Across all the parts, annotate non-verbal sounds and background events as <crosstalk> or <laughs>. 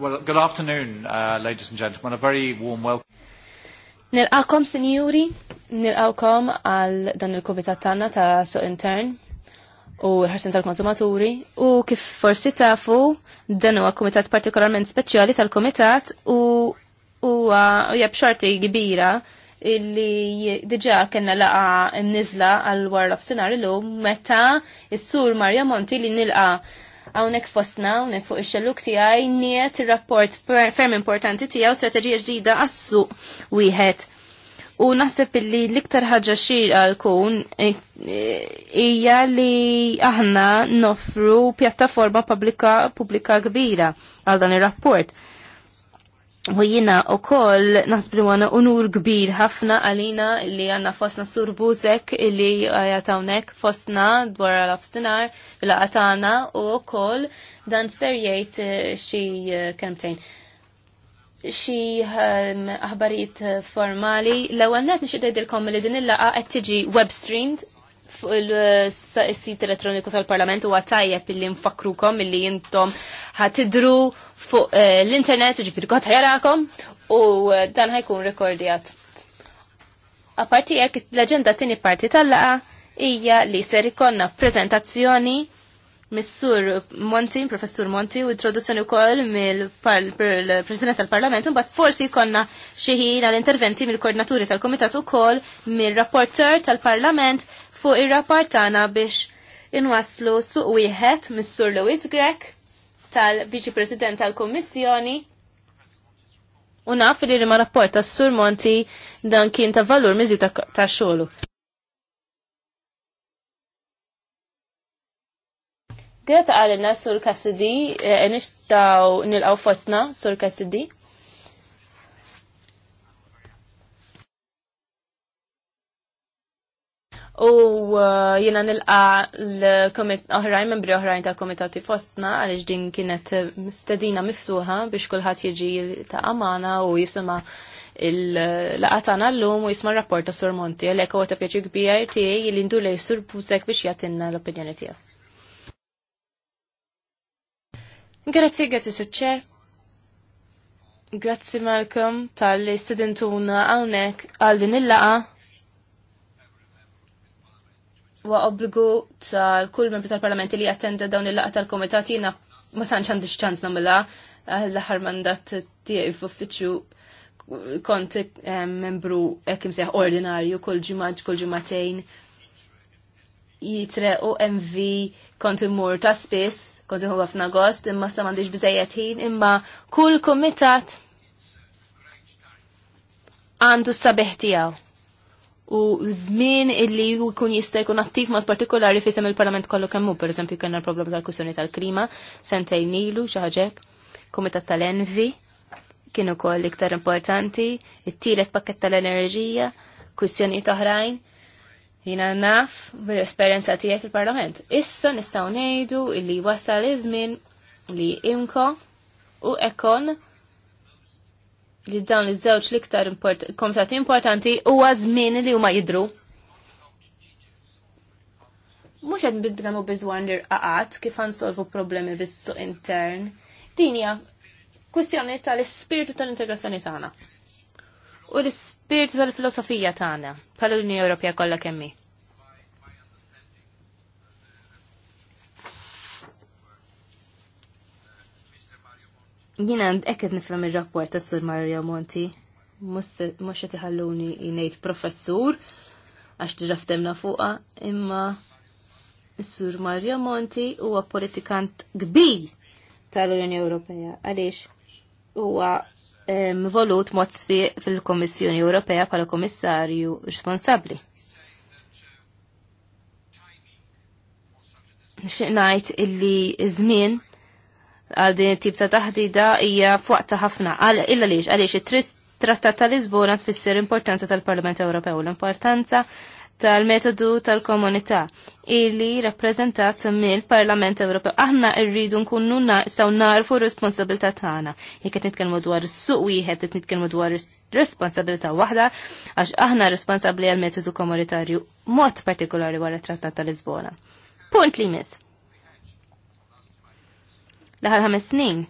Well, good afternoon, uh, ladies and gentlemen. A very warm welcome. Nilqakom, sinjuri, nilqakom għal dan il-komitat tagħna ta' suq intern u l-ħarsin tal-konsumaturi u kif forsi tafu dan huwa komitat partikolarment speċjali tal-komitat u huwa jab xorti kbira illi diġa kena laqa nizla għal War of l illum meta s-sur Marja Monti li nilqa' għawnek fosna, għawnek fuq ix-xelluk tiegħi niet ir-rapport ferm importanti tiegħu strategija ġdida għas-suq wieħed. U naħseb li l-iktar ħaġa xirqa kun hija li aħna nofru pjattaforma pubblika kbira għal dan ir-rapport. U jina u koll nasbru għana unur kbir ħafna għalina li għanna fosna sur Buzek li għajatawnek fosna dwar l-abstinar la għatana u koll dan serjajt eh, xie eh, kemtejn. Xie ehm, aħbarijiet formali l għannet net nixid li din il-laqa għettiġi tiġi web streamed fuq il-sit elettroniku tal-Parlament huwa tajjeb illi nfakrukom illi jintom ħatidru fuq eh, l-internet ġifir kot ħajarakom u eh, dan ħajkun A parti jekk l-aġenda tieni parti tal-laqa hija li ser ikonna prezentazzjoni Missur Monti, Professur Monti, u introduzzjoni wkoll mill-President tal-Parlament, bat forsi jkollna xi ħin għall interventi mill-koordinaturi tal-Kumitat ukoll mill-rapporter tal-Parlament fuq ir-rapport tagħna biex inwasslu suq wieħed mis-Sur Louis Grek tal-Viċi President tal-Kummissjoni u naf li ma rapport tas-Sur Monti dan kien ta' valur miżju ta' xogħlu. Dieta għalina Sur Cassidy, eh, nixtaw nilqgħu fosna Sur Kassidi. u uh, jena nilqa l-komit oħrajn, membri oħrajn ta' komitati fostna, għalix din kienet uh, stedina miftuħa biex kullħat jieġi ta' amana u jisima il-laqatana l-lum u jisma rapport ta' Sormonti, Monti, għalek għata ta' pjaċi kbijaj tijaj jilindu lej Sur Busek biex jatinna l-opinjoni tijaw. Grazzi, grazie, suċċer. Grazzi, Malcolm, tal-istudentuna għawnek għal din il-laqa wa obbligu tal-kull membri tal-parlamenti li jattenda dawn il-laqa tal-komitat jina ma tantx għandi ċans namela eh, l-aħħar mandat tiegħi f'uffiċċju kont eh, membru hekk imsejħ ordinarju kull ġimgħa kull ġimgħatejn jitre u MV kont immur ta' spiss kont iħu ħafna gost imma sa m'għandix biżejjed ħin imma kull komitat għandu s-sabiħ tiegħu u żmien illi jkun jista' jkun attiv mod partikolari fisem il-Parlament kollu kemm hu, pereżempju kellna l-problema tal-kwistjoni tal-klima, sentejn ilu xi ħaġek, Kumitat tal-Envi kien ukoll iktar importanti, it-tielet pakket tal-enerġija, kussjoni taħrajn, Jina naf bil-esperjenza tijek fil-Parlament. Issa nistgħu ngħidu illi wasal iż-żmien li imko u ekon li dawn iż-żewġ l-iktar import, importanti huwa żmien li huma jidru. Mhux qed nbiddlemu biż nirqa'qat l-irqaqat kif nsolvu problemi bis-suq intern. Din hija kwistjoni tal-ispirtu tal-integrazzjoni tagħna. U l-ispirtu tal-filosofija tagħna bħala l-Unjoni Ewropea kollha kemm Jina għand ekket nifem il-rapport ta' Sur Mario Monti. Mux tiħalluni ngħid professur, għax tiġaftemna fuqa, imma Sur Mario Monti huwa politikant kbir tal-Unjoni Ewropea. Għaliex huwa volut mod sfiq fil-Komissjoni Ewropea bħala komissarju responsabli. Xinajt illi żmien għal din it-tip ta' taħdida hija fuqta ħafna. Illa liġ, għaliex it-Trattat ta' Lisbona tfisser importanza tal-Parlament Ewropew, l-importanza tal-metodu tal-komunità illi rappresentat mill-Parlament Ewropew. Aħna rridu nkunu saw narfu r-responsabilità tagħna. Jekk qed nitkellmu dwar is-suq wieħed qed nitkellmu dwar responsabilità waħda għax aħna responsabbli għal metodu komunitarju mod partikolari wara trattat tal-Lisbona. Punt li miss l ħames snin.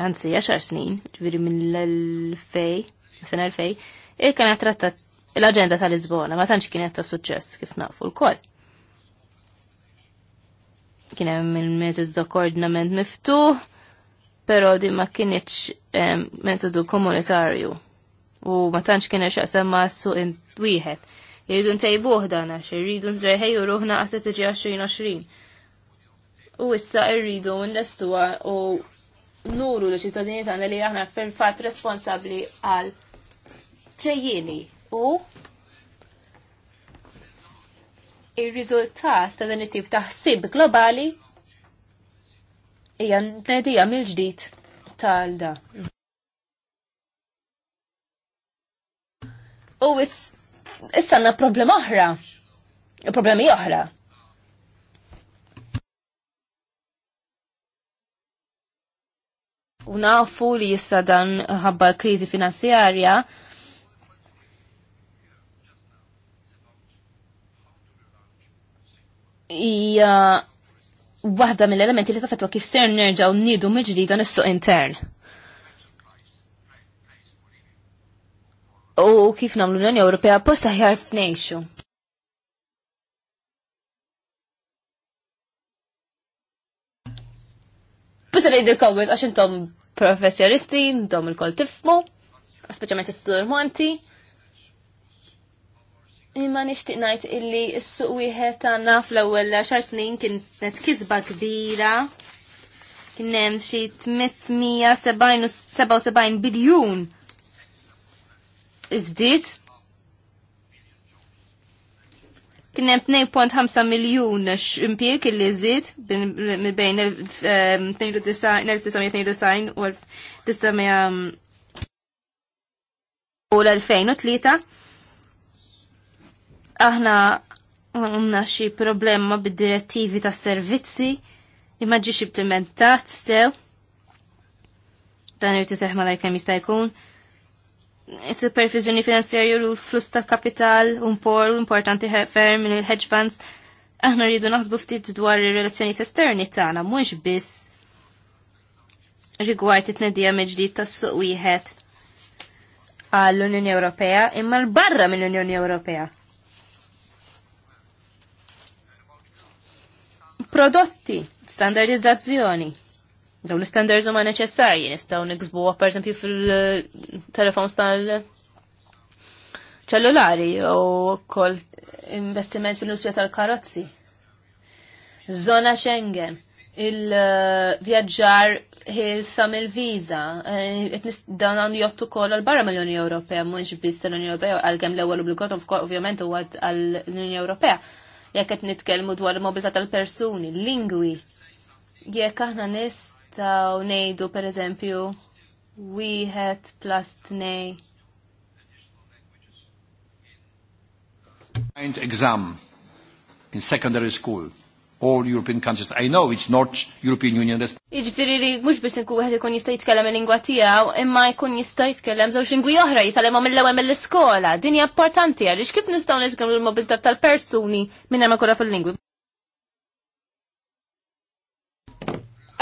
Anzi, għaxar snin, ġviri minn l-fej, sena l-fej, il-kan l-agenda tal-Lisbona, ma tantx kienet ta' suċċess kif naqfu l-koll. Kien hemm il-metodu ta' koordinament miftuħ, però din ma kienx metodu komunitarju u ma tantx kienet xaqsam ma' suq wieħed. Irridu ntejbuh dan għax irridu nżrejħej u ruħna għasetġi tiġi 2020 u issa irridu nlestuha u nuru li ċittadini tagħna li aħna fil-fatt responsabbli għal ċejjieni u il riżultat ta' dan it-tip ta' ħsib globali hija nedija mill-ġdid tal-da. U issa għandna problema oħra, problemi oħra u nafu li jissa dan ħabba krizi finanzjarja hija waħda mill-elementi li tafetwa kif ser nerġaw nidu mill-ġdida suq intern. U kif namlu l-Unjoni Ewropea posta ħjar f'nejxu. Bissa nejdi komment għax intom professjonisti, intom il-kol tifmu, is-studur Monti. Imma nixtieq ngħid illi s-suq wieħed għanna fl-ewwel xar snin kienet kisba kbira. Kien hemm xi 877 biljun iżdied Kien hemm 2.5 miljun impjieg illi żied bejn 1992 u 2003. Aħna għanna xi problema bid-direttivi tas servizzi li ma ġiex implementat stew. Dan irtiseħ seħma lajkem jista' jkun supervisioni finanzjarju u l-flus ta' kapital un por importanti ferm minn il-hedge funds aħna rridu naħsbu ftit dwar ir-relazzjoni esterni tagħna mhux biss rigward it-tnedija mi-ġdid tas-suq wieħed għall-Unjoni Ewropea imma l-barra mill-Unjoni Ewropea. Prodotti, standardizzazzjoni. Dawn l-standards huma neċessarji nistgħu niksbuha pereżempju fil-telefons tal ċellulari u wkoll investiment fil-industrija tal-karozzi. Zona Schengen, il-vjaġġar sam il viza eh, dan għandu jottu kol għal-barra mill-Unjoni Ewropea, mux biss l-Unjoni Ewropea, għal l-ewel obbligatom ovvjament u għad għal-Unjoni Ewropea, jekk qed nitkellmu dwar il-mobilità tal-persuni, lingwi, jekk aħna nis nistaw nejdu per eżempju wieħed plus tnej. Mind exam in secondary school all European countries. I know it's not European Union. Iġviri li mux biex nkun wieħed ikun jista' jitkellem il-lingwa tiegħu, imma jkun jista' jitkellem żewġ lingwi oħra jitalema mill-ewwel mill-iskola. Din hija importanti għaliex kif nistgħu nitkellmu l-mobilità tal-persuni minn hemm akolla fil-lingwi.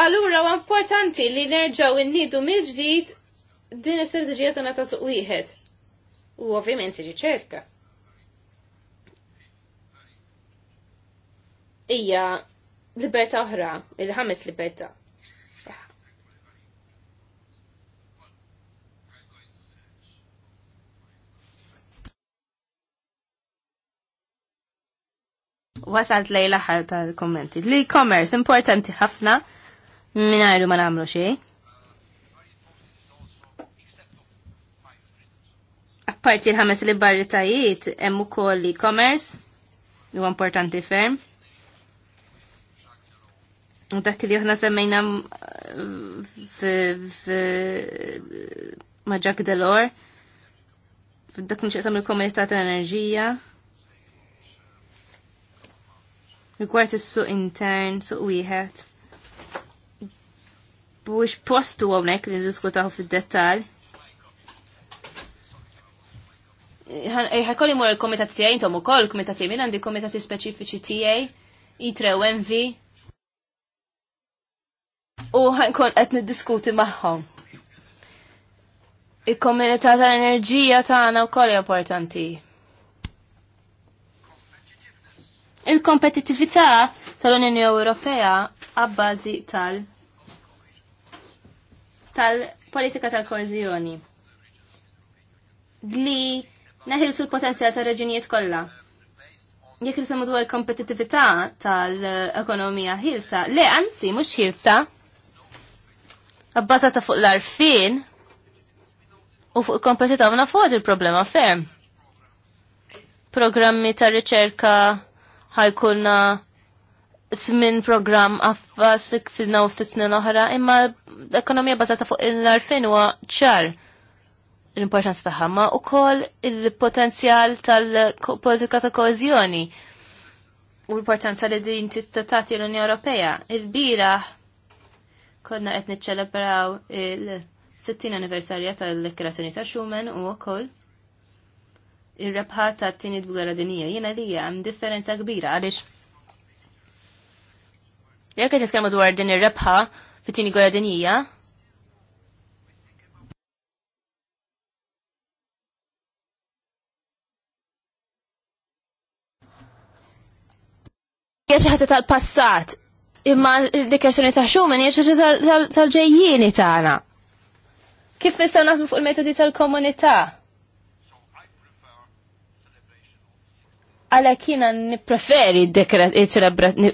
Allura huwa importanti li nerġgħu innidu mil ġdid din l-istrateġija tagħna ta' suq wieħed. U ovvjament riċerka. Ija libertà oħra, il-ħames libertà. wasalt lej l-aħħar tal-kommenti. L-e-commerce importanti ħafna Minajru ma namlu xie. Apparti l-ħames li barri tajiet, emmu ukoll e-commerce u importanti ferm. U dak li aħna semmejna maġak Delor f'dak nixqsam il-komunità tal-enerġija. Rigward is-suq intern, suq wieħed mhuwiex postu hawnhekk li niddiskutaw fid-dettall. ħakolli eh, mor il komitati tijaj, intom u koll komitati, tijaj, minn għandi komitati speċifiċi tijaj, i u mv U ħankon għet niddiskuti maħħom. Il-komunità tal-enerġija tagħna wkoll importanti. Il-kompetittività tal-Unjoni Ewropea għabbażi tal- tal-politika tal-koezjoni li neħil l-potenzjal ta' kolla. kollha. Jekk nisemmu dwar kompetitivita tal-ekonomija ħilsa, le anzi mhux ħilsa, ta' fuq l-arfin u fuq kompetitivna fuq il-problema ferm. Programmi ta' riċerka ħajkunna tmin program għaffas fil-naw ftit snin oħra, imma l-ekonomija bazata fuq l-arfin huwa ċar l-importanza taħħa ma wkoll il-potenzjal tal-politika ta' koeżjoni u l-importanza li din tista' tagħti l unjoni Ewropea. Il-bira konna qed niċċelebraw il-60 anniversarja tal-Kreazzjoni ta' Schumann u wkoll ir-rebħa ta' tini dwar dinija jiena li hemm differenza kbira għaliex jekk qed dwar din ir-rebħa fit-tieni gwerra dinjija. Hija xi ħaġa tal-passat, imma d-dikjazzjoni ta' xumen hija xi tal-ġejjieni tagħna. Kif nistgħu nasmu fuq il-metodi tal-komunità? Għalhekk jiena nippreferi d-ċelebrazzjoni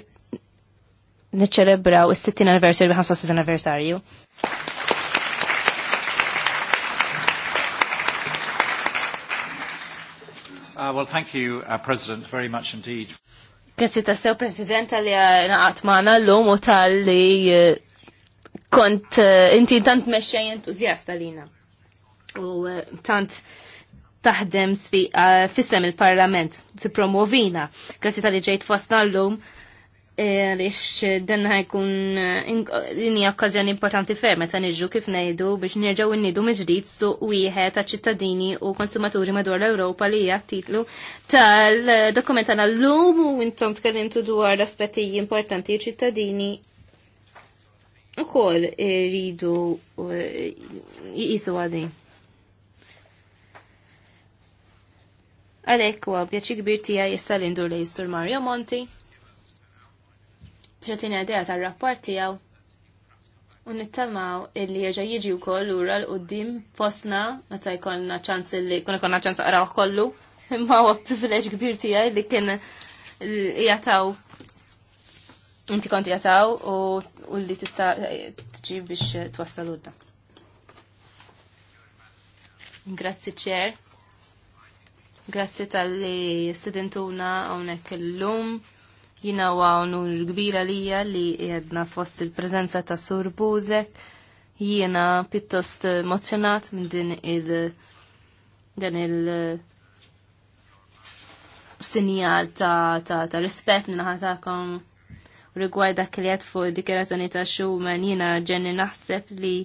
niċċelebraw is-60 anniversary bi 65 anniversarju. Uh, well, thank you, uh, President, very much indeed. Kessi ta sew President għalli uh, naqat maħna l-lum u tal-li uh, kont uh, inti tant meċċej entuzjasta lina. U tant taħdem fissem il-parlament, ti promovina. Kessi tal-li ġejt fosna l-lum rix eh, dan ħajkun eh, dini okkazjoni importanti ferm meta niġu kif ngħidu biex nerġgħu nnidu mi ġdid su wieħed ta' ċittadini u konsumaturi madwar l-Ewropa li hija titlu tal-dokument tagħna llum u intom tkellimtu dwar l aspetti importanti ċittadini ukoll iridu eh, jisu għadi. Għalek huwa għabja kbir tiegħi issa li indur Sur Mario Monti ġatina idea ta' rapport tijaw u nittamaw illi jirġa jiġi u koll u ral u dim fosna meta jkollna ċans illi kuna konna ċans u kollu imma <laughs> huwa privileġ kbir tijaj li kien jataw inti konti jataw u li tista tġi biex udda. Grazzi ċer. Grazzi tal-li studentuna għonek l-lum Jina wa unur kbira lija li jedna fost il-preżenza ta' Sur Buzek. Jiena pittost emozjonat minn din il- dan il- sinjal ta', ta, ta rispett minna ħatakom rigward dak li għed fuq dikjerazzjoni ta' Schumann jiena ġenni naħseb li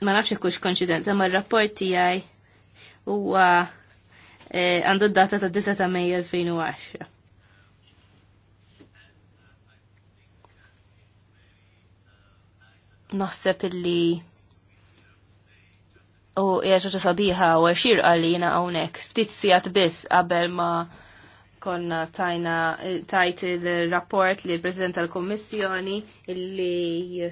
ma nafx kux konċidenza ma' rapport tiegħi huwa Eh, għandu d-data ta' 9 ta' Mej 2010. Naħseb illi u jgħaxa sabiħa u għaxir għalina għonek, ftit sijat biss qabel ma konna tajna tajt il-rapport li l-President tal-Kommissjoni illi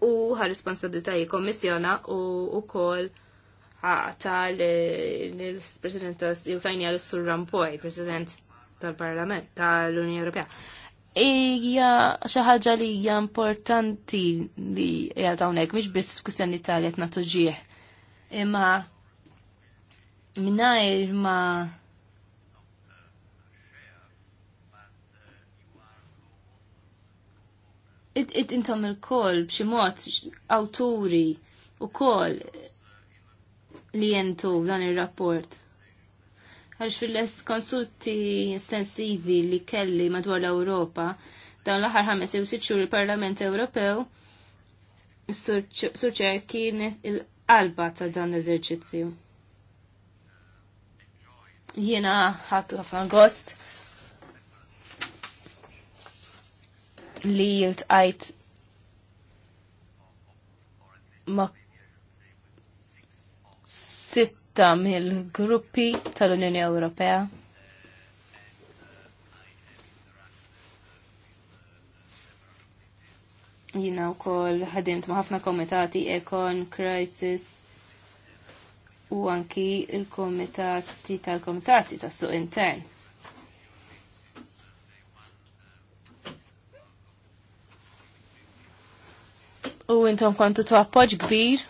u għal responsabilitaj kommissjona u u kol ħata l-President jutajni għal sur Rampoj, President tal-Parlament, tal-Unjoni Ewropea. Ija xaħġa li hija importanti li hija hawnhekk mhix biss kwistjoni tal-qed nagħtu ġieħ. Imma mingħajr ma it intom il-kol b'xi mod awturi u kol li jentu dan il-rapport. Għax fil-konsulti estensivi li kelli madwar l-Europa, dan l-aħħar ħames jew sitt xhur il-Parlament Ewropew, surċer kien il-qalba ta' dan l-eżerċizzju. Jiena ħattu ħafna gost li jiltqajt ma' sitta mill-gruppi tal-Unjoni Ewropea. Jina u koll ħadimt maħafna komitati Ekon, Crisis, u anki il-komitati tal-komitati tas-suq intern. u intom kontu tu appoġġ kbir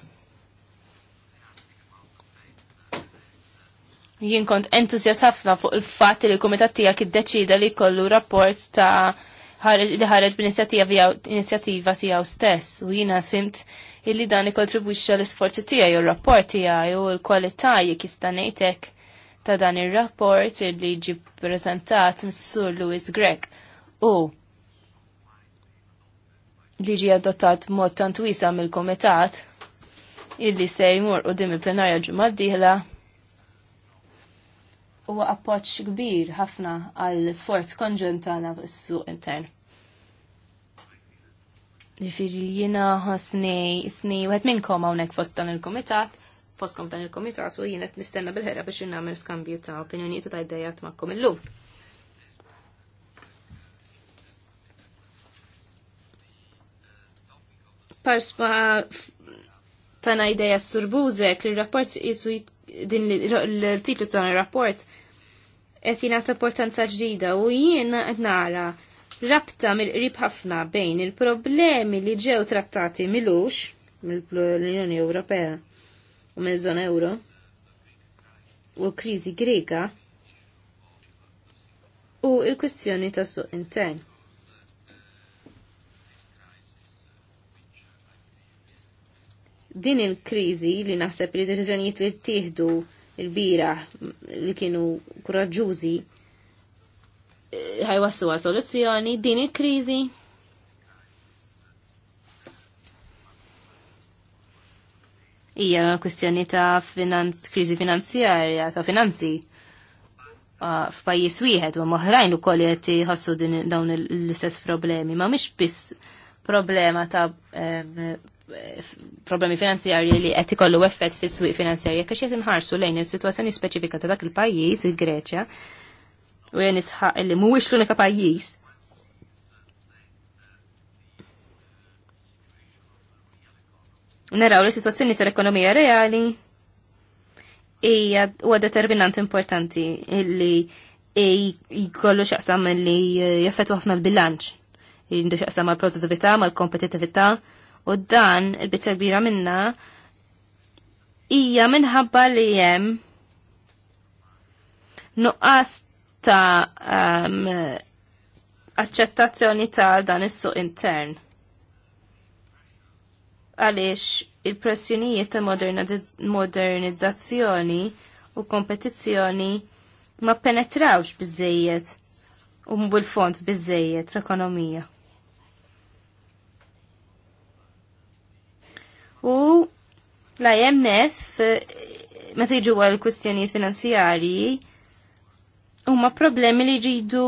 jien kont entuzjas ħafna fuq il-fatt li l-kumitat tiegħek iddeċida li jkollu rapport ta' li ħareġ b'inizjattiva tiegħu stess u jiena fimt illi dan ikontribwixxa l-isforzi tiegħi u r-rapport tiegħi u l-kwalità jekk istanejtek ta' dan ir-rapport illi ġi preżentat mis-Sur Louis Gregg u li ġi adottat mod tant wiesa mill-komitat illi se jmur u dim il-plenarja ġumad diħla huwa appoġġ kbir ħafna għall sforz konġunt tagħna fis-suq intern. Ġifieri li jina ħasni, sni, wieħed minnkom hawnhekk fost dan il kumitat fostkom dan il kumitat u qed nistenna bil-ħera biex nagħmel skambju ta' opinjoniet u ta' idejat magħkom illum. Parsma tana ta' ideja surbuzek, il-rapport jisu din l-titlu ta' rapport qed jingħata importanza ġdida u jien qed nara rabta mill-qrib ħafna bejn il-problemi li ġew trattati milux mill-Unjoni Ewropea u mill-żona Ewro u l-kriżi grega. u l-kwestjoni ta' suq intern. din il-kriżi li naħseb li deċiżjonijiet li ttieħdu il-bira li kienu kuraġġużi eh, ħajwassu soluzzjoni din il-kriżi hija kwestjoni ta' finanz, kriżi finanzjarja, ta' finanzi f'pajjiż wieħed u moħrajn ukoll qed din dawn l-istess problemi, ma mhix biss problema ta' eh, problemi finanzjarji li qed ikollu effett fis-swieq finanzjarji jekk qed inħarsu lejn is-sitwazzjoni speċifika ta' dak il-pajjiż, il-Greċja, u jien isħaq li mhuwiex l-unika pajjiż. Naraw li sitwazzjoni tal-ekonomija reali hija huwa determinant importanti illi jkollu xaqsam li jaffettu ħafna l-bilanċ. Jindu xaqsam mal-produttività, mal-kompetitività, mal mal kompetitività U dan il-biċċa kbira minna hija minħabba li hemm nuqqas ta' um, aċċettazzjoni ta' dan is-suq intern. Għaliex il-pressjonijiet ta' modernizzazzjoni u kompetizzjoni ma penetrawx bizzejiet u mbul fond bizzejiet fl-ekonomija. U l-IMF meta jiġu għal kwistjonijiet finanzjarji huma problemi li jridu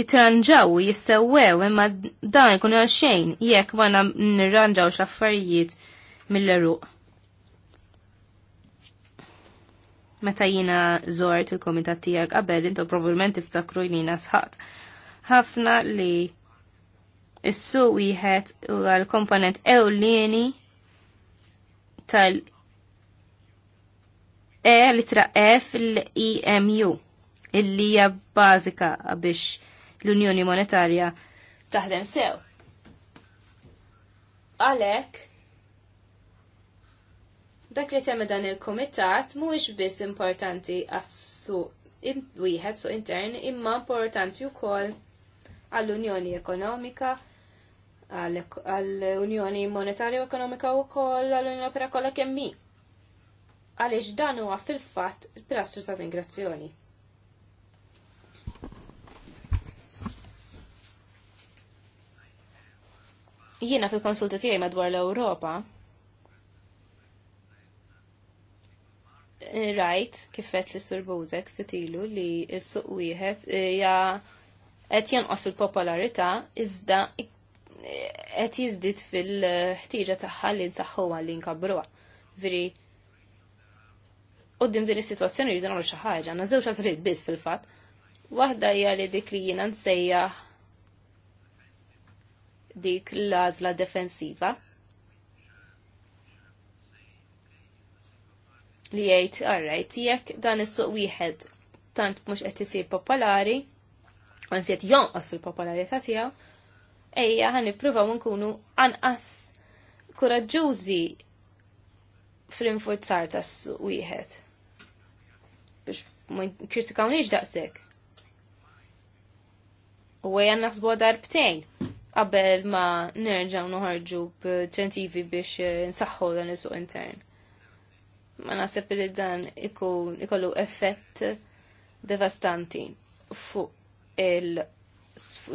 jitranġaw, jissewew, imma dan ikun għal xejn jekk ma nirranġaw xaffarijiet mill-eruq. Meta jina zort il-komitat tijak għabed, intu probabbilment iftakru jina sħat. ħafna li Is-su wieħed huwa l-komponent ewlieni tal- E litra F l-EMU illi hija bażika biex l-Unjoni Monetarja taħdem sew. Għalhekk dak li tagħmel dan il-kumitat mhuwiex biss importanti għas-suq wieħed suq intern imma importanti wkoll għall-Unjoni Ekonomika, għall-Unjoni Monetarja Ekonomika u koll għall-Unjoni Opera kollha kemmi. Għaliex dan huwa fil-fatt il-pilastru ta' migrazzjoni. Jiena fil-konsulta tiegħi madwar l-Ewropa, rajt kifet li Sur Bowzek fitilu li s-suq wieħed hija eh, qed jonqos il-popolarità iżda qed jiżdied fil-ħtieġa tagħha li nsaħħuha li nkabruha. Veri qudiem din is-sitwazzjoni jridu nagħmlu xi ħaġa, għandna żewġ għażliet biss fil-fatt. Waħda hija li dik li jiena nsejjaħ dik l-għażla defensiva li jgħid, alright, jekk dan is-suq wieħed tant mhux qed isir popolari, għansiet jonqos il-popolarità tiegħu, ejja ħan nippruvaw nkunu anqas koraġġużi fl-infurzar tas wieħed biex ma kritikawniex daqshekk. U għajan naħsbu darbtejn qabel ma nerġaw noħarġu b'ċentivi biex eh, nsaħħu dan is-suq intern. Ma naħseb li dan ikollu effett devastanti fuq il-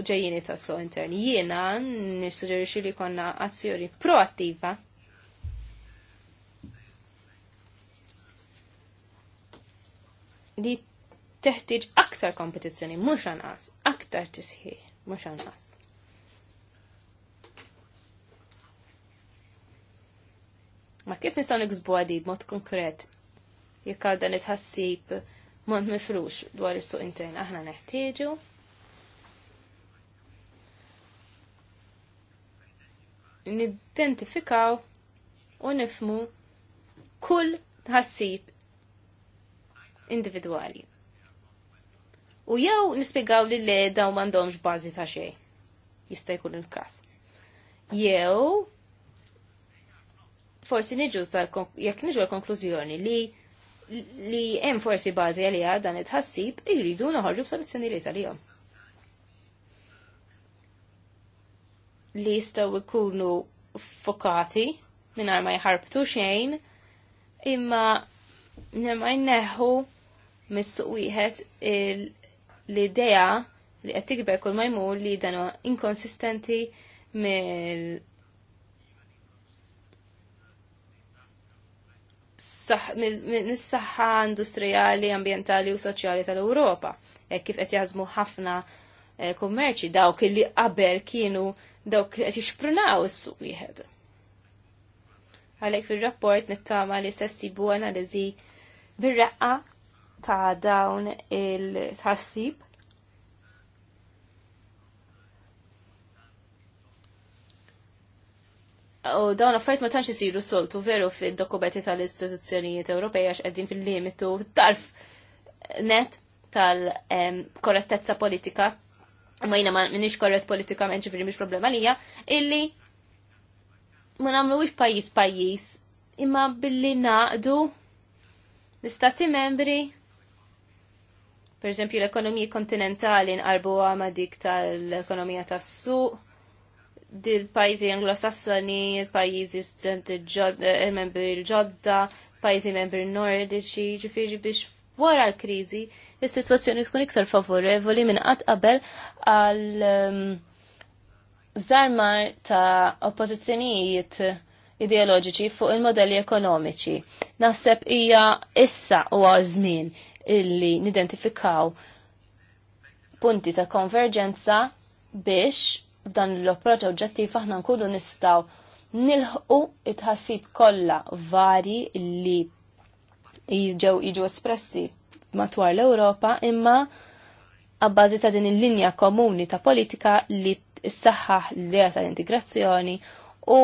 ġejjini ta' so interni. Jiena nissuġġerixxi li konna azzjoni proattiva li teħtieġ aktar kompetizzjoni, mhux anqas, aktar tisħi, mhux anqas. Ma kif nistgħu nixbu għadi b'mod konkret jekk għadda nitħassib mod mifrux dwar is-suq intern aħna neħtieġu nidentifikaw u nifmu kull ħassib individwali. U jew nispiegaw li le daw mandomx bażi ta' xejn. Jista' jkun il-każ. Jew forsi niġu jekk niġu l-konklużjoni li li hemm forsi bażi għalija dan it-ħassib iridu noħorġu b'soluzzjonijiet għalihom. li jistaw ikunu fokati minn ma jħarbtu xejn imma nemma jneħu mis-suq wieħed l-idea li qed tikber kull ma jmur li danu inkonsistenti mill nis-saħħa industrijali, ambjentali u soċjali tal-Ewropa. Hekk kif qed jażmu ħafna eh, kummerċi dawk li qabel kienu dawk qed jixprunaw is-suq wieħed. Għalhekk fir-rapport nittama li se ssibu analiżi bir-raqqa ta' dawn il-tħassib U dawn affarijiet ma tantx isiru soltu veru fid-dokumenti tal-istituzzjonijiet Ewropej għax qegħdin fil-limitu tarf net tal-korrettezza politika ma jina ma minix korret politikament ġifiri miex problema lija, illi ma wix pajis pajis, imma billi naqdu l-istati membri, per l-ekonomija kontinentali nqarbu għama dik tal-ekonomija tas-suq, dil pajizi anglosassoni, pajzi membri il ġodda pajizi membri nordiċi, ġifiri biex wara l-kriżi is-sitwazzjoni tkun iktar favorevoli minn qatt qabel għal ehm, żarmar ta' oppożizzjonijiet ideoloġiċi fuq il-modelli ekonomiċi. Naħseb hija issa u żmien illi nidentifikaw punti ta' konverġenza biex f'dan l-approċċ oġġettiv aħna nkunu nistgħu nilħu it-ħassib kollha vari li jiġew jiġu espressi matwar l-Ewropa imma għabbażi ta' din il-linja komuni ta' politika li s-saħħaħ l-idea ta' integrazzjoni u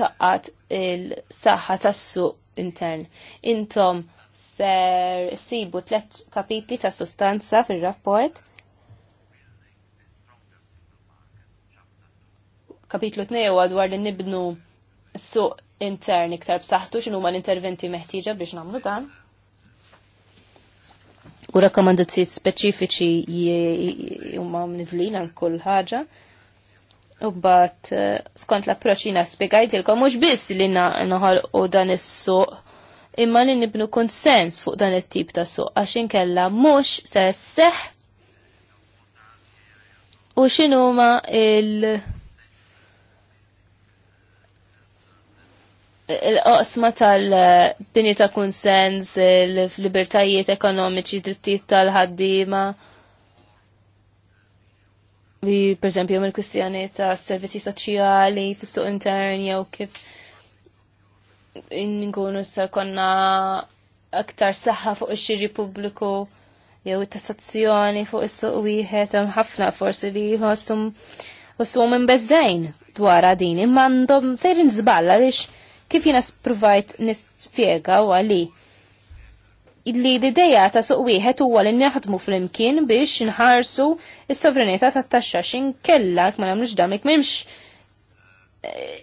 taqqat il-saħħa tas-suq intern. Intom ser sibu tlet kapitli ta' sostanza fil-rapport. Kapitlu 2 dwar li nibnu suq intern iktar b'saħħtu x'inhu huma l-interventi meħtieġa biex nagħmlu dan. U rakkomandazzijiet speċifiċi huma mniżlin għal kull ħaġa. U bat, eh, skont l approċċ jina spjegajtilkom mhux biss li naħal u dan is-suq, imma li nibnu konsens fuq dan it-tip ta' suq, għax inkella mhux se seħ u x'inhuma il- il-qosma tal-bini ta' kunsens, il-libertajiet ekonomiċi, drittijiet tal-ħaddima. Li, per esempio, mill kustjoni ta' servizzi soċjali fis-suq intern jew kif nkunu sa' konna aktar saħħa fuq ix-xiri pubbliku jew it-tassazzjoni fuq is-suq wieħed hemm ħafna forsi li jħossum u minn beżejn dwar din imma għandhom sejrin zballa għaliex Kif jiena sprovajt nispjega u għalli. li l-ideja ta' suq wieħed huwa li naħdmu fl-imkien biex nħarsu s-sovranità tat-taxxa kella ma nagħmlux damek m'hemmx eh,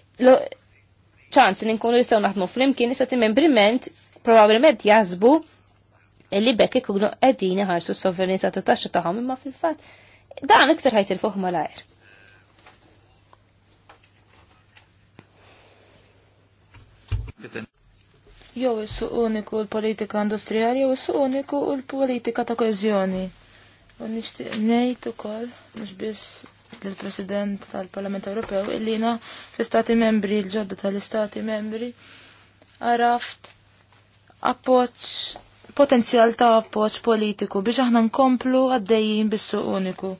ċans li nkunu nistgħu naħdmu fl-imkien issa timembriment probabbilment jażbu li bekk ikunu qegħdin iħarsu s-sovranità tat-taxxa tagħhom imma fil-fatt dan iktar ħajt il-fuq malajr. Jew is-suq uniku l-politika industrijali jew is uniku l-politika ta' koeżjoni. U nixtieq ngħid ukoll mhux biss lill-President tal-Parlament Ewropew illina fl-Istati Membri l-ġodda tal-Istati Membri għaraft appoċ, potenzjal ta' appoġġ politiku biex aħna nkomplu għaddejjin bis-suq uniku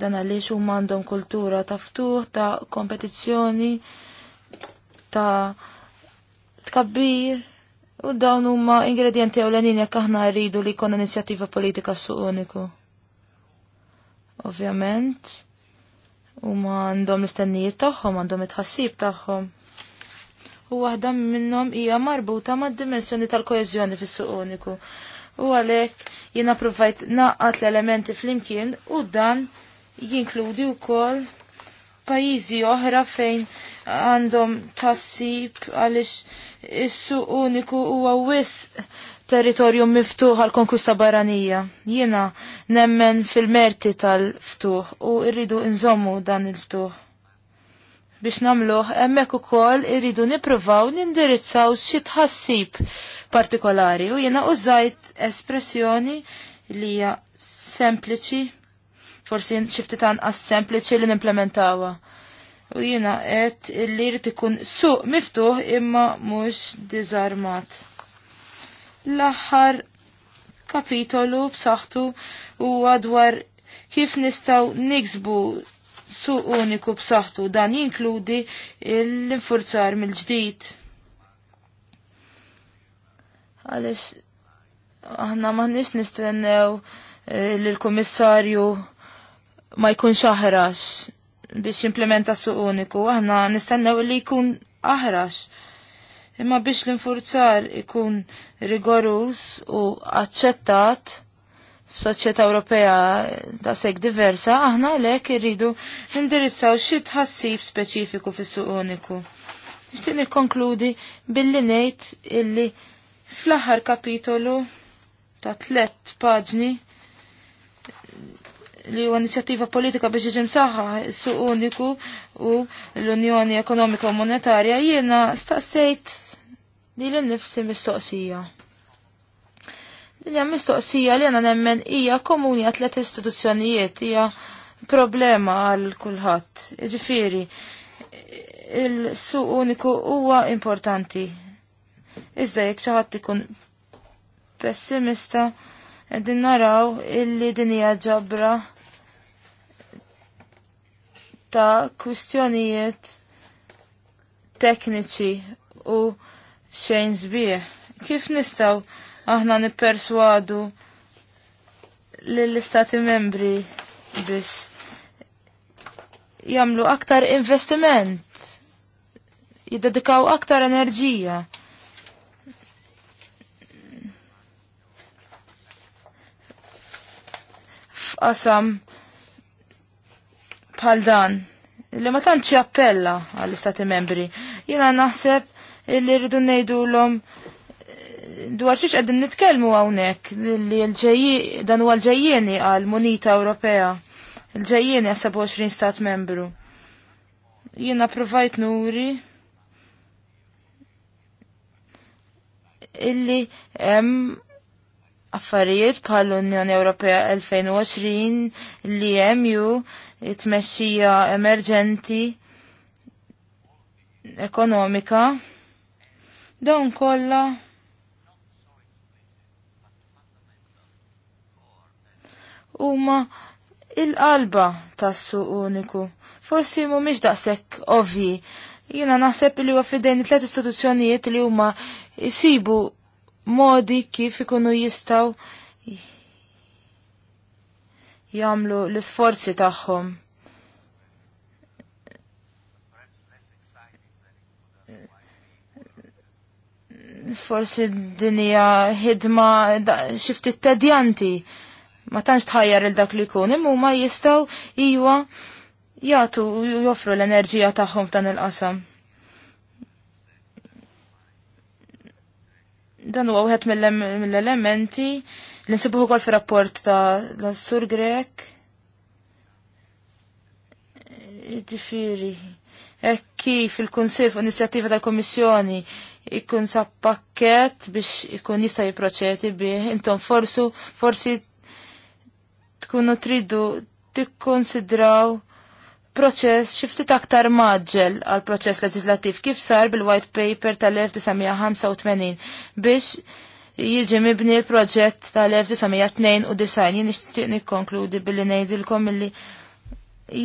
dan għaliex huma għandhom kultura ta' ftuħ ta' kompetizzjoni ta' tkabbir u dawn huma ingredienti ewlenin jekk aħna rridu li jkollna inizjattiva politika suq uniku. Ovvjament, huma għandhom l-istennijiet tagħhom, għandhom it-ħassib tagħhom. U waħda minnhom hija marbuta mad-dimensjoni tal-koeżjoni fis-suq uniku. U għalhekk jiena provajt naqat l-elementi flimkien u dan jinkludi wkoll pajizi oħra fejn għandhom tassib għalix issu uniku u għawis territorju miftuħ għal konkusta barranija. Jina nemmen fil-merti tal-ftuħ u irridu nżommu dan il-ftuħ. Biex namluħ, emmek u kol irridu nipruvaw nindirizzaw xi tħassib partikolari u jina użajt espressjoni li hija sempliċi forsi xifti ta' nqas sempliċi li nimplementawa. U jina qed li jrid ikun suq miftuħ imma mhux diżarmat. L-aħħar kapitolu b'saħħtu huwa dwar kif nistgħu niksbu suq uniku b'saħħtu dan jinkludi l-infurzar mill-ġdid. Għaliex aħna maħniex nistennew eh, l-komissarju ma jkunx aħras biex implementa suq uniku, aħna nistennew li jkun aħras. Imma biex l-infurzar ikun rigorus u aċċettat f'soċjetà Ewropea ta' sek diversa, aħna lek irridu nindirizzaw xi tħassib speċifiku fis-suq uniku. Nixtieq nikkonkludi billi ngħid illi fl-aħħar kapitolu ta' tlet paġni li huwa inizjattiva politika biex iġim saħħa suq uniku u l-Unjoni Ekonomika u Monetarja jiena staqsejt li l-nifsi mistoqsija. Dinja mistoqsija li jiena nemmen hija komuni għatlet tliet istituzzjonijiet hija problema għal kulħadd. Ġifieri, il-suq uniku huwa importanti. Iżda jekk xi ħadd ikun pessimista, Din naraw illi din hija ġabra ta' kwistjonijiet tekniċi u xejn sbieħ. Kif nistaw aħna nipperswadu lill-istati membri biex jamlu aktar investiment, jiddedikaw aktar enerġija Qasam bħal dan li ma tantx appella għall-istati membri. Jiena naħseb li rridu ngħidulhom eh, dwar xiex qegħdin nitkellmu hawnhekk li l-ġejji dan huwa l-ġejjieni għal Munita Ewropea. L-ġejjieni għal 27 stat membru. Jiena provajt nuri illi hemm affarijiet bħal unjoni Ewropea 2020 li jemju it messija emerġenti ekonomika dawn kollha huma il-qalba tas-suq uniku. Forsi mhumiex daqshekk ovvji. Jiena naħseb li huwa fidejn it-tliet istituzzjonijiet li huma jsibu modi kif ikunu jistaw jamlu l-sforzi tagħhom. Forsi d-dinja ħidma xifti t-tedjanti ma tantx tħajjar il dak li jkun imma huma jistgħu iwa jagħtu joffru l-enerġija tagħhom f'dan il-qasam. dan huwa wieħed mill-elementi li nsibuħu għal fi rapport ta' l-Sur Grek. Ġifieri, hekk kif il-Kunsill fuq inizjattiva tal komissjoni ikun sa pakket biex ikun jista' jipproċedi bih intom forsu forsi tkunu tridu tikkonsidraw proċess xiftit aktar maġġel għal proċess leġislattiv kif sar bil-white paper tal-1985 biex jiġi mibni l-proġett tal-1992 jien nixtieq nikkonkludi billi ngħidilkom illi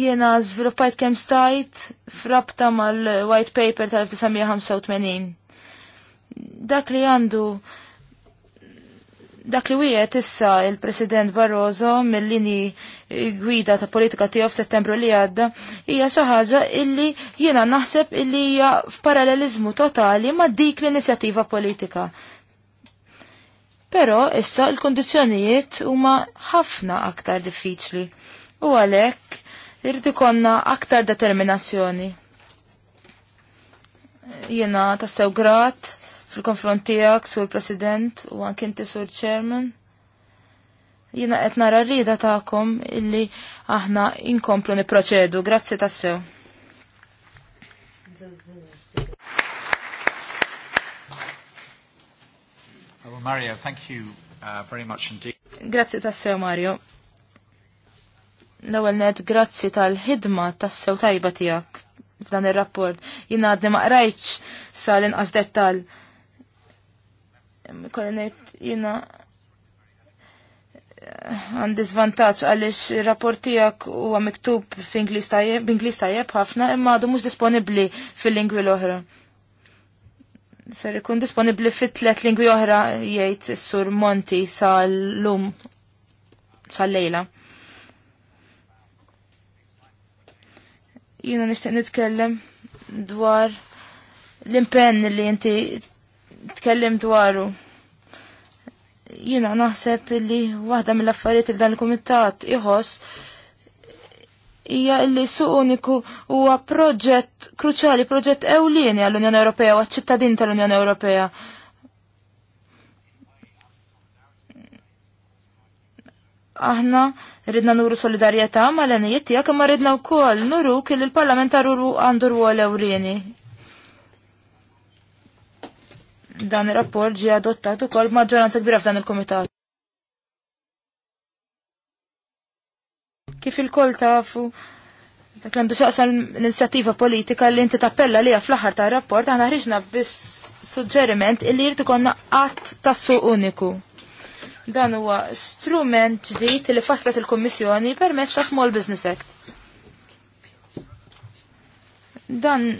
jiena żviluppajt kemm stajt frabta mal-white paper tal-1985. Dak li għandu Dak li wiet issa il-President Barroso mill-lini gwida ta' politika tiegħu f'Settembru li għadda hija xi ħaġa illi jiena naħseb illi hija f'paralleliżmu totali ma' dik l-inizjattiva politika. Però issa l-kondizzjonijiet huma ħafna aktar diffiċli u għalhekk irrid ikonna aktar determinazzjoni. Jiena tassew grat fil-konfront tiegħek sur President u anke inti sur Chairman. Jiena qed nara rrida tagħkom illi aħna inkomplu niproċedu. Grazzi tassew. Well, Mario, thank you uh, very much indeed. Grazzi tassew Mario. L-ewwel ned grazzi tal-ħidma tassew tajba tiegħek f'dan ir-rapport. Jien għadni ma qrajtx sal inqas dettall kolonet jina eh, għandi zvantaċ għalix rapportijak u miktub b'Inglis tajjeb ħafna imma għadu mux disponibli fil-lingwi l-oħra. Ser ikun disponibli fit-tlet lingwi oħra jgħid sur Monti sal-lum sal-lejla. Jina nishtiq nitkellem dwar l-impenn li inti tkellim dwaru. Jina naħseb li waħda mill-affarijiet f'dan dan il-kumitat iħoss hija li suq uniku huwa proġett kruċjali, proġett ewlieni għall-Unjoni Ewropea u għaċ-ċittadin tal-Unjoni Ewropea. aħna ridna nuru solidarjetà mal-enijiet tiegħek imma ridna wkoll nuru kien il-parlament għandu rwol ewlieni. Dan ir-rapport ġie adottat ukoll maġġoranza kbira f'dan il-Kumitat. Kif il kol tafu, dak l-għandu l-inizjattiva politika li inti tappella li fl-aħħar ta' rapport aħna ħriġna bis suġġeriment illi jirtu konna qatt tassu uniku. Dan huwa strument ġdid li faslet il-Kummissjoni permezz ta' Small Business Act. Dan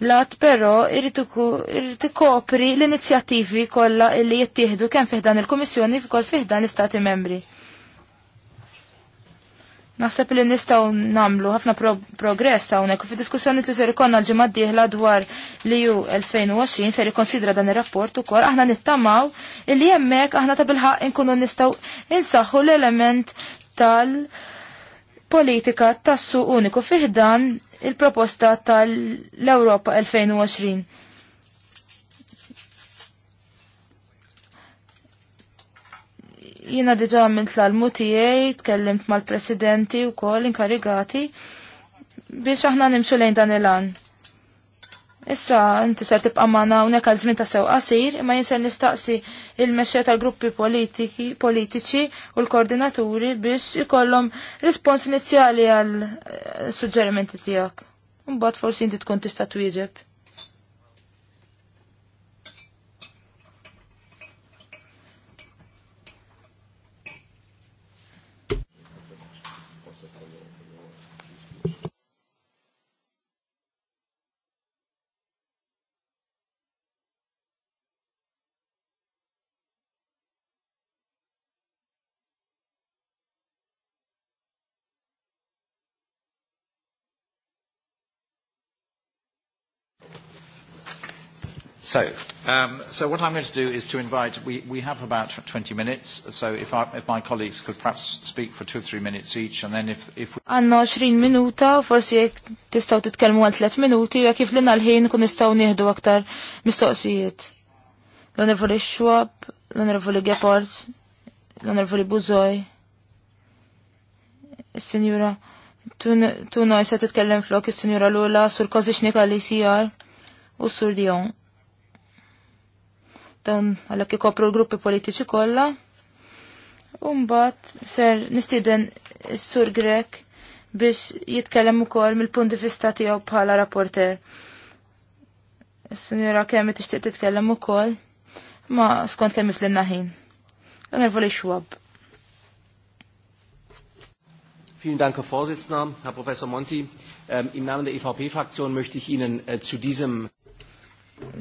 lat però irrid ikopri l-inizjattivi kollha li jittieħdu kemm fiħdan il-Kummissjoni fih fiħdan l-Istati Membri. Naħseb li nistgħu nagħmlu ħafna pro progress hawnhekk fid diskussjoni li ser konna l-ġimgħa dieħla dwar li ju 2020 ser ikkonsidra dan ir-rapport ukoll aħna nittamaw illi hemmhekk aħna ta' bilħaq inkunu nistgħu insaħħu l-element tal- politika tassu uniku fiħdan il-proposta tal-Europa 2020. Jina diġa għamilt l-mutijaj, tkellimt mal-presidenti u kol inkarigati biex aħna nimxu lejn dan il-għan. Issa, inti ser tibqa' magħna hawnhekk għal żmien ta' sew qasir, imma jinser nistaqsi il-mexxej tal-gruppi politiki politiċi u l-koordinaturi biex ikollhom rispons inizjali għal eh, suġġerimenti tiegħek. Imbagħad forsi inti tkun tista' twieġeb. So, um, so what I'm going to do is to invite, we, we have about 20 minutes, so if, I, if my colleagues could perhaps speak for two or three minutes each, and then if... if Anna 20 minuta, forsi jek tistaw titkelmu għal 3 minuti, jek if l-inna l-ħin kun nistaw nieħdu aktar mistoqsijiet. L-onorvoli Schwab, l-onorvoli Gepard, l-onorvoli Buzoj, il-senjura Tunoj se titkellem flok il-senjura Lula sur xnika l-ICR, u sur Dion dan għalhekk ikopru l-gruppi politiċi kolla. Umbat, ser nistiden is-Sur Grek biex jitkellem u ukoll mill-punt di vista tijaw bħala rapporter. S-sunjera Is-sinjora kemm tixtieq u ukoll ma skont kemm iflinna ħin. Nervu li xwab. Vielen Dank, Herr Vorsitzender, Herr Professor Monti. Ähm, Im Namen der EVP-Fraktion möchte ich Ihnen äh, zu diesem...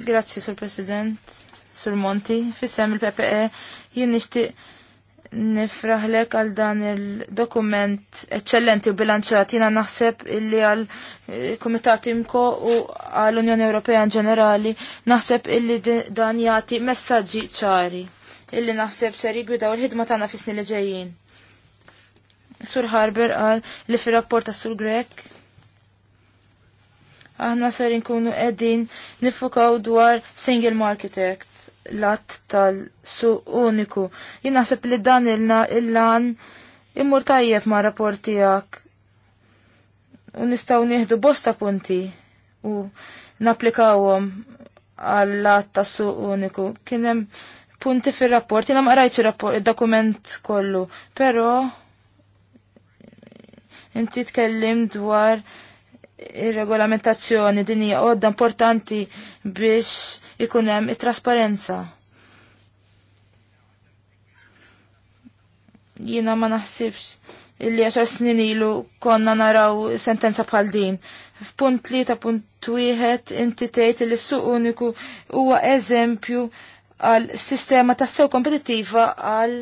Grazie, Herr Präsident. Sur Monti, fissem il-PPE, jien nixtieq nifraħlek għal dan il-dokument eccellenti u bilanċat jiena naħseb illi għal eh, Kumitat Imko u għal Unjoni Ewropea in ġenerali naħseb illi dan jagħti messaġġi ċari illi naħseb ser jigwidaw il-ħidma tagħna fis-snin li ġejjin. Sur Harber qal li fir-rapport Sur Grek aħna ser nkunu qegħdin nifokaw dwar Single Market Act lat tal-suq uniku. Jien naħseb li dan il-lan immur tajjeb ma' rapportijak. U nistaw nieħdu bosta punti u naplikawom għall lat tas-suq uniku. Kien hemm punti fir-rapport, jiena ma qrajtx id-dokument kollu, però inti tkellim dwar ir-regolamentazzjoni din hija għodda importanti biex ikun hemm it-trasparenza. Jiena ma naħsibx illi għaxar snin ilu konna naraw sentenza bħal din. F'punt li ta' punt wieħed inti tgħid li s-suq uniku huwa eżempju għal sistema ta' sew kompetittiva għal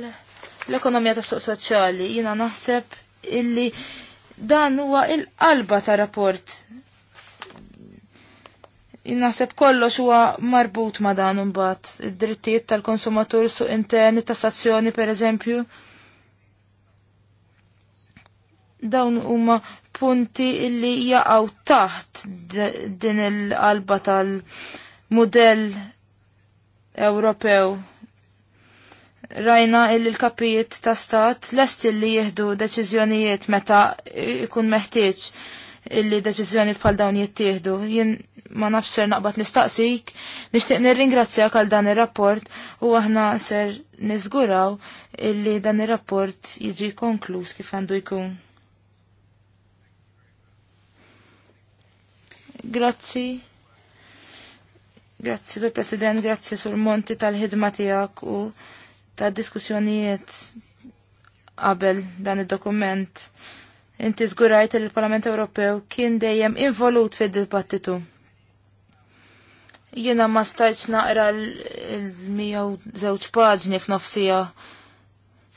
l-ekonomija tas suq soċjali. Jiena naħseb illi Dan huwa il-qalba ta' rapport. Innaħseb kollox huwa marbut ma' dan imbagħad id-drittijiet tal-konsumatur suq interni, tassazzjoni pereżempju. Dawn huma punti illi jaqgħu taħt din il-qalba tal-mudell Ewropew rajna illi l-kapijiet ta' stat lest illi jihdu deċiżjonijiet meta ikun meħtieġ illi deċiżjoni bħal dawn jittieħdu. Jien ma nafx ser naqbad nistaqsik, nixtieq nirringrazzjak għal dan ir-rapport u aħna ser niżguraw illi dan ir-rapport jiġi konkluż kif għandu jkun. Grazzi. Grazzi sur President, grazzi sur Monti tal-ħidma tiegħek u ta' diskussjonijiet qabel dan id-dokument. Inti żgurajt li l-Parlament Ewropew kien dejjem involut fid-dibattitu. Jiena ma stajtx naqra l żewġ paġni f'nofsija,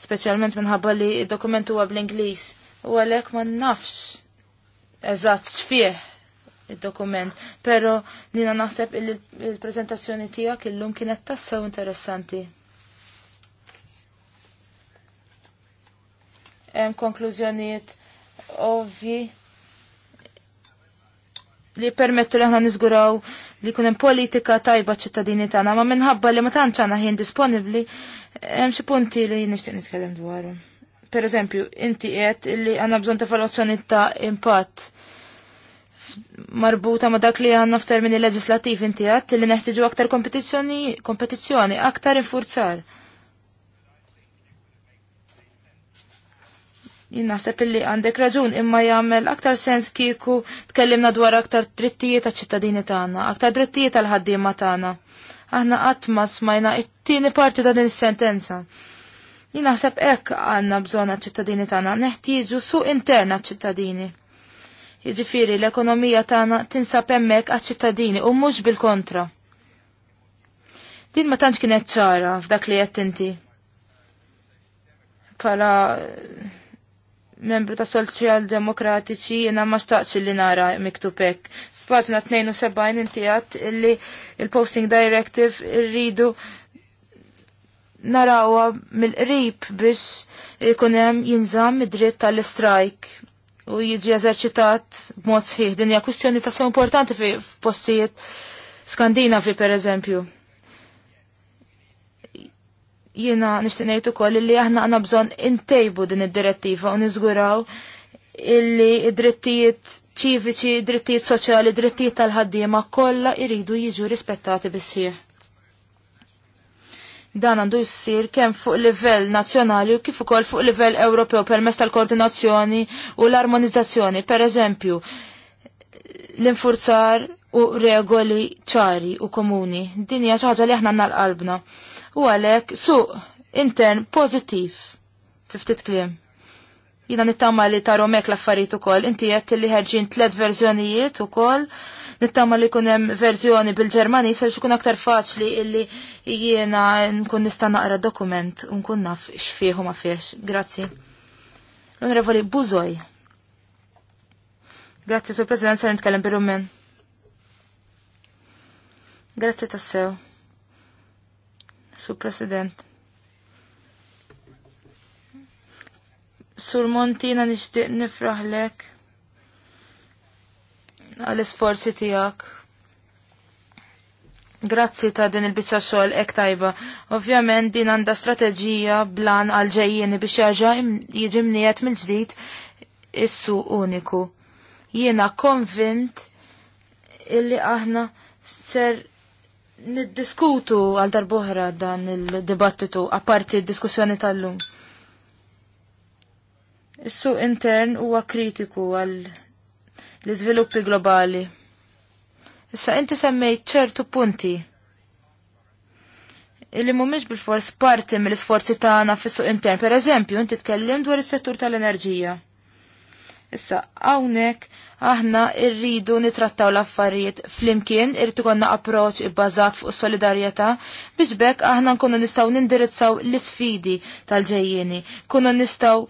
speċjalment minħabba li id-dokument huwa bl-Ingliż, u għalhekk ma nafx eżatt x'fih il-dokument. Pero nina naħseb il-prezentazzjoni tijak il-lum kienet tassaw interessanti. hemm konklużjonijiet ovvi li permettu li aħna niżguraw li kunem politika tajba ċittadini tagħna, ma minħabba li ma tantx għandna ħin disponibbli hemm xi punti li nixtieq nitkellem dwarhom. Per eżempju, inti qed li għandna bżonn ta' ta' impatt marbuta ma dak li għanna f'termini leġislativ inti għat li neħtiġu aktar kompetizzjoni, kompetizzjoni, aktar infurzar. Jinnaħseb illi għandek raġun imma jagħmel aktar sens kieku tkellimna dwar aktar drittijiet tal-ċittadini tagħna, aktar drittijiet tal-ħaddiema tagħna. Aħna qatt ma smajna it-tieni parti ta' din is-sentenza. naħseb hekk għandna bżonn ċittadini tagħna, neħtieġu suq interna ċittadini. Jiġifieri l-ekonomija tagħna tinsab hemmhekk għaċ-ċittadini u mhux bil-kontra. Din ma tantx kienet ċara f'dak li qed inti. Pala membru ta' Social Demokratiċi jena ma staqx li nara miktubek. F'pagġna 72 inti għat illi il-Posting Directive rridu narawa mill-qrib biex kunem jinżam id-dritt tal-strajk u jiġi eżerċitat b'mod sħiħ. Din hija kwistjoni ta' importanti fi postijiet Skandinavi per eżempju. Jiena nishtinajt u ukoll li aħna għandna bżonn intejbu din id-direttiva u niżguraw illi id-drittijiet ċiviċi, drittijiet soċjali, drittijiet tal-ħaddiema kollha jridu jiġu rispettati bissieħ. Dan għandu jissir kemm fuq livell nazzjonali u kif ukoll fuq livell Ewropew permezz tal-koordinazzjoni u l-armonizzazzjoni. Per eżempju, l-infurzar u regoli ċari u komuni. Din hija xi ħaġa li aħna nalqalbna. qalbna u għalhekk suq intern pożittiv fi klim. Jina nittama li taromek l-affarijiet ukoll, inti jett li ħerġin tliet verżjonijiet ukoll, nittama li kunem hemm verżjoni bil-Ġermani sal kun aktar faċli illi jiena nkun nista' naqra dokument u nkun naf x'fieħu ma fiex. Grazzi. L-Onorevoli Buzoj. Grazzi, Sur President, ser nitkellem bil rumen Grazzi tassew. Sur President. Sur Montina nixtieq nifraħlek għall-isforzi tiegħek. Grazzi ta' din il-bicċa xogħol hekk tajba. Ovvjament din għandha strateġija blan għal ġejjieni biex jaġa jiġi mill-ġdid is uniku. Jiena konvint illi aħna ser niddiskutu għal darbohra dan il-dibattitu, apparti il-diskussjoni tal-lum. Issu intern huwa kritiku għal l-iżviluppi globali. Issa inti semmejt ċertu punti illi mhumiex bil-fors parti mill-isforzi tagħna fis-suq intern. Per eżempju, inti tkellim dwar is-settur tal-enerġija. Issa hawnhekk aħna irridu nitrattaw l-affarijiet flimkien, irrid konna approċ ibbażat fuq solidarjetà biex bekk aħna nkunu nistgħu nindirizzaw l-isfidi tal-ġejjieni, kunu nistgħu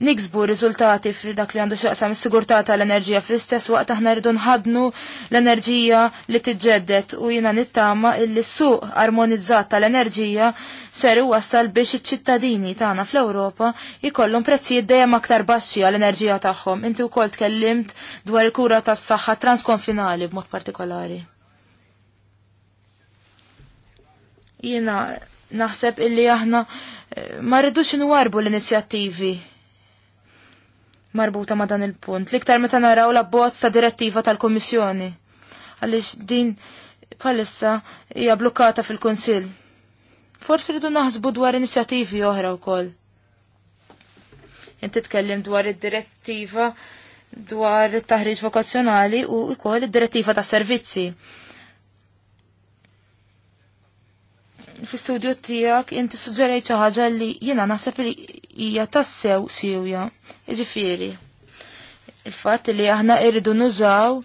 niksbu riżultati dak li għandu xaqsam is-sigurtà tal-enerġija fl-istess waqt aħna rridu nħadnu l-enerġija li tġeddet u jiena nittama illi suq armonizzat tal-enerġija ser iwassal biex iċ-ċittadini tagħna fl-Ewropa jkollhom prezzijiet dejjem aktar baxxi għall-enerġija tagħhom. Inti wkoll tkellimt dwar il-kura tas-saħħa transkonfinali b'mod partikolari. Jiena naħseb illi aħna eh, ma rridux nwarbu l-inizjattivi marbuta ma' dan il-punt. L-iktar meta naraw la bozz ta' direttiva tal-Kommissjoni. Għaliex din bħalissa hija blokkata fil-Kunsill. Forsi rridu naħsbu dwar inizjattivi oħra wkoll. Inti tkellem dwar id-direttiva dwar it-taħriġ vokazzjonali u wkoll id-direttiva tas servizzi. fil-studio tijak jinti suġġerejt ħaġa li jina naħseb li hija tassew siwja. iġifiri. Il-fatt li aħna irridu nużaw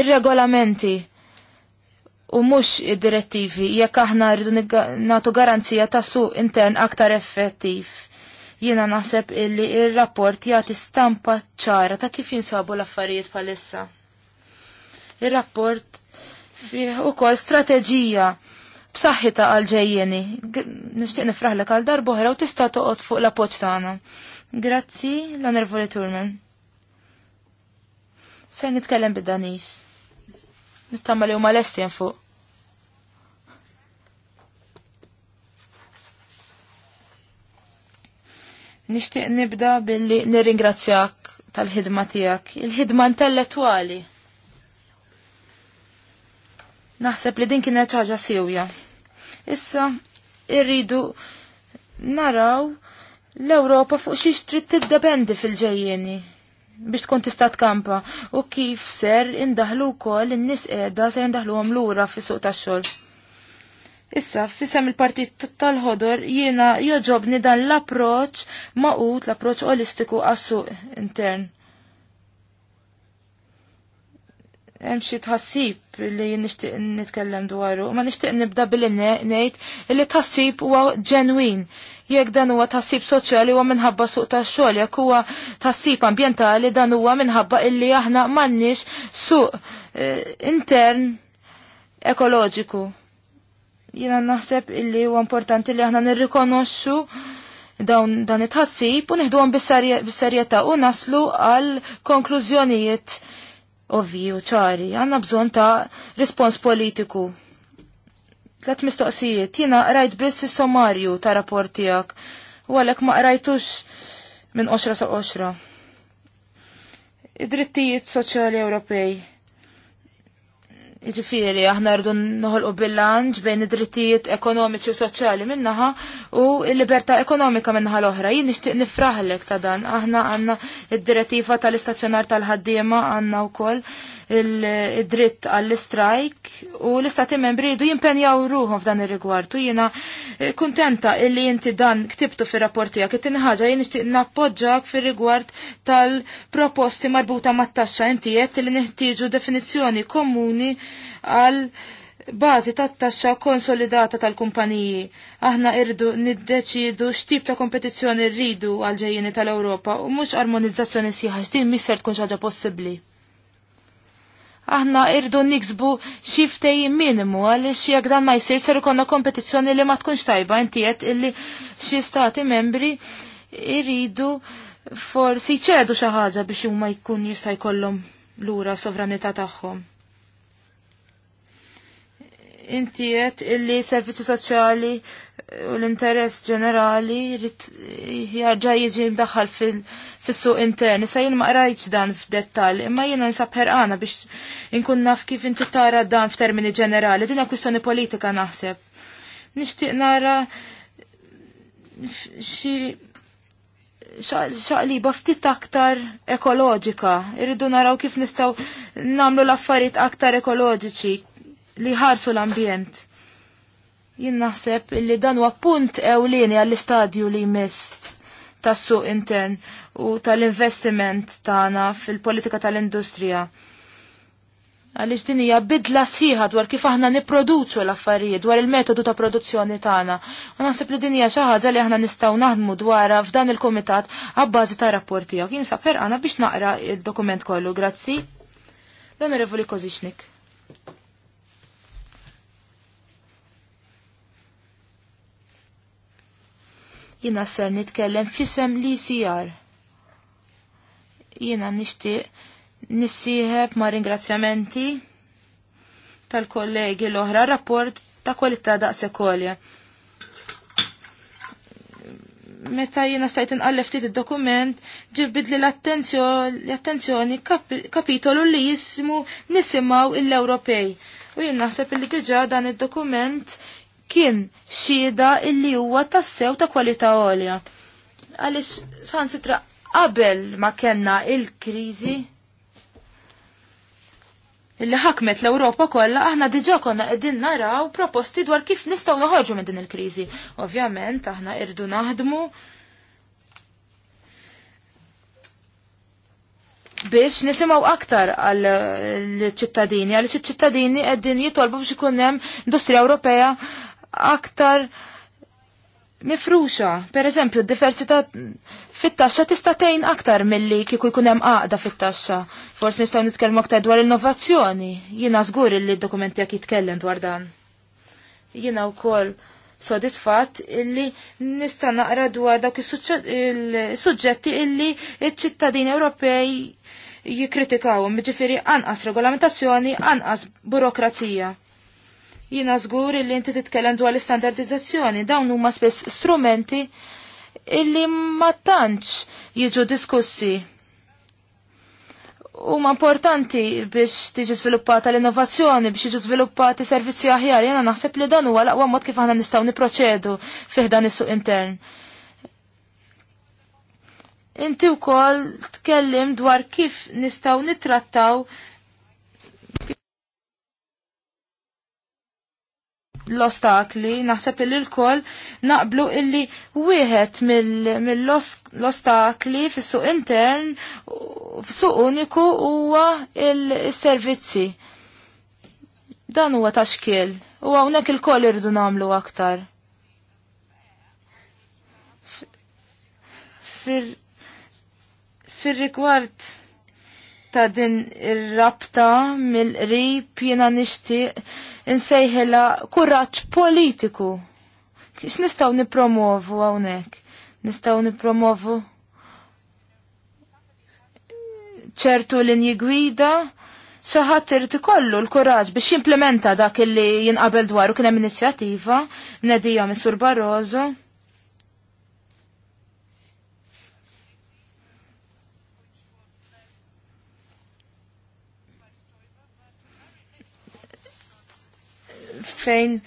ir-regolamenti u mhux id-direttivi jekk aħna rridu nagħtu garanzija ta' suq intern aktar effettiv. Jiena naħseb illi il rapport jagħti stampa ċara ta' kif jinsabu l-affarijiet bħalissa. Ir-rapport fih ukoll strateġija b'saħħitha għal ġejjeni. Nixtieq nifraħlek għal darbohra u tista' toqgħod fuq l-appoġġ tagħna. Grazzi l-Onorevoli Turman. Ser nitkellem bid-Danis. Nittama li huma lestien fuq. Nixtieq nibda billi nirringrazzjak tal-ħidma tiegħek, il-ħidma intellettwali. Naħseb li din kienet ħaġa sewja. Issa irridu naraw l-Ewropa fuq xiex trid tiddependi fil-ġejjeni biex tkun tista' tkampa u kif ser indaħlu wkoll in-nies qiegħda ser indaħluhom lura fis-suq tax-xogħol. Issa, fisem il-partit tal-ħodor jiena joġobni dan l-approċ maqut, l-approċ olistiku għas-suq intern. hemm xi tħassib li nixtieq nitkellem dwaru, ma nixtieq nibda billi ngħid li tħassib huwa ġenwin. Jekk dan huwa tħassib soċjali huwa minħabba suq tax-xogħol, jekk huwa tħassib ambjentali dan huwa minħabba illi aħna m'għandniex suq eh, intern ekoloġiku. Jiena naħseb illi huwa importanti li aħna nirrikonoxxu dawn dan it-ħassib u neħduhom bis-serjetà u naslu għal konklużjonijiet ovvju ċari, għanna bżon ta' respons politiku. Tlet mistoqsijiet, jina rajt biss sommarju ta' rapportijak, u għalek ma' rajtux minn 10 sa' 10. Id-drittijiet soċjali Ewropej. Ġifiri, aħna rridu noħolqu bilanċ bejn id-drittijiet ekonomiċi u soċjali minnaħa u l-libertà ekonomika minnaħa l-oħra. Jien nixtieq nifraħlek ta' dan. Aħna għandna id-direttiva tal-istazzjonar tal-ħaddiema għandna wkoll il-dritt għall-strajk u l-istati membri jridu jimpenjaw ruħom f'dan ir-rigward u jiena eh, kuntenta illi inti dan ktibtu fir-rapport tiegħek qed inħaġa jien nixtieq nappoġġjak fir-rigward tal-proposti marbuta mat-taxxa inti jett li neħtieġu definizzjoni komuni għal bażi tat-taxxa konsolidata tal-kumpaniji. Aħna irdu niddeċidu x'tip ta' kompetizzjoni rridu għal ġejjini tal-Ewropa u mhux armonizzazzjoni sieħa x'din mis ser tkun xi ħaġa possibbli aħna irdu niksbu xiftej minimu għaliex jekk dan ma jisir seru konna kompetizzjoni li ma tkunx tajba inti illi xi stati membri iridu forsi ċedu xi ħaġa biex huma jkun jista' jkollhom lura sovranità tagħhom. Inti qed illi servizzi soċjali u l-interess ġenerali jarġa jiġi mdaħħal fil-suq intern. sa jien ma qrajtx dan f'dettall, imma jiena nsab ħerqana biex inkun naf kif inti tara dan f'termini ġenerali. Dina kwistjoni politika naħseb. Nixtieq nara xi xaqliba ftit aktar ekoloġika. Irridu naraw kif nistgħu nagħmlu l-affarijiet aktar ekoloġiċi li ħarsu l-ambjent Jien naħseb li dan huwa punt ewlieni għall-istadju li jmiss tas-suq intern u tal-investiment tagħna fil-politika tal-industrija. Għaliex din hija bidla sħiħa dwar kif aħna nipproduċu l-affarijiet dwar il-metodu ta' produzzjoni tagħna. U naħseb li din hija xi ħaġa li aħna nistgħu naħdmu dwarha f'dan il-kumitat għabbażi ta' rapport tiegħu. Jien sab biex naqra il-dokument kollu, grazzi. L-Onorevoli Koziċnik. jina ser nitkellem fisem li sijar. Jina nishti nissiħeb ma ringrazzjamenti tal-kollegi l-oħra rapport ta' kwalità da' sekolja. Meta jina stajt nqallef ftit id-dokument, ġibbid li l-attenzjoni kapitolu li jismu nisimaw il-Ewropej. U jina naħseb li diġa dan id-dokument kien xida illi huwa tassew ta' kwalità għolja. Għaliex sitra qabel ma kenna il-kriżi illi ħakmet l-Ewropa kollha aħna diġà konna qegħdin naraw proposti dwar kif nistgħu noħorġu minn din il-kriżi. Ovvjament aħna irdu naħdmu biex nisimaw aktar għal ċittadini, għal ċittadini għeddin jitolbu biex ikun hemm industrija Ewropea aktar mifruxa. Per eżempju, diversità fit-taxxa tista' tgħin aktar milli kieku jkun hemm għaqda fit-taxxa. Forsi nistgħu nitkellmu aktar dwar innovazzjoni. Jiena żgur li d-dokumenti jekk jitkellem dwar dan. Jiena wkoll sodisfatt illi nista' naqra dwar dawk is-suġġetti illi ċ ċittadin Ewropej jikritikawhom, jiġifieri anqas regolamentazzjoni, anqas burokrazija. Jina żgur illi inti titkellem dwar l-istandardizzazzjoni, dawn huma spess strumenti illi ma tantx jiġu diskussi. Huma importanti biex tiġi żviluppata l-innovazzjoni, biex jiġu żviluppati servizzi aħjar, jena naħseb li dan huwa l-aqwa mod kif aħna nistgħu niproċedu fih dan is-suq intern. Inti wkoll tkellim dwar kif nistgħu nittrattaw l-ostakli, naħseb li l-koll naqblu illi wieħed mill-ostakli mill ostakli mil fis suq intern, fis-suq uniku huwa il-servizzi. Dan huwa taxkil, u hawnhekk il-koll irridu nagħmlu aktar. Fir-rigward fir rigward ta' din ir-rabta mill-qrib jiena nixtieq insejħilha kuraġġ politiku. X'nistgħu nippromovu hawnhekk? Nistgħu nippromovu ċertu linji gwida xaħat irid ikollu l-kuraġġ biex jimplementa dak li jinqabel dwaru kien hemm inizjattiva mnedija Missur Barroso. fejn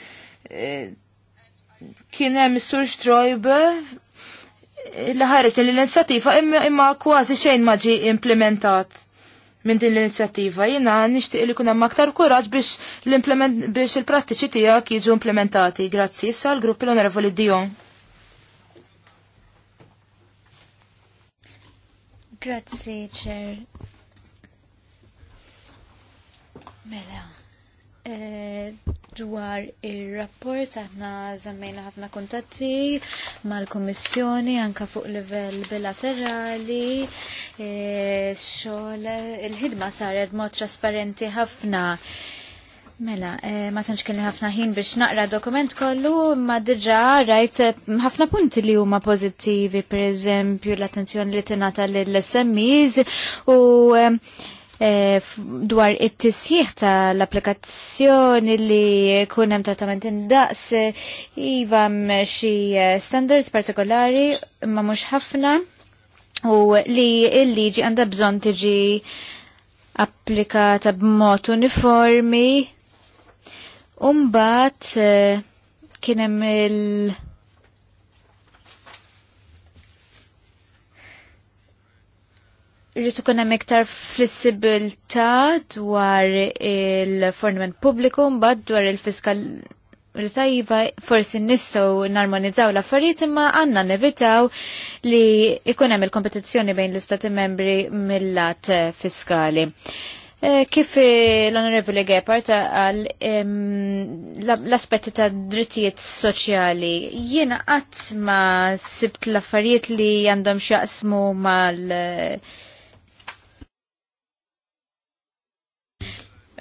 eh, kien hemm is-sur Strojbe eh, li ħareġ l-inizjattiva imma kważi xejn ma ġi implementat minn din l-inizjattiva. Jiena nixtieq li kun hemm aktar kuraġġ biex biex il-prattiċi tiegħek jiġu implementati. Grazzi issa l grupp l-Onorevoli Dion. Grazzi, ċer. Mela. Eh, dwar il-rapport aħna zammejna ħafna kontatti mal-Kommissjoni anka fuq livell bilaterali e, xogħol il-ħidma saret mod trasparenti ħafna. Mela, e, ma tanċ kelli ħafna ħin biex naqra dokument kollu, ma diġà rajt ħafna punti li huma per pereżempju l-attenzjoni li tingħata lill-SMEs u e, Eh, dwar it ta' tal-applikazzjoni li kun hemm trattament indaqs iva xi eh, standards partikolari ma mhux ħafna u li l-liġi għandha bżonn tiġi applikata b'mod uniformi u mbagħad eh, kien hemm il- Rrit ikun hemm iktar flessibilità dwar il fornament pubbliku mbagħad dwar il-fiskal iva forsi nistgħu narmonizzaw l-affarijiet imma għandna nevitaw li ikun hemm il-kompetizzjoni bejn l-istati membri mill-lat fiskali. E, kif l-Onorevoli Gepard għal l-aspetti ta' drittijiet soċjali, jiena qatt ma sibt l-affarijiet li għandhom x'jaqsmu mal-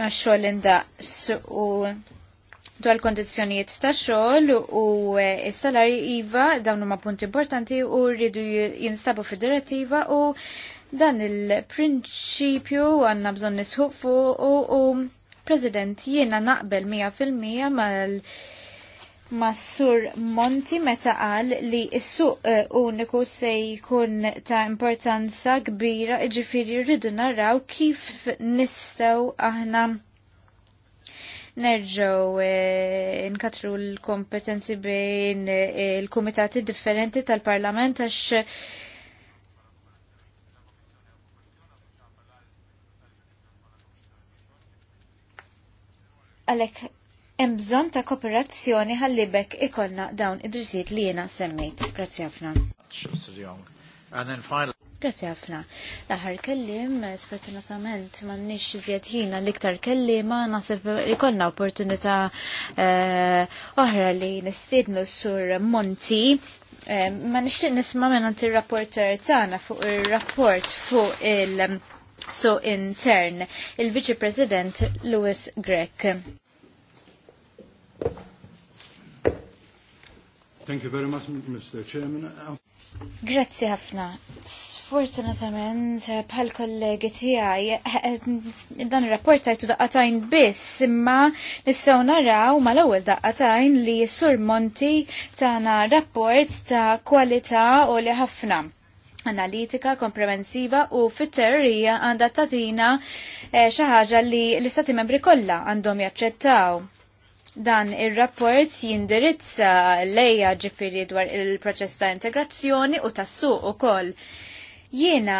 għax-xogħol indaqs u dwar kondizzjonijiet ta' xogħol u e, s-salari iva dawn huma punti importanti u rridu jinsabu fid u dan il-prinċipju għandna bżonn nisħuq fuq u, u President jiena naqbel 100% mal- ma Massur Monti meta qal li s-suq eh, uniku se jkun ta' importanza kbira ġifiri rridu naraw kif nistaw aħna nerġaw eh, nkatru l-kompetenzi bejn eh, il-kumitati differenti tal-parlament għax għalek hemm bżonn ta' kooperazzjoni ħallibek ikollna dawn id drisiet li jiena semmejt. Grazzi ħafna. Grazzi ħafna. L-aħħar kellim, sfortunatament m'għandniex iżjed ħina l-iktar kellima, nasib ikollna opportunità eh, oħra li nistiednu sur Monti eh, ma nixtieq nisma' minn ir-rapporter tagħna fuq ir-rapport fuq il- so intern il-Viċi President Louis Grek. Thank you very much, Mr. Chairman. Grazzi ħafna. Sfortunatament, bħal kollegi tiegħi, eh, dan ir-rapport għajtu daqqatajn biss, imma nistgħu naraw mal-ewwel daqqatajn li sur Monti tana rapport ta' kwalità u li ħafna analitika, komprehensiva, u fit-teorija għandha tatina eh, xi ħaġa li l-istati membri kollha għandhom jaċċettaw Dan ir-rapport jindirizza lejja ġifiri dwar il-proċess ta' integrazzjoni u tas-suq ukoll. Jiena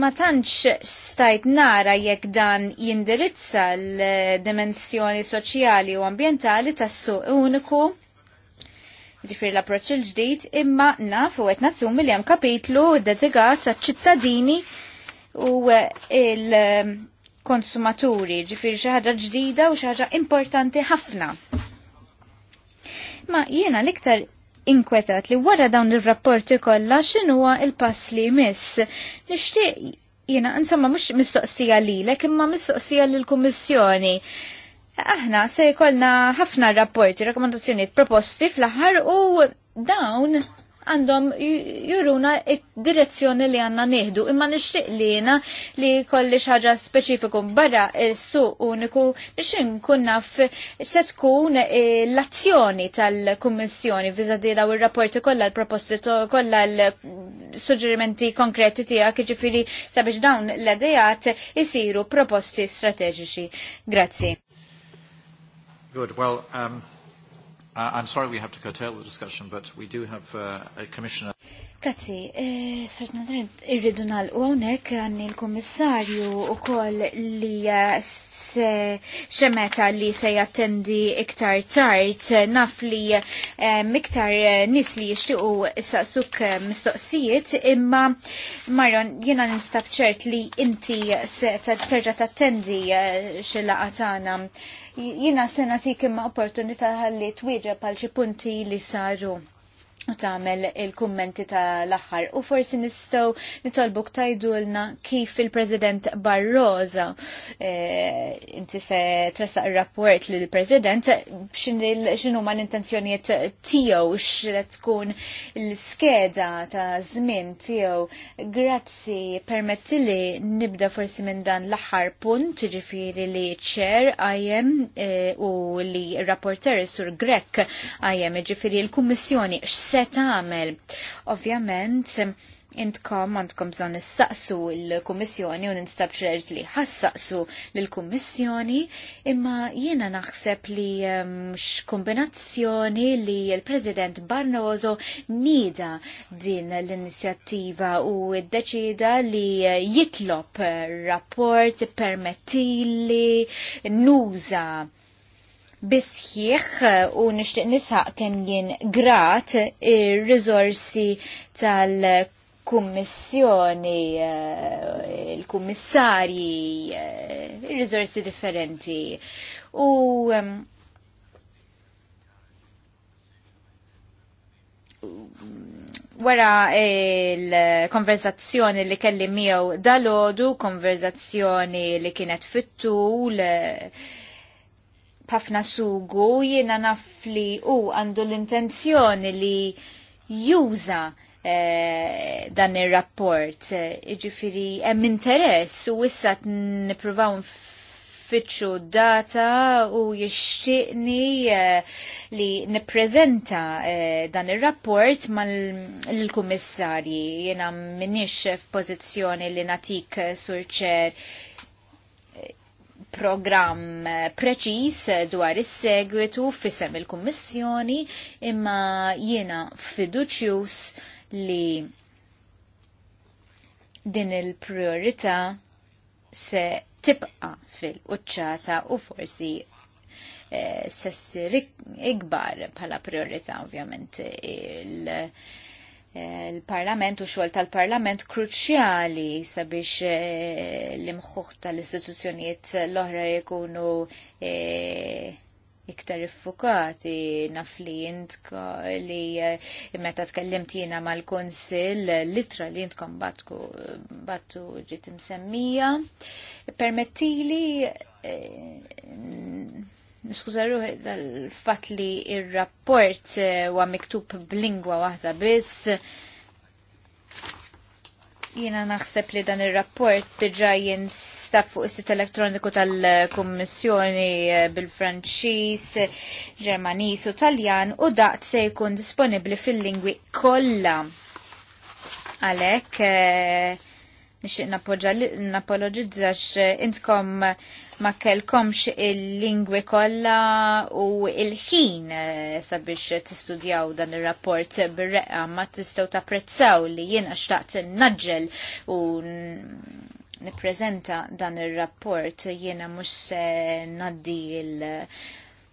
ma tantx stajt nara jekk dan jindirizza l-dimensjoni soċjali u ambjentali tas-suq uniku ġifiri l-approċ il-ġdijt, imma naf u għetna summi li hemm kapitlu dedikat ta' ċittadini u il- konsumaturi, ġifir xi ħaġa ġdida u xi ħaġa importanti ħafna. Ma jiena l-iktar inkwetat li wara dawn ir-rapporti kollha x'inhuwa il-pass li jmiss. Nixtieq jiena insomma mhux mistoqsija lilek imma mistoqsija lill-Kummissjoni. Aħna se jkollna ħafna rapporti, rakkomandazzjonijiet proposti fl-aħħar u dawn għandhom juruna id-direzzjoni li għanna neħdu. Imma nixtieq li jena li kolli ħaġa speċifiku barra il suq uniku biex kunna naf se tkun l-azzjoni tal-Kummissjoni viżadi u ir-rapporti kollha l-proposti kollha l-suġġerimenti konkreti tiegħek jiġifieri sabiex dawn l-idejat isiru proposti strateġiċi. Grazzi. Good, well, um... Uh, I'm sorry we have to curtail the discussion, but we do have uh, a commissioner. Grazzi, eh, sfertna irridu nalqu hawnhekk għonek għanni l-kommissarju u li eh, se xemeta li se jattendi iktar tart. Naf li eh, miktar nis li jishtiqu saqsuk mistoqsijiet, imma Marron, jena nistab ċert li inti se terġa tattendi xilla għatana jina sena tik imma opportunità għalli twieġa pal xi punti li saru u tagħmel il-kummenti tal-aħħar u forsi nistgħu nitolbuk tajdulna kif il-President Barroza eh, inti se tressaq ir-rapport lill president x'inhu ma l-intenzjonijiet tiegħu x'qed tkun l-skeda ta' żmien tiegħu. Grazzi permettili nibda forsi minn dan l-aħħar punt ġifieri li ċer ajem eh, u li rapporter sur Grek ajem, ġifieri l-Kummissjoni se tagħmel. Ovvjament, intkom għandkom bżon nissaqsu l-Kummissjoni u ninstab li ħassaqsu l-Kummissjoni imma jiena naħseb li ehm, x-kombinazzjoni li l-President Barnoso nida din l-inizjattiva u id deċida li jitlob rapport permettili nuża bisħiħ eh, u nishtiq nisaq kien jien grat ir rizorsi tal kummissjoni, eh, il-kummissarji, eh, il-rizorsi differenti. U wara il-konverzazzjoni li kelli miegħu dalodu, konverzazzjoni li kienet fit-tul, ħafna sugu jiena naf li u għandu l-intenzjoni li juża eh, dan ir-rapport. Eh, iġifiri hemm interess u issa nippruvaw fitxu data u jixtieqni eh, li nippreżenta dan ir-rapport mal-kummissarji. Jiena m'iniex f'pożizzjoni li natik surċer programm preċis dwar is-segwitu fisem il-Kummissjoni imma jiena fiduċjus li din il-priorità se tibqa fil-qċċata u forsi eh, sessir ikbar bħala priorità ovvjament il- il-parlament u xogħol tal-parlament kruċjali sabiex eh, l-imħuħ tal-istituzzjonijiet l-oħra jkunu eh, iktar iffukati naf li jintko li eh, meta tkellimt jiena mal-konsil litra li jintkom batku battu ġiet msemmija permettili niskuża ruħi l-fatt li il rapport eh, huwa miktub b'lingwa waħda biss. Jiena naħseb li dan ir-rapport diġà jinstab fuq is-sit elettroniku tal-Kummissjoni eh, bil-Franċiż, Ġermaniż u Taljan u daqt se jkun disponibbli fil-lingwi kollha. Għalhekk eh, nixtieq napologizzax intkom ma kellkomx il-lingwi kollha u il-ħin eh, sabiex tistudjaw dan ir-rapport bir-reqqa ma tistgħu tapprezzaw li jiena xtaqt naġġel u nippreżenta dan ir-rapport jiena mhux se naddi il-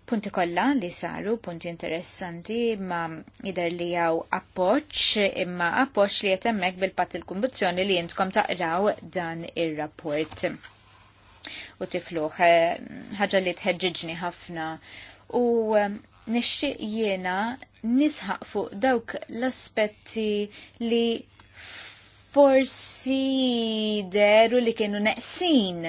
punti kollha li saru, punti interessanti, ma jider li jaw appoċ, imma appoċ li jetemmek bil-pat il-kumbuzzjoni li jintkom taqraw dan il-rapport u tifluħ, eh, ħaġa li tħeġġiġni ħafna. U eh, nixtieq jiena nisħaq fuq dawk l-aspetti li forsi deru li kienu neqsin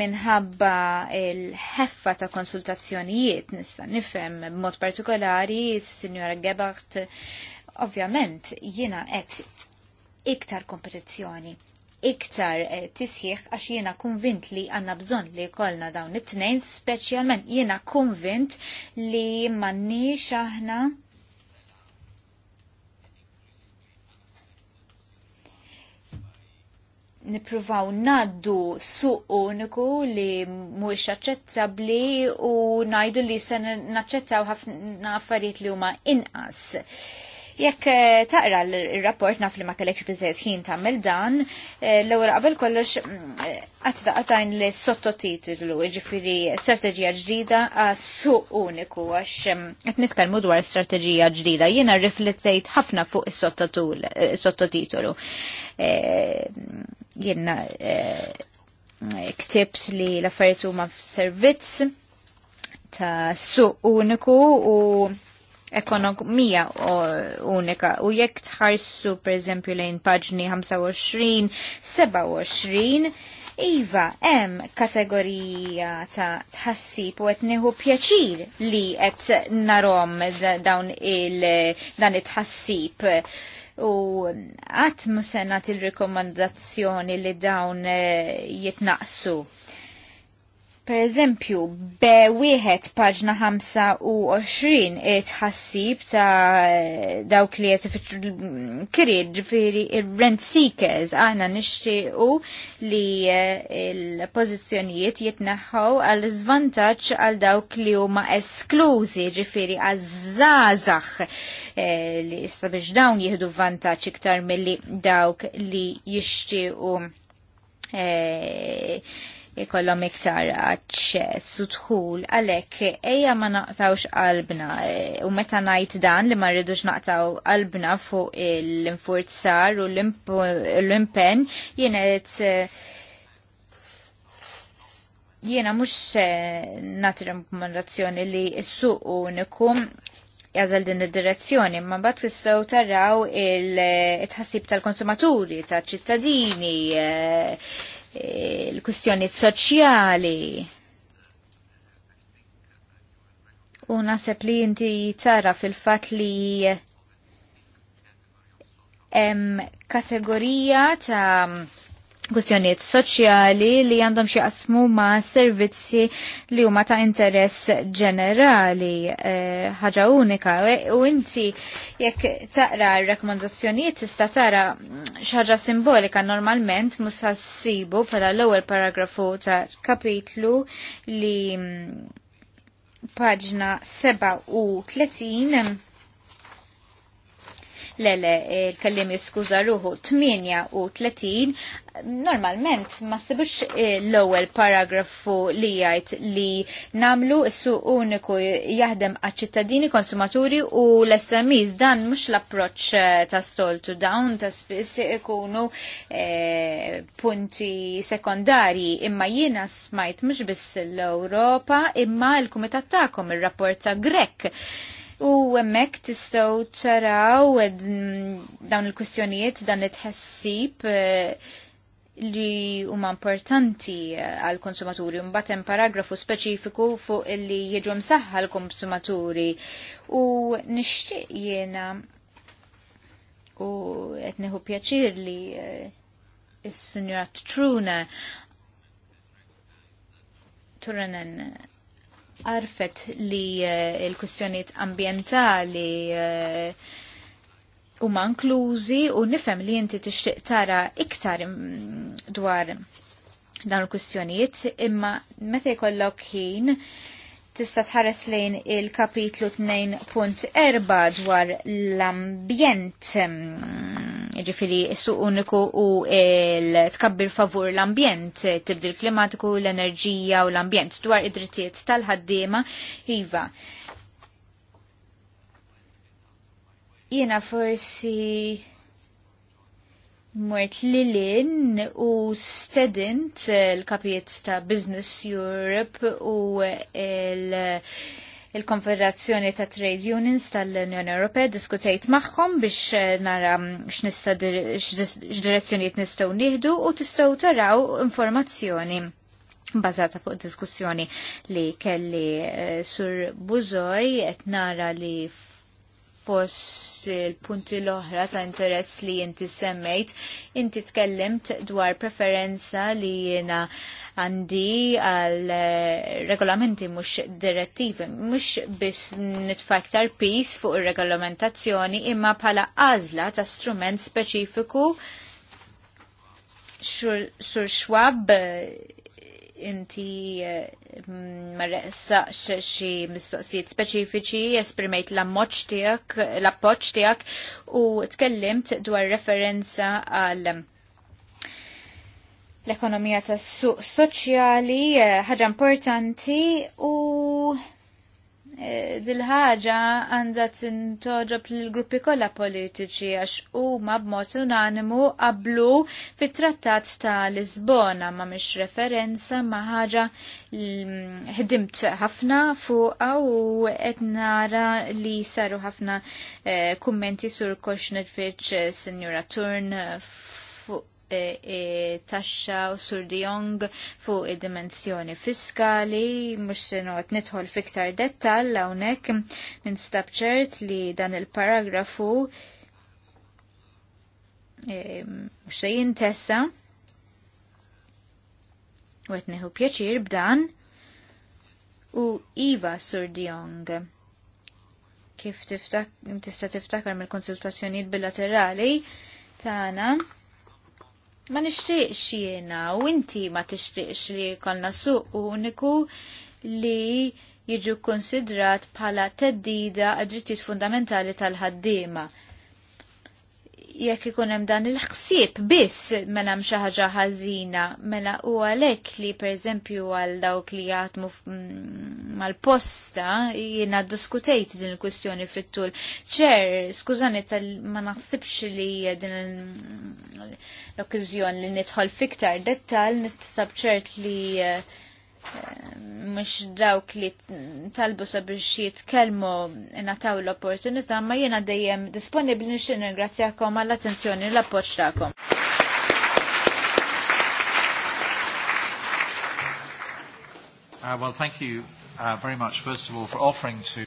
minħabba il-ħeffa ta' konsultazzjonijiet nista' nifhem b'mod partikolari s-Sinjora Gebart ovvjament jiena qed iktar kompetizzjoni iktar eh, tisħiħ għax jiena konvint li għanna bżon li kolna dawn it-tnejn, specialment jiena konvint li manni aħna nipruvaw naddu suq uniku li mhuwiex aċċettabbli u najdu li se naċċettaw ħafna affarijiet li huma inqas Jekk eh, taqra l-rapport naf li ma kellekx biżejjed ħin tagħmel dan, eh, l-ewwel qabel kollox mm, eh, qatajn li sottotitlu jiġifieri strateġija ġdida għas-suq uniku għax mm, qed nitkellmu dwar strateġija ġdida. Jiena rriflettejt ħafna fuq is-sottotitolu. Jiena ktibt li l-affarijiet huma f'servizz ta' suq uniku u ekonomija unika u jekk tħarsu per eżempju lejn paġni 25, 27, Iva, hemm kategorija ta' tħassib u qed nieħu pjaċir li qed narom dawn il dan it-tħassib u għatmu senat il-rekomandazzjoni li dawn eh, jitnaqsu Per eżempju, B1 paġna 25 it-ħassib ta' dawk li jett kirid ġifiri il-rent seekers għana nishtiqu li eh, il-pozizjonijiet jitnaħħaw għal zvantaċ għal dawk li huma esklużi ġifiri għazzazax eh, li istabiex dawn jihdu vantaċ iktar mill-li dawk li jishtiqu eh, jkollhom iktar aċċess u tħul għalhekk ejja ma naqtawx qalbna u meta ngħid dan li ma rridux naqtaw qalbna fuq l-infurzar u l-impenn jiena eh, jiena mhux nagħti rekomendazzjoni li s-suq uniku jażel din id-direzzjoni, ma bat tistgħu taraw il-tħassib tal-konsumaturi, tal-ċittadini, eh, il-kustjoni soċjali. U naseb li inti tara fil-fat li em, kategorija ta' kwestjoniet soċjali li għandhom xi qasmu ma' servizzi li huma ta' interess ġenerali eh, ħaġa e, unika eh, u inti jekk taqra r-rakkomandazzjonijiet tista' tara mm, xaġa simbolika normalment mhux ssibu bħala l-ewwel paragrafu ta' kapitlu li mm, paġna 37 Lele, il-kellim jiskuza ruħu 38 normalment ma sibux eh, l-ewwel paragrafu li jgħid li namlu s-suq uniku jaħdem għaċ-ċittadini konsumaturi u l smis dan mhux l-approċċ eh, ta' stoltu dawn ta' spiss ikunu eh, punti sekondarji imma jiena smajt mhux biss l-Ewropa imma l-kumitat tagħkom ir-rapport ta' Grek u hemmhekk tistgħu taraw dawn il-kwistjonijiet dan it ħessib eh, li huma importanti eh, għal konsumaturi mbagħad hemm paragrafu speċifiku fuq illi jiġu msaħħa l-konsumaturi u nixtieq jiena u qed nieħu pjaċir li eh, is-Sinjora Truna Turanen arfet li eh, il-kwistjoniet ambientali eh, huma inklużi u nifhem li inti tixtieq tara iktar mm, dwar dawn il-kwistjonijiet, imma meta jkollok ħin tista' tħares lejn il-kapitlu 2.4 dwar l-ambjent mm, ġifiri s-suq uniku u l-tkabbir favur l-ambjent, tibdil klimatiku, l-enerġija u l-ambjent dwar id-drittijiet tal-ħaddiema, iva. Jena forsi mort Lilin u stedint eh, l-kapijiet ta' Business Europe u l- il-Konfederazzjoni ta' Trade Unions tal-Unjoni Ewropea diskutejt magħhom biex eh, nara mm, x'direzzjonijiet nistgħu nieħdu u tistgħu taraw informazzjoni bazata fuq diskussjoni li kelli uh, sur Buzoj et nara li fos il-punti l-oħra ta' interess li inti semmejt, inti tkellimt dwar preferenza li jena għandi għal eh, regolamenti mux direttivi, mux bis nitfaktar pis fuq il-regolamentazzjoni imma pala għazla ta' strument speċifiku sur xwab inti eh, mm, ma ressaqx xi mistoqsijiet speċifiċi, esprimejt l-ammoċ tiegħek, l-appoċ tiegħek u tkellimt dwar referenza għal l-ekonomija tas suq soċjali, eh, ħaġa importanti u Eh, dil-ħaġa għandha tintoġob lill-gruppi kollha politiċi għax huma b'mod unanimu qablu fit-Trattat ta' Lisbona ma mhix referenza ma ħaġa ħdimt ħafna fuqha u qed nara li saru ħafna eh, kummenti sur Koxnetfiċ Sinjura Turn E, e, taxxa u Sur Diong fuq id-dimensjoni fiskali, mux senot nidħol fiktar dettal hawnhekk ninstab ċert li dan il-paragrafu e, mux se jintessa u għetniħu pjaċir b'dan u Iva Sur Diong kif tista tiftakar mill-konsultazzjonijiet bilaterali tagħna ma nishtiqx jiena u inti ma tixtieqx li konna suq uniku li jiġu konsidrat bħala teddida għad-drittijiet fundamentali tal-ħaddiema jekk ikun hemm dan il-ħsieb biss mela hemm xi ħaġa ħażina, mela u għalhekk li pereżempju għal dawk li jaħdmu mm, mal-posta jiena ddiskutejt din il-kwistjoni fit-tul. Ċer, skużani tal ma naħsibx li din mm, l-okkiżjoni li nidħol fiktar dettal nittab ċert li eh, mux dawk li talbu sabiex jitkelmu nataw l-opportunità, ma jena dejjem disponibli nixin ringrazzjakom għall-attenzjoni l-appoċ ta'kom. Uh, well, thank you uh, very much, first of all, for offering to...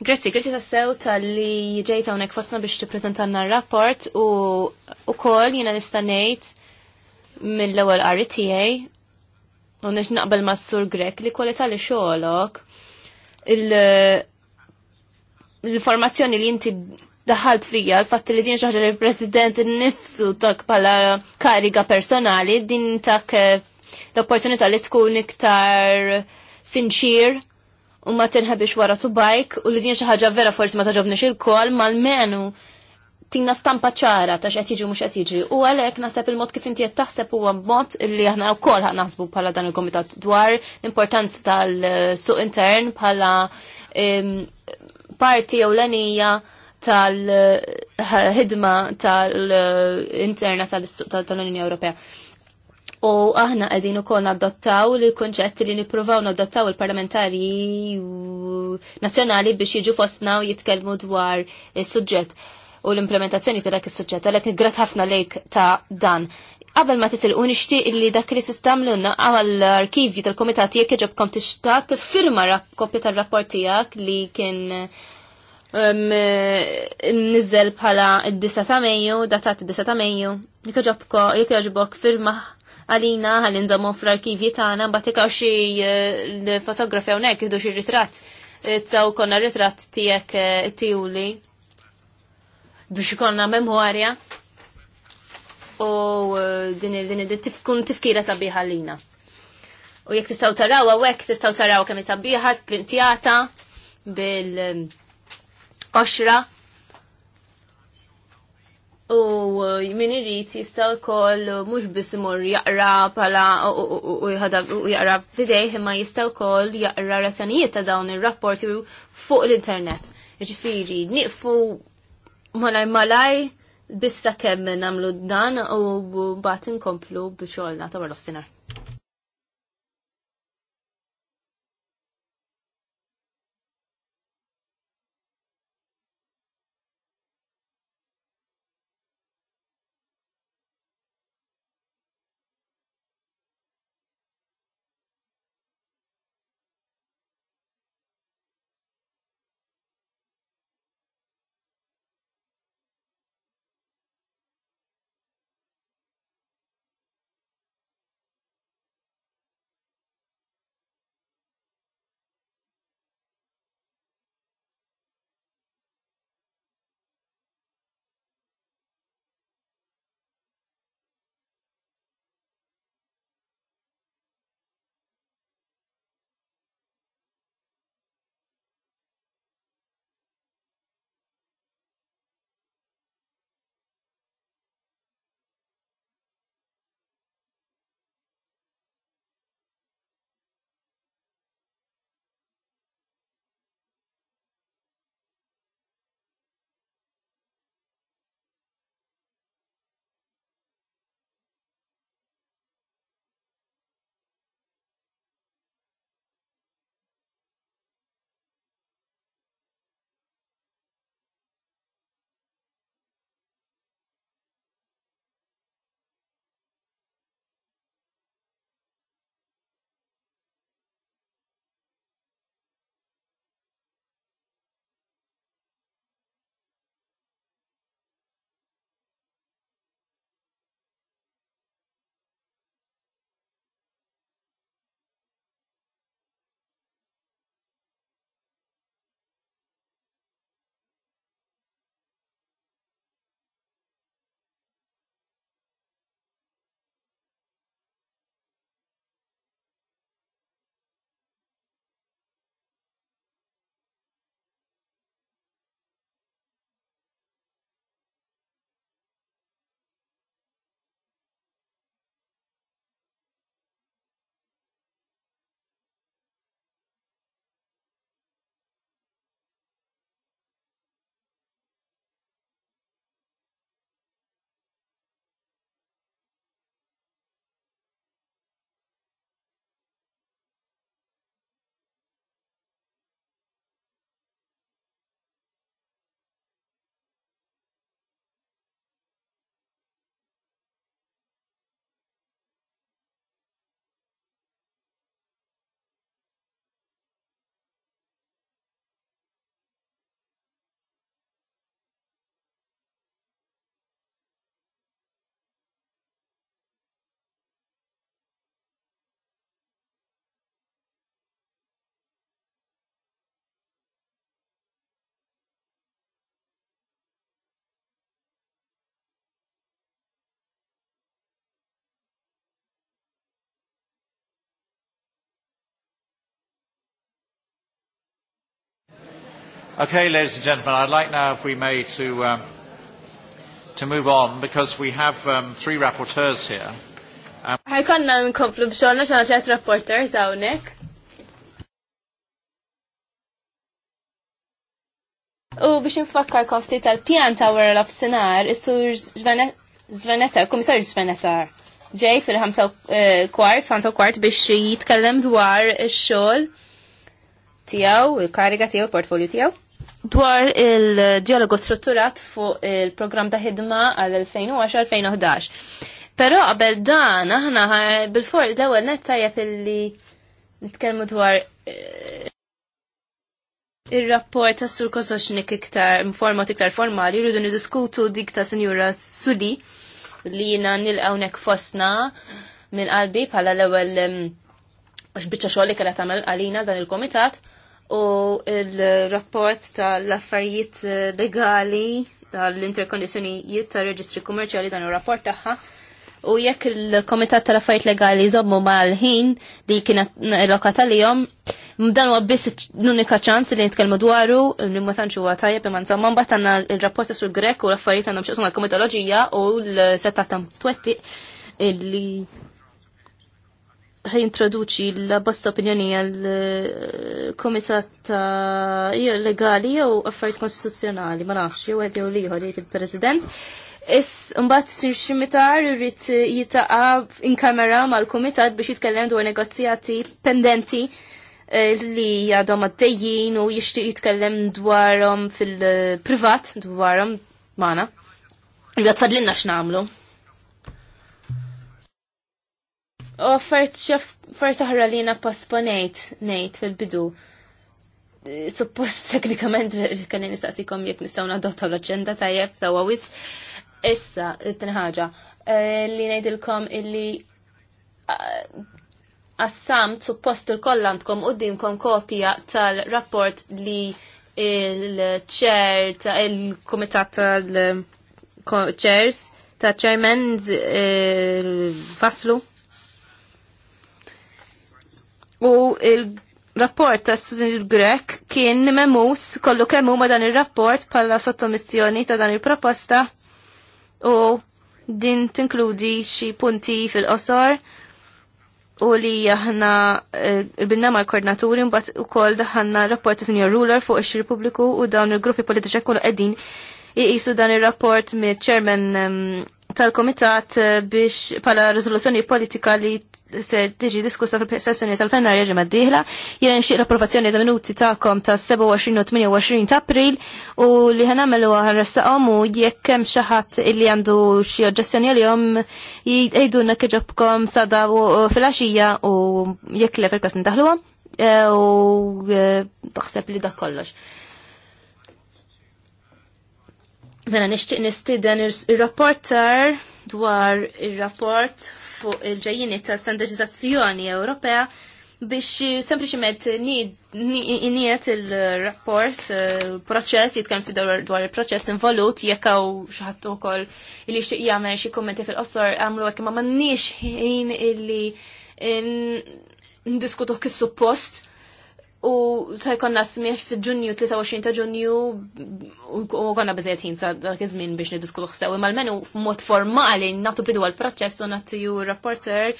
Grazzi, grazie ta' sew tal-li ġejta unek fosna biex t-prezentanna rapport u u kol jena nistanejt mill-ewel RTA u nix naqbel ma' sur grek li kwalità li xogħolok l-informazzjoni li inti daħalt fija, l-fatt li din xaħġa li president nifsu tak pala kariga personali, din tak eh, l-opportunità li tkun iktar sinċir u ma tinħabix wara subajk u li din xaħġa vera forsi ma taġobni il-kol mal-menu tina stampa ċara ta' x'qed jiġi mhux qed jiġi. U għalhekk naħseb il-mod kif inti qed taħseb huwa mod li aħna wkoll ħaq naħsbu bħala dan il-komitat dwar l-importanza tal-suq intern bħala parti ewlenija tal-ħidma tal-interna tal-Unjoni Ewropea. U aħna għedin u kol nadottaw li konċetti li niprovaw nadottaw il-parlamentari nazjonali biex jiġu fostna u jitkelmu dwar il-sujġet u l-implementazzjoni ta' dak is-suġġett għalhekk nigrat ħafna lejk ta' dan. Qabel ma titilqu nixtieq illi dak li sistamlu għall-arkivju tal-komitat jekk ġobkom tixtat tiffirma kopja tar-rapport tiegħek li kien um, nizzel bħala id-9 ta' Mejju, datat id-9 ta' Mejju. Jekk ġobko, jekk ġobok firma għalina għal nżammu fl-arkivji tagħna mbagħad ikaw xi eh, l-fotografi hawnhekk jidu xi ritratt. Eh, tsaw konna ritratt tiegħek eh, tiuli biex ikonna memorja u eh, din din tifkun tifkira sabiħa lina. U jekk tistgħu taraw hawnhekk tistgħu taraw kemm sabiħa printjata bil eh, oxra u eh, min irid jistgħu wkoll mhux biss imur jaqra bħala u jaqra fidejh imma jista' wkoll jaqra rasanijiet ta' dawn ir-rapporti fuq l-internet. Ġifieri nieqfu malaj malaj bissa kemm namlu dan u bat inkomplu biex xogħolna ta' nofsinhar. Okay, ladies and gentlemen, I'd like now, if we may, to, um, to move on because we have um, three rapporteurs here. Um, ħajkonna um, nkomplu bxolna xana tlet rapporters għawnek. U biex nfakkar konfti tal-pjan ta' wara l-afsinar, is-sur Zveneta, komissar Zveneta, ġej fil-5 eh, kwart, 5 kwart biex jitkellem dwar ix-xogħol tiegħu, il-kariga tiegħu, il-portfolju tiegħu dwar il-dialogu strutturat fuq il-programm ta' ħidma għal-2010-2011. Pero qabel dan, aħna bil-for l-ewwel nettajja fil-li nitkelmu dwar eh, il-rapport ta' Sur Kosoxnik iktar informat iktar formali, rridu nidiskutu dik ta' Sinjura Sudi li jina nilqawnek fosna minn qalbi bħala l-ewwel mm, bieċa xogħol li kellha tagħmel għalina dan il-komitat. il il komitat u il-rapport tal-affarijiet eh, legali tal-interkondizjonijiet tal-reġistri kummerċjali dan ir rapport tagħha. U jekk il-Komitat tal-Affarijiet Legali jżommu mal-ħin li kienet lokata li jom, dan huwa biss l-unika ċans li nitkellmu dwaru, li ma tantx huwa tajjeb imma insomma mbagħad għandna il-rapport sul Grek u l-affarijiet għandhom xi komitoloġija u l-setta ta' twetti li ħajintroduċi l-bosta opinjoni għal-Komitat eh, ta' legali jew affarijiet konstituzzjonali, ma nafx, jew għed jew liħor jgħid il-President. Is mbagħad sir ximitar irid jitaqa' inkamera mal-Kumitat biex jitkellem dwar negozjati pendenti eh, li għadhom għaddejjin u jixtieq jitkellem dwarhom fil-privat eh, dwarhom magħna. Jgħat fadlinna x'namlu. offert xef fert oħra li posponejt nejt fil-bidu. Suppost teknikament kien nistaqsikom jekk nistgħu nadotta l-aġenda tajjeb sewwa għawis. Issa, t tin eh, li ngħidilkom illi eh, assamt suppost il-koll għandkom qudiemkom kopja tal-rapport li il-ċer ta' il-komitat tal-ċers ta' ċermen eh, faslu U il-rapport ta' Susan il-Grek kien memus kollu kemmu ma' dan il-rapport pala sottomissjoni ta' dan il-proposta u din tinkludi xi punti fil-qosor u li aħna eh, binna l koordinaturi mbagħad ukoll daħanna rapport ta' Senior Ruler fuq ix Pubbliku u dawn il-gruppi politiċi jkunu qegħdin jisu dan ir-rapport mit chairman ehm, tal-komitat eh, biex pala rizoluzzjoni politika li se tiġi diskussa fil-sessjoni tal-plenarja ġemma d-dihla, jiren xieq l-approvazzjoni ta' minuti kom ta' 27 u 28 ta' april u li ħanamelu għarrestaqom u jekkem xaħat illi għandu xie oġġessjoni għal-jom jgħidunna kom sada fil-axija u jekk le fil-kas nitaħluwa eh, u eh, taħseb li da' kollox. Mela nixtieq nistieden ir-rapporter dwar ir-rapport fuq il-ġejjini ta' standardizzazzjoni Ewropea biex sempliċement niet il-rapport, il-proċess, eh, jitkellem fi dwar il-proċess involut, jekk hawn xi ħadd ukoll li xieq jagħmel xi kummenti fil-qosor għamlu hekk ma m'għandniex ħin illi ndiskutuh kif suppost U tajkonna smiex fi ġunju, 23 ta' ġunju, u konna bizziet sa' dak iż-żmien biex nidiskutu xsew. Imma l-menu f'mod formali natu bidu għal-proċess u nagħtiju rapporter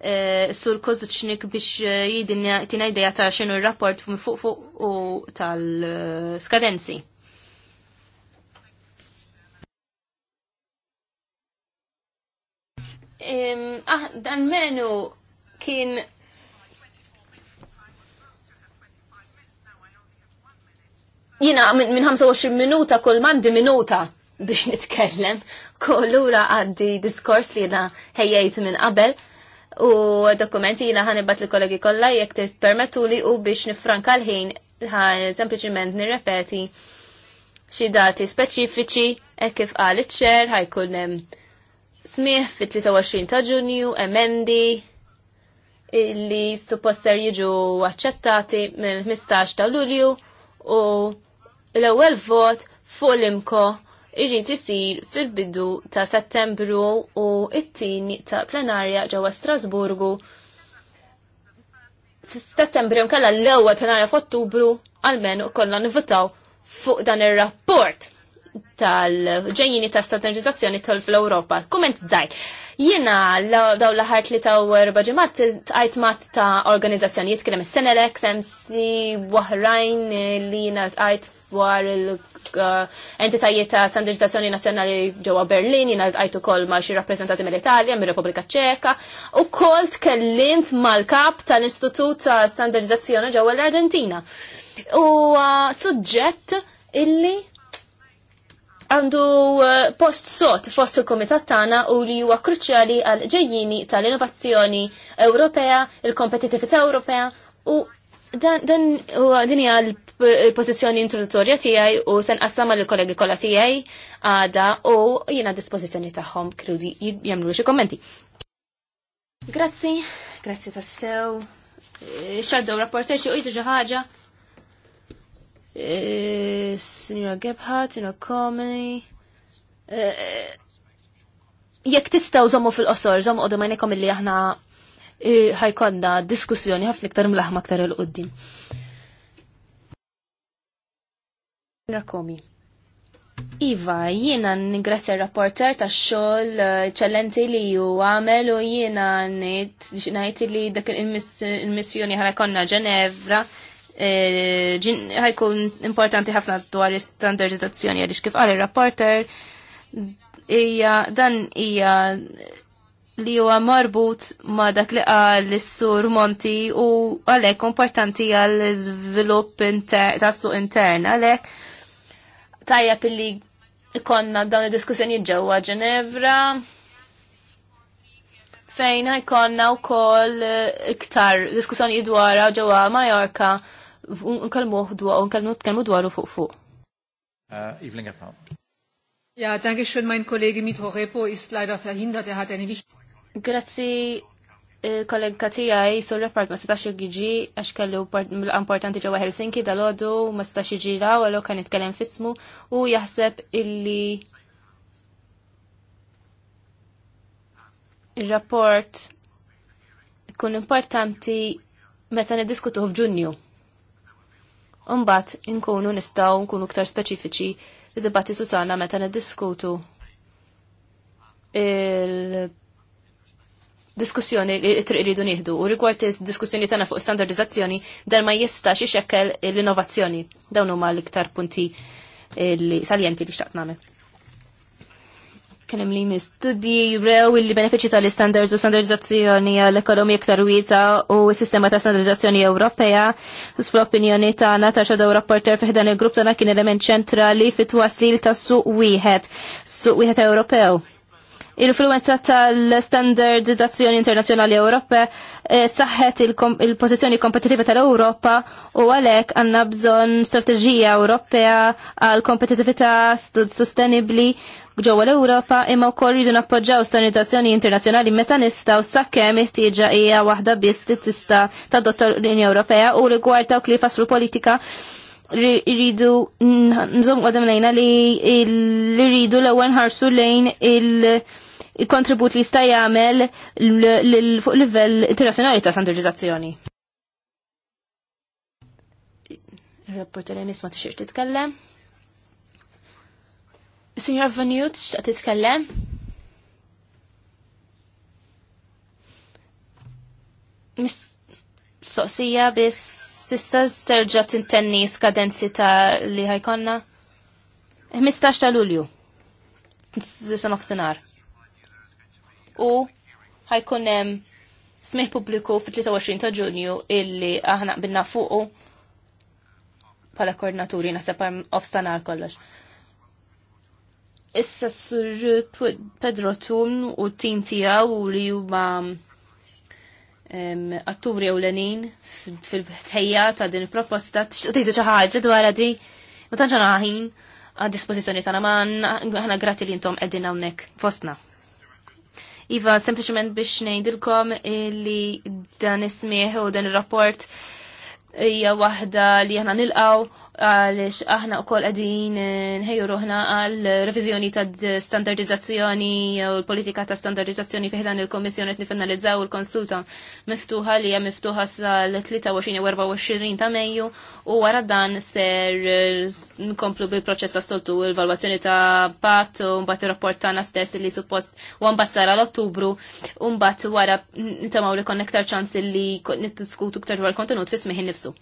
eh, sur Kozuċnik biex eh, jidinja tina ideja ta' xenu r-rapport fuq fuq u tal-skadenzi. Ah, dan menu kien jina minn 25 minuta kull mandi minuta biex nitkellem. Kollura għaddi diskors li jina ħejjajt minn qabel u dokumenti jina ħanibat li kollegi kollha jekk tippermettu li u biex nifranka l-ħin sempliċiment nirrepeti xi dati speċifiċi e kif qal iċ-ċer ħajkun hemm smieħ fit-23 ta' Ġunju, emendi li supposter jiġu aċċettati mill-15 ta' Lulju u l-ewwel vot fuq l-imko irrid isir fil-bidu ta' Settembru u it-tieni ta' plenarja ġewwa Strasburgu f'Settembru kellha l-ewwel plenarja f'Ottubru għalmen kollha nivutaw fuq dan ir-rapport tal-ġejjini ta' standardizzazzjoni tal fl-Ewropa. Kumment żgħir. Jiena daw l-ħar li ta' erba' ġimgħat tqajt mat ta' organizzazzjonijiet kien hemm is-Senelex, MC, waħrajn li jiena tqajt dwar il-entitajiet uh, ta' standardizzazzjoni nazzjonali ġewwa Berlin, jiena għajtu ukoll ma' xi rappreżentanti mill-Italja, mir-Repubblika Ċeka, u koll tkellimt mal-kap tal-Istitut ta' Standardizzazzjoni ġewwa l-Arġentina. U uh, suġġett illi għandu uh, post sot fost il-komitat tagħna u li huwa kruċjali għal ġejjini tal-innovazzjoni Ewropea, il-kompetitività Ewropea u Dan din hija l-pożizzjoni eh, introduttorja tiegħi u se nqassam mal-kollegi kollha tiegħi għada u jiena dispożizzjoni tagħhom krudi jagħmlu xi kommenti. Grazzi, grazzi tassew. Xaddu eh, rapporter xi qidu xi ħaġa. Eh, Signora Gebhardt, Signora Comey. Jekk tistaw żommu fil-qosor, zommu għodu ma jnekom illi aħna ħajkonna diskussjoni ħafna iktar mlaħma aktar il-qoddim. Rakomi. Iva, jiena ningrazzja il-rapporter ta' xol eh, ċellenti li ju għamel u jiena najt li dak il-missjoni ħana konna Ġenevra eh, ħajkun importanti ħafna dwar standardizzazzjoni għaliex kif għal il-rapporter ija dan ija li huwa marbut ma' dak li qal is-sur Monti u għalhekk importanti għall iżvilupp tas-suq intern għalhekk tajjeb billi ikonna dawn id-diskussjoni ġewwa Ġenevra fejn jkollna wkoll iktar diskussjoni dwar ġewwa Majorka nkellmu dwar nkellmu dwaru fuq fuq. Uh, Evelyn Gephardt. Ja, danke schön. Mein Kollege Mitro Repo ist leider verhindert. Er hat eine wichtige... Grazzi eh, kollega tijaj sur repart ma setax jiġi għax kellu importanti ġewwa Helsinki dal ħodu ma setax jiġi raw għallu kan jitkellem fismu u jaħseb illi il-rapport kun importanti meta niddiskutu f'Ġunju. Umbat inkunu nistaw nkunu ktar speċifiċi id-dibattitu tagħna meta niddiskutu il- diskussjoni li triq nieħdu u rigward diskussjoni tagħna fuq standardizzazzjoni dan ma jistax ixekkel l-innovazzjoni. Dawn huma l-iktar punti eh, li saljenti li xtaqt nagħmel. Kien hemm li mistudji jibrew il-benefiċċji tal-standards u standardizzazzjoni għall-ekonomija iktar wiesa u s-sistema ta' standardizzazzjoni Ewropea fl-opinjoni tagħna ta' xadow rapporter fih dan il-grupp tagħna kien element ċentrali fit-twassil tas suq wieħed, suq wieħed Ewropew Il-influenza tal-standardizzazzjoni internazzjonali Ewrope eh, saħħet il-pozizjoni kompetitiva tal-Ewropa u għalek għanna bżon strategija Ewropea għal kompetitività sostenibli ġewwa l-Ewropa imma wkoll jridu nappoġġaw standardizzazzjoni internazzjonali meta nistgħu sakemm iħtieġa hija waħda biss li tista' tadotta l unjoni Ewropea u rigward dawk li faslu politika rridu nżomm għadem lejna li rridu l-ewwel ħarsu lejn il- il kontribut li jista' jagħmel fuq livell internazzjonali ta' standardizzazzjoni. Il-rapporter nisma tixtieq titkellem. Signor Vanjut, xtaq titkellem? Mis-soqsija biss tista' terġa' tintenni skadenzi ta' li ħajkonna? 15 ta' Lulju. Sisa nofsinhar u ħajkun hemm smih pubbliku fit-23 ta' Ġunju illi aħna qbilna fuqu bħala koordinaturi naħseb ofstanar kollox. Issa sur Pedro Tun u tim tiegħu u li huma atturi ewlenin fil-ħejja ta' din il-proposta tgħidu xi ħaġa dwar di ma tantx ħin għad dispożizzjoni tagħna ma aħna grati li intom qegħdin hawnhekk fostna. Iva, sempliciment biex nejdilkom li dan ismiħ u dan il-rapport hija waħda li aħna nilqaw għalix aħna u koll għadin eh, nħeju ruħna għal revizjoni ta' standardizzazzjoni u l-politika ta' standardizzazzjoni fiħdan il-Komissjoni għet nifinalizzaw il-konsulta miftuħa li hija miftuħa sal-23 u 24 ta' Mejju u wara dan ser eh, nkomplu bil-proċess ta' soltu l-valwazzjoni ta' pat u mbagħad il rapport tagħna stess li suppost u għambassara l-Ottubru u mbagħad wara nitamaw li konnektar ċans li nittiskutu ktar dwar kontenut fis-smiħin nifsu.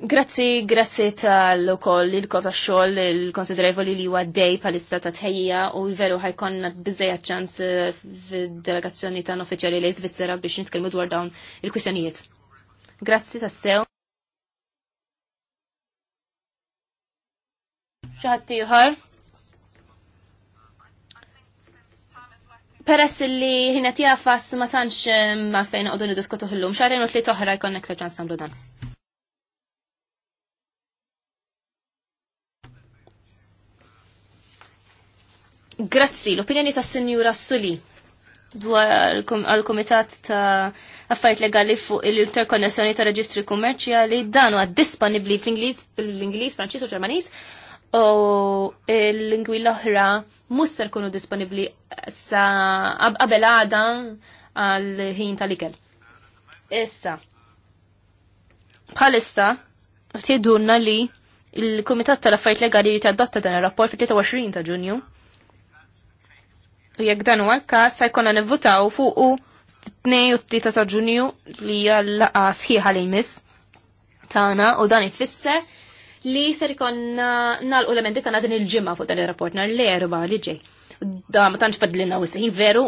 Grazzi, grazzi tal-ukoll il-kota xogħol il-konsiderevoli li huwa dej pal-istat ta' tħejja u veru ħajkonna bizzejja ċans eh, fid-delegazzjoni ta' uffiċjali lej Svizzera biex nitkellmu dwar dawn il kwissjonijiet Grazzi tassew. Xaħat tiħar? Peress li ħinet jafas ma tantx eh, ma fejn għodun id-diskutu ħillum, xarren u tli toħra jkun nektar ċans dan. Grazzi, l-opinjoni ta' Sinjura Suli dwar għal-Komitat ta' Affarijiet Legali fuq l-interkonnessjoni ta' reġistri kummerċjali dan huwa disponibbli fl-Ingliż, fl-Ingliż, Franċiż u Ġermaniż u l-lingwi l-oħra mhux se jkunu disponibbli sa qabel għada għal-ħin tal-ikel. Issa. Bħalissa, ftidurna li il-Komitat tal-Affarijiet Legali li tad-datta dan ir-rapport fil 23 ta' Ġunju U jekk dan huwa l-każ se jkollna nivvutaw fuq tnejn u t-tlieta ta' Ġunju li hija l-laqgħa sħiħa li jmiss tagħna u dan ifisser li ser ikonna nagħlqu l-emendi tagħna din il-ġimgħa fuq dan ir-rapport nhar l-erba' li ġej da ma tantx fadlina wisħin veru,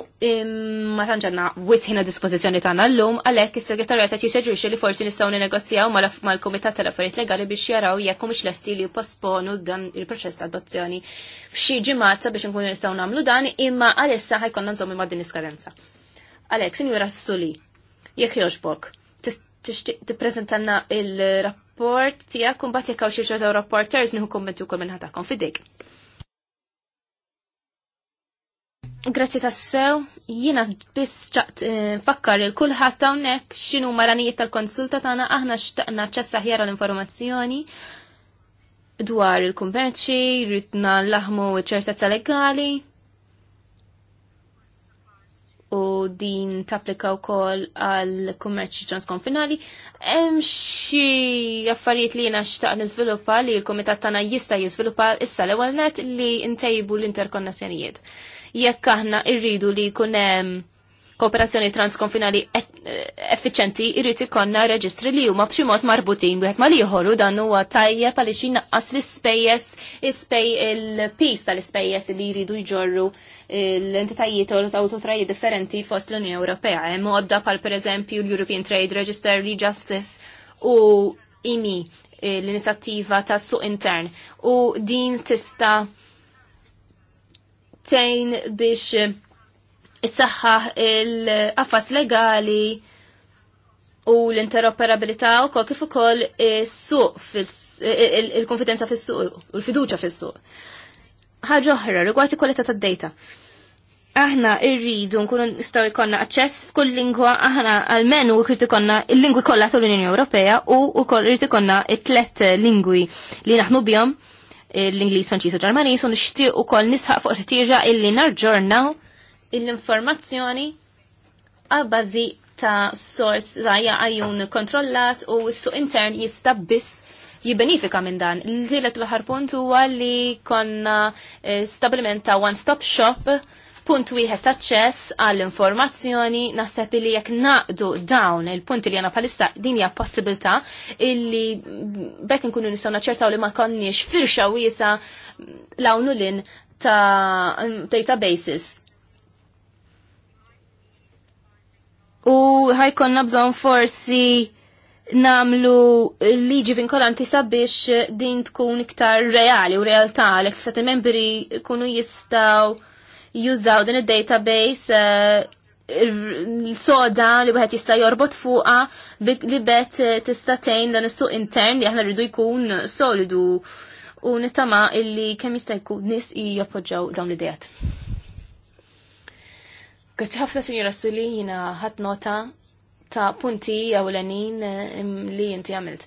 ma tanċ għanna wisħin a dispożizzjoni tagħna llum, għalhekk is-segretarjat qed jissuġġerixxi li forsi nistgħu ninegozjaw mal-Kumitat tal-Affarijiet Legali biex jaraw jekk l lesti li jposponu dan il-proċess ta' adozzjoni f'xi ġimgħat biex nkunu nistgħu nagħmlu dan, imma għalissa ħajkonna nżommi ma' din iskadenza. Għalhekk, sinjura Suli, jekk jogħġbok, tippreżentanna il-rapport tiegħek u mbagħad jekk hawn xi xogħol rapporters nieħu kummenti wkoll minn ħatakom fidik. Grazzi tassew, jina biss ċaqt eh, fakkar il kulħadd hawnhekk xinu maranijiet tal-konsulta tagħna aħna xtaqna ċessa ħjara l-informazzjoni dwar il-kummerċi, rritna l-laħmu ċertezza legali. U din tapplika wkoll għal kummerċi transkonfinali. Hemm xi affarijiet li jiena xtaq niżviluppa li l-kumitat tagħna jista' jizviluppa issa l-ewwel net li ntejbu l-interkonnessjonijiet jekk aħna irridu li jkun hemm kooperazzjoni transkonfinali e- e- effiċenti irrid ikonna reġistri li huma b'xi mod marbutin wieħed mal ieħor u dan huwa tajjeb għaliex inaqqas l-ispejjeż ispej il-pis tal-ispejjeż li jridu jġorru l-entitajiet u l-autotrajiet differenti fost l-Unjoni Ewropea. Hemm għodda bħal pereżempju l-European Trade Register, li Justice u IMI l-inizjattiva tas suq intern u din tista' tejn biex eh, issaħħaħ il-qafas legali u l-interoperabilità u kol kif ukoll is-suq eh, il-konfidenza fis-suq u l-fiduċa fis-suq. Ħaġa oħra rigward il-kwalità tad-data aħna rridu nkunu nistgħu jkollna aċċess f'kull lingwa aħna għalmen hu rrid ikollna l-lingwi kollha tal-Unjoni Ewropea u wkoll rrid ikollna t tlet lingwi li naħnu bihom l-Ingliż, Franċis u Ġermani u nixtieq ukoll nisħaq fuq ħtieġa illi narġornaw l-informazzjoni għabbażi ta' sors ta' jaqajun kontrollat u s-suq intern jista' biss jibbenifika minn dan. L-tielet l ħarpuntu punt huwa li konna eh, stabilment ta' one-stop shop punt wieħed taċċess għall-informazzjoni naħseb li jekk naqdu dawn il-punti li għana palissa din hija possibilità illi bekk nkunu nistgħu naċċertaw li ma konniex firxa wiesa lawnu lin ta' databases. U ħajkonna nabżon forsi namlu liġi vinkolanti sabiex din tkun iktar reali u realtà għalek sa' membri kunu jistaw jużaw din id-database l-soda eh, li wieħed jista' jorbot fuqha li bet eh, tista' tgħin dan is-suq intern li aħna rridu jkun solidu u nittama illi kemm jista' jkun nies jappoġġaw dawn l-idejat. Grazzi ħafna Sinjora Suli jina ħat nota ta' punti l-anin eh, li inti għamilt.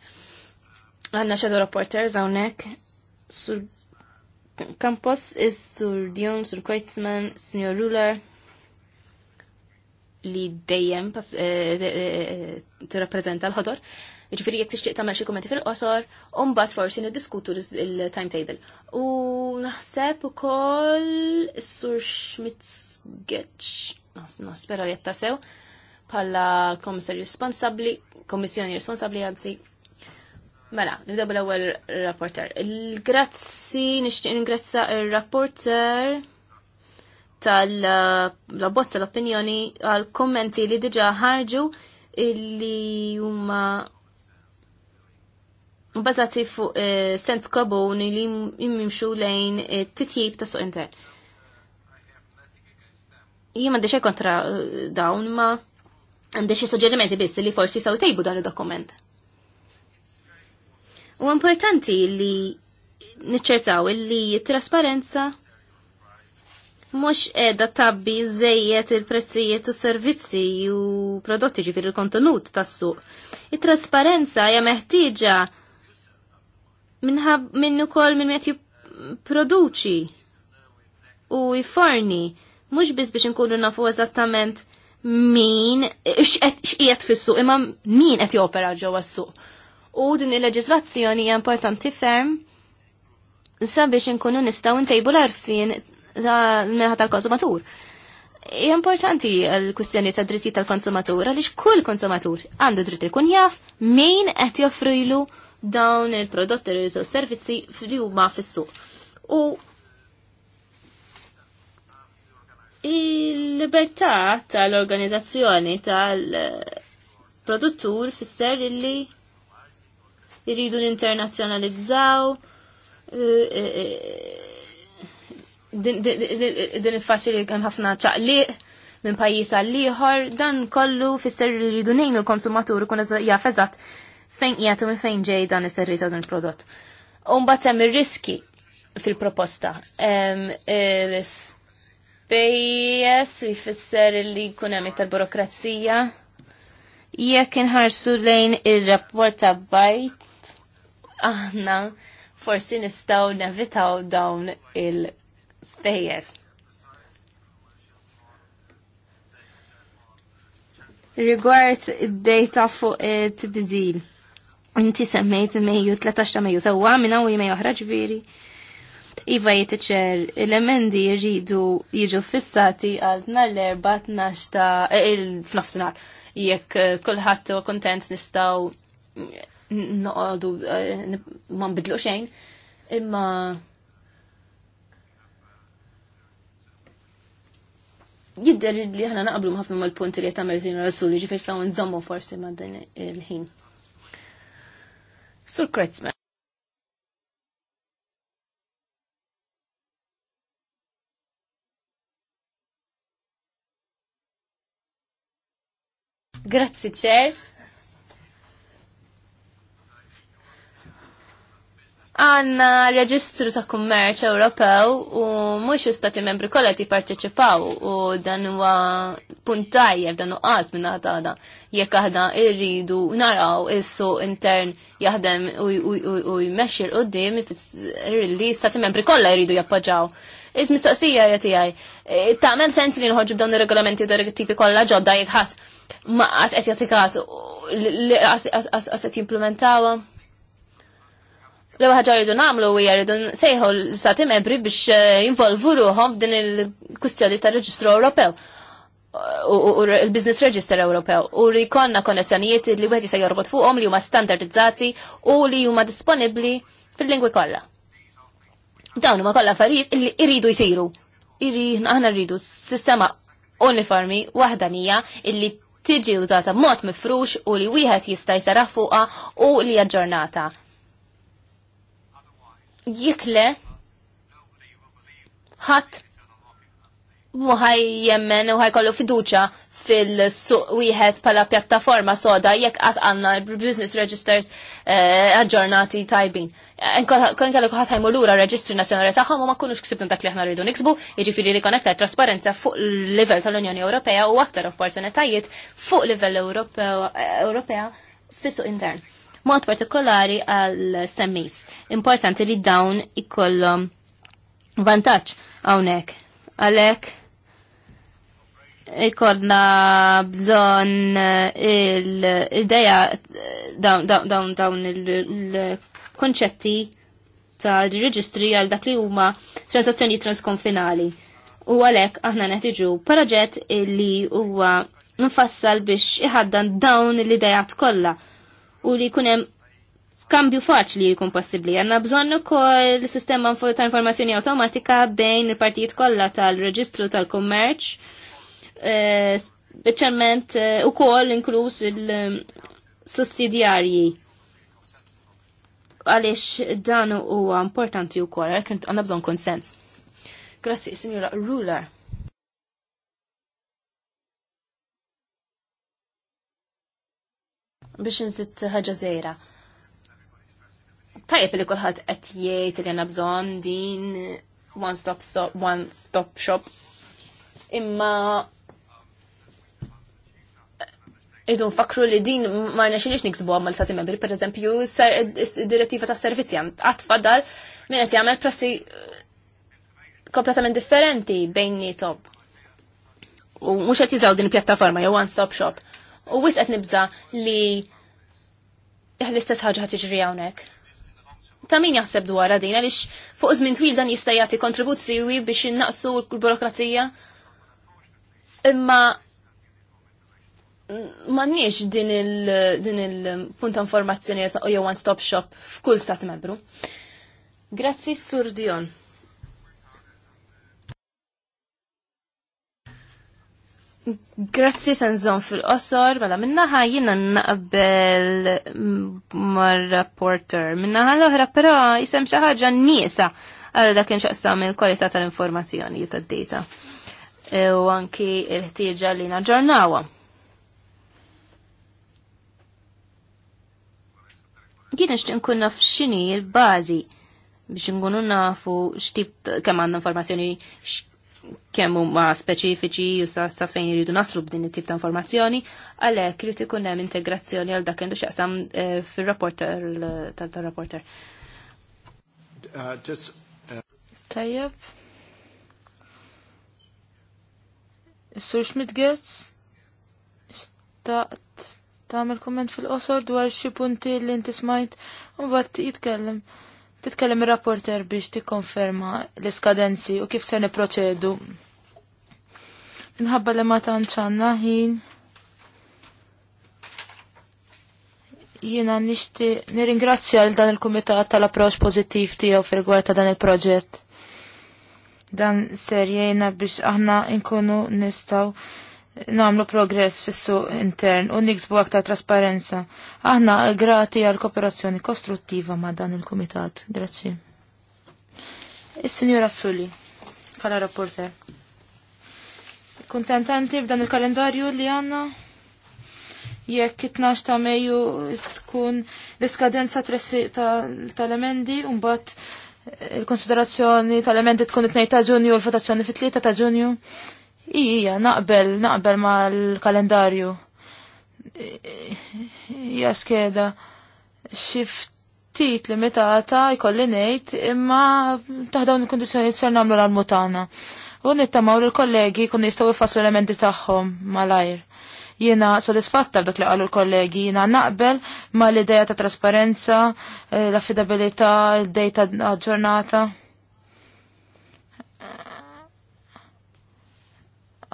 Għanna xadu reporters hawnhekk Campos is sur Dion, sur Kreutzmann, Senior Ruler li dejjem eh, eh, eh, t-rapprezenta l-ħodor. Ġifiri jek t-ixtiq tamel xie kommenti fil-qosor, un-bat forsi niddiskutu l-timetable. U naħseb u koll sur Schmitzgetx, naspera li jattasew, pala komissar responsabli, komissjoni responsabli għadzi, Mela, nibda bl-ewwel rapporter. Il-grazzi nixtieq ingrazza r rapporter tal-bozza uh, l-opinjoni għal kommenti li diġa ħarġu illi huma bazati fuq eh, sens kabun li jimxu lejn it eh, titjib ta' suq intern. Jien m'għandi xejn kontra eh, dawn ma għandi xi suġġerimenti biss li forsi saw tejbu dan id-dokument. U importanti li niċċertaw li trasparenza mux edha tabbi żejjed il-prezzijiet u servizzi u prodotti ġifir il-kontenut tas-suq. Il-trasparenza hija meħtieġa minħab minn ukoll minn qed jipproduċi u jforni mhux biss biex inkunu nafu eżattament min x'qiegħed fis-suq imma min qed jopera ġewwa s-suq u din il-leġislazzjoni hija importanti ferm sabiex inkunu nistgħu ntejbu l-arfin minħat tal-konsumatur. Hija importanti l-kwistjoni ta' dritti tal-konsumatur għaliex kull konsumatur għandu dritt ikun jaf min qed joffrilu dawn il-prodotti u servizzi li huma fis-suq. U il-libertà tal-organizzazzjoni tal-produttur fisser illi irridu ninternazzjonalizzaw eh, eh, din il-faċi li ħafna ċaqliq minn pajjiż għal ieħor dan kollu fisser li jridu ngħinu l-konsumatur ikun jaf eżatt fejn qiegħed u minn fejn ġej dan is-servizz dan il-prodott. U mbagħad hemm ir-riski fil-proposta. l li jfisser li jkun hemm iktar burokrazija. Jekk inħarsu lejn ir-rapport ta' bajt aħna forsi nistgħu nevitaw dawn il-spejjeż. Rigward id-data fuq it tibdil Inti semmejt Mejju 13 ta' Mejju sewwa minn hawn jmej oħra ġifieri. Iva jitiċer il emendi jiridu jiġu fissati għal nar l-erba ta' eh, il fnofsinhar Jekk kullħat kontent nistaw noqogħdu eh, ma nbidlu xejn, imma jidder li ħana naqblu ħafna mal-punti li jtamel fin rasul li ġifiex sawn zammu forsi ma' din il-ħin. Sur Kretzmer. Grazzi Cher! għanna reġistru ta' kummerċ Ewropew u mhux istati membri kollha jipparteċipaw u dan huwa puntajjeb dan uqas minn ħadd jekk aħna rridu naraw issu intern jaħdem u jmexxi l qudiem li stati membri kollha jridu jappoġġaw. Iż mistoqsija ja tiegħi. E, tagħmel sens li nħoġġu b'dawn ir-regolamenti u direttivi kollha ġodda jekk ħadd ma qed jagħti każ li qed jimplementawha? l ħaġa rridu namlu u rridu sejħu l-sati membri biex eh, jinvolvu ruħom din il-kustjoni ta' reġistru Ewropew u il-Business Register Ewropew u li konna konnessjonijiet li wieħed jista' jorbot fuqhom li huma standardizzati u li huma disponibbli fil-lingwi kollha. Dawn huma kollha affarijiet li jridu jsiru. Iri aħna rridu sistema uniformi waħdanija illi tiġi użata mod mifrux u li wieħed jista' jsarah fuqha u li aġġornata jikle ħadd muħaj jemmen u ħajkollu fiduċa fil-suq wieħed pala pjattaforma soda jekk qatt għandna business registers eh, aġġornati tajbin. Kon kellu kuħat ħajmu lura reġistri Nazjonali taħħom u ma kunux ksibtum dak li aħna rridu niksbu, jiġifieri li konekta trasparenza fuq livell tal-Unjoni Ewropea u aktar opportunitajiet fuq livell Ewropea fis-suq intern mod partikolari għal semmis. Importanti li dawn ikollhom vantaġġ hawnhekk. Għalhekk ikolna bżon eh, il-ideja dawn dawn il-konċetti ta' reġistri għal dak li huma transazzjoni transkonfinali. U għalek aħna neħtiġu proġett li huwa nfassal biex iħaddan dawn l-idejat kollha u li kunem skambju faċli jkun possibbli. Għanna bżonn ukoll sistema ta' informazzjoni awtomatika bejn il-partijiet kollha tal-Reġistru tal-Kummerċ, eh, speċjalment eh, ukoll inkluż il-sussidjarji. Għaliex dan huwa importanti wkoll, għalhekk għandna bżonn konsens. Grazie, Signora Ruler. biex nżitt ħaġa żejra. Tajjeb li kulħadd qed jgħid li għandna bżonn din one stop stop one stop shop. Imma Idu nfakru li din ma nexilix niksbu għamma l-sati membri, per eżempju, direttiva ta' servizzi għam għatfadal minn għet jgħamil prassi uh, kompletament differenti bejn nitom. U mux għet jizaw din pjattaforma, jew one stop shop u wisqet nibza li l-istess ħaġa ħatiġri hawnhekk. Ta' min jaħseb dwar din għaliex fuq żmien twil dan jista' jagħti kontribuzzjoni biex innaqsu l-burokrazija. Imma m'għandniex din il-punt informazzjoni jew one-stop shop f'kull stat membru. Grazzi Sur Dion. Grazzi sanżon fil-qosor, mela minnaħa jina naqbel mar-rapporter. Minnaħa l-oħra, pero jisem xaħġa n-nisa għal dak xaqsam il-kwalità tal-informazzjoni ta' data e, u anki il-ħtieġa li naġġornawa. Jien nixtieq nkun naf xini l-bażi biex nkunu nafu x'tip kemm għandna informazzjoni kemm huma speċifiċi u sa, fejn iridu naslu b'din it-tip ta' informazzjoni, għalhekk irid ikun hemm integrazzjoni għal dak għandu x'jaqsam eh, fir rapporter uh, tal-rapporter. Uh, Tajjeb. Is-sur Schmidt-Gertz tagħmel komment fil-qosor dwar xi punti li inti smajt u mbagħad jitkellem titkellem ir-rapporter biex tikkonferma l-iskadenzi u kif se niproċedu. Inħabba li ma tantxanna ħin jiena nixti nirringrazzja l dan il-kumitat tal-approċ pożittiv tiegħu fir-rigward ta' dan il-proġett. Dan ser jgħinna biex aħna nkunu nistgħu namlu progress fissu intern u niksbu aktar trasparenza. Aħna grati għal kooperazzjoni kostruttiva ma' dan il-komitat. Grazzi. is sinjura Sulli, bħala rapporter. Kontentanti b'dan il-kalendarju li għanna? Jekk 12 ta' Mejju tkun l-iskadenza tal-emendi, ta mbagħad eh, il-konsiderazzjoni tal-emendi tkun it-2 ta' Ġunju u l-votazzjoni fit-3 ta' Ġunju. Ta Ija, naqbel, naqbel mal-kalendarju. Ija skeda, xiftit limitata, jkolli nejt, imma taħdaw il-kondizjoni ser namlu l-almutana. U nittamaw l-kollegi kun jistaw jifaslu l-emendi taħħom malajr. Jena sodisfatta b'dok li għallu l-kollegi, jena naqbel ma l-ideja ta' trasparenza, l-affidabilità, l-dejta aġġornata.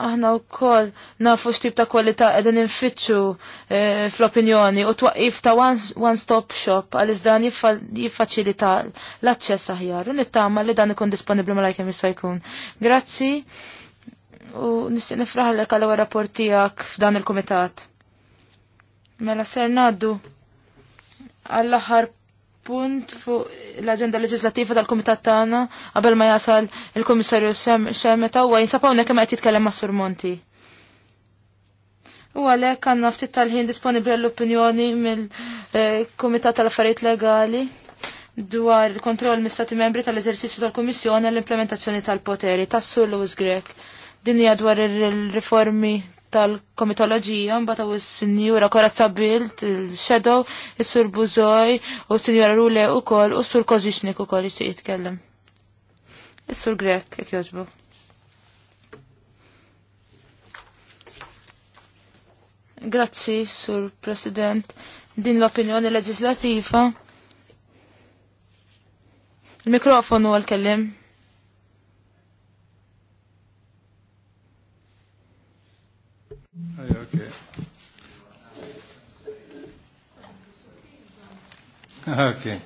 aħna u koll nafu xtib ta' kwalità edin infittxu eh, fl-opinjoni u twaqif ta' one-stop shop għalis dan jiffaċilita l acċess aħjar u nittama li dan ikun disponibli ma lajkem jista' jkun. Grazzi u nistiq nifraħlek għal rapport tiegħek f'dan il-kumitat. Mela ser naddu għall ħar punt fuq l-agenda leġislativa tal-Kumitat tagħna qabel ma jasal il-Kummissarju Semeta huwa jinsab hawnhekk hemm qed jitkellem ma' Sur Monti. U għalhekk għandna ftit tal-ħin disponibbli l-opinjoni mill-Kumitat tal-Affarijiet Legali dwar il-kontroll mistati membri tal-eżerċizzju tal-Kummissjoni għall-implementazzjoni tal-poteri tas-Sur Lewis Grek. Din hija dwar ir-riformi tal-komitoloġija mbata u s-sinjura Korazza Bilt, il-Shadow, il-Sur Buzoj, u s-sinjura Rule u kol, u s-Sur Kozixnik u kol jixtieq jitkellem. Il-Sur Grek, ek joġbu. Grazzi, Sur President. Din l-opinjoni leġislativa. Il-mikrofonu għal-kellim. Okay.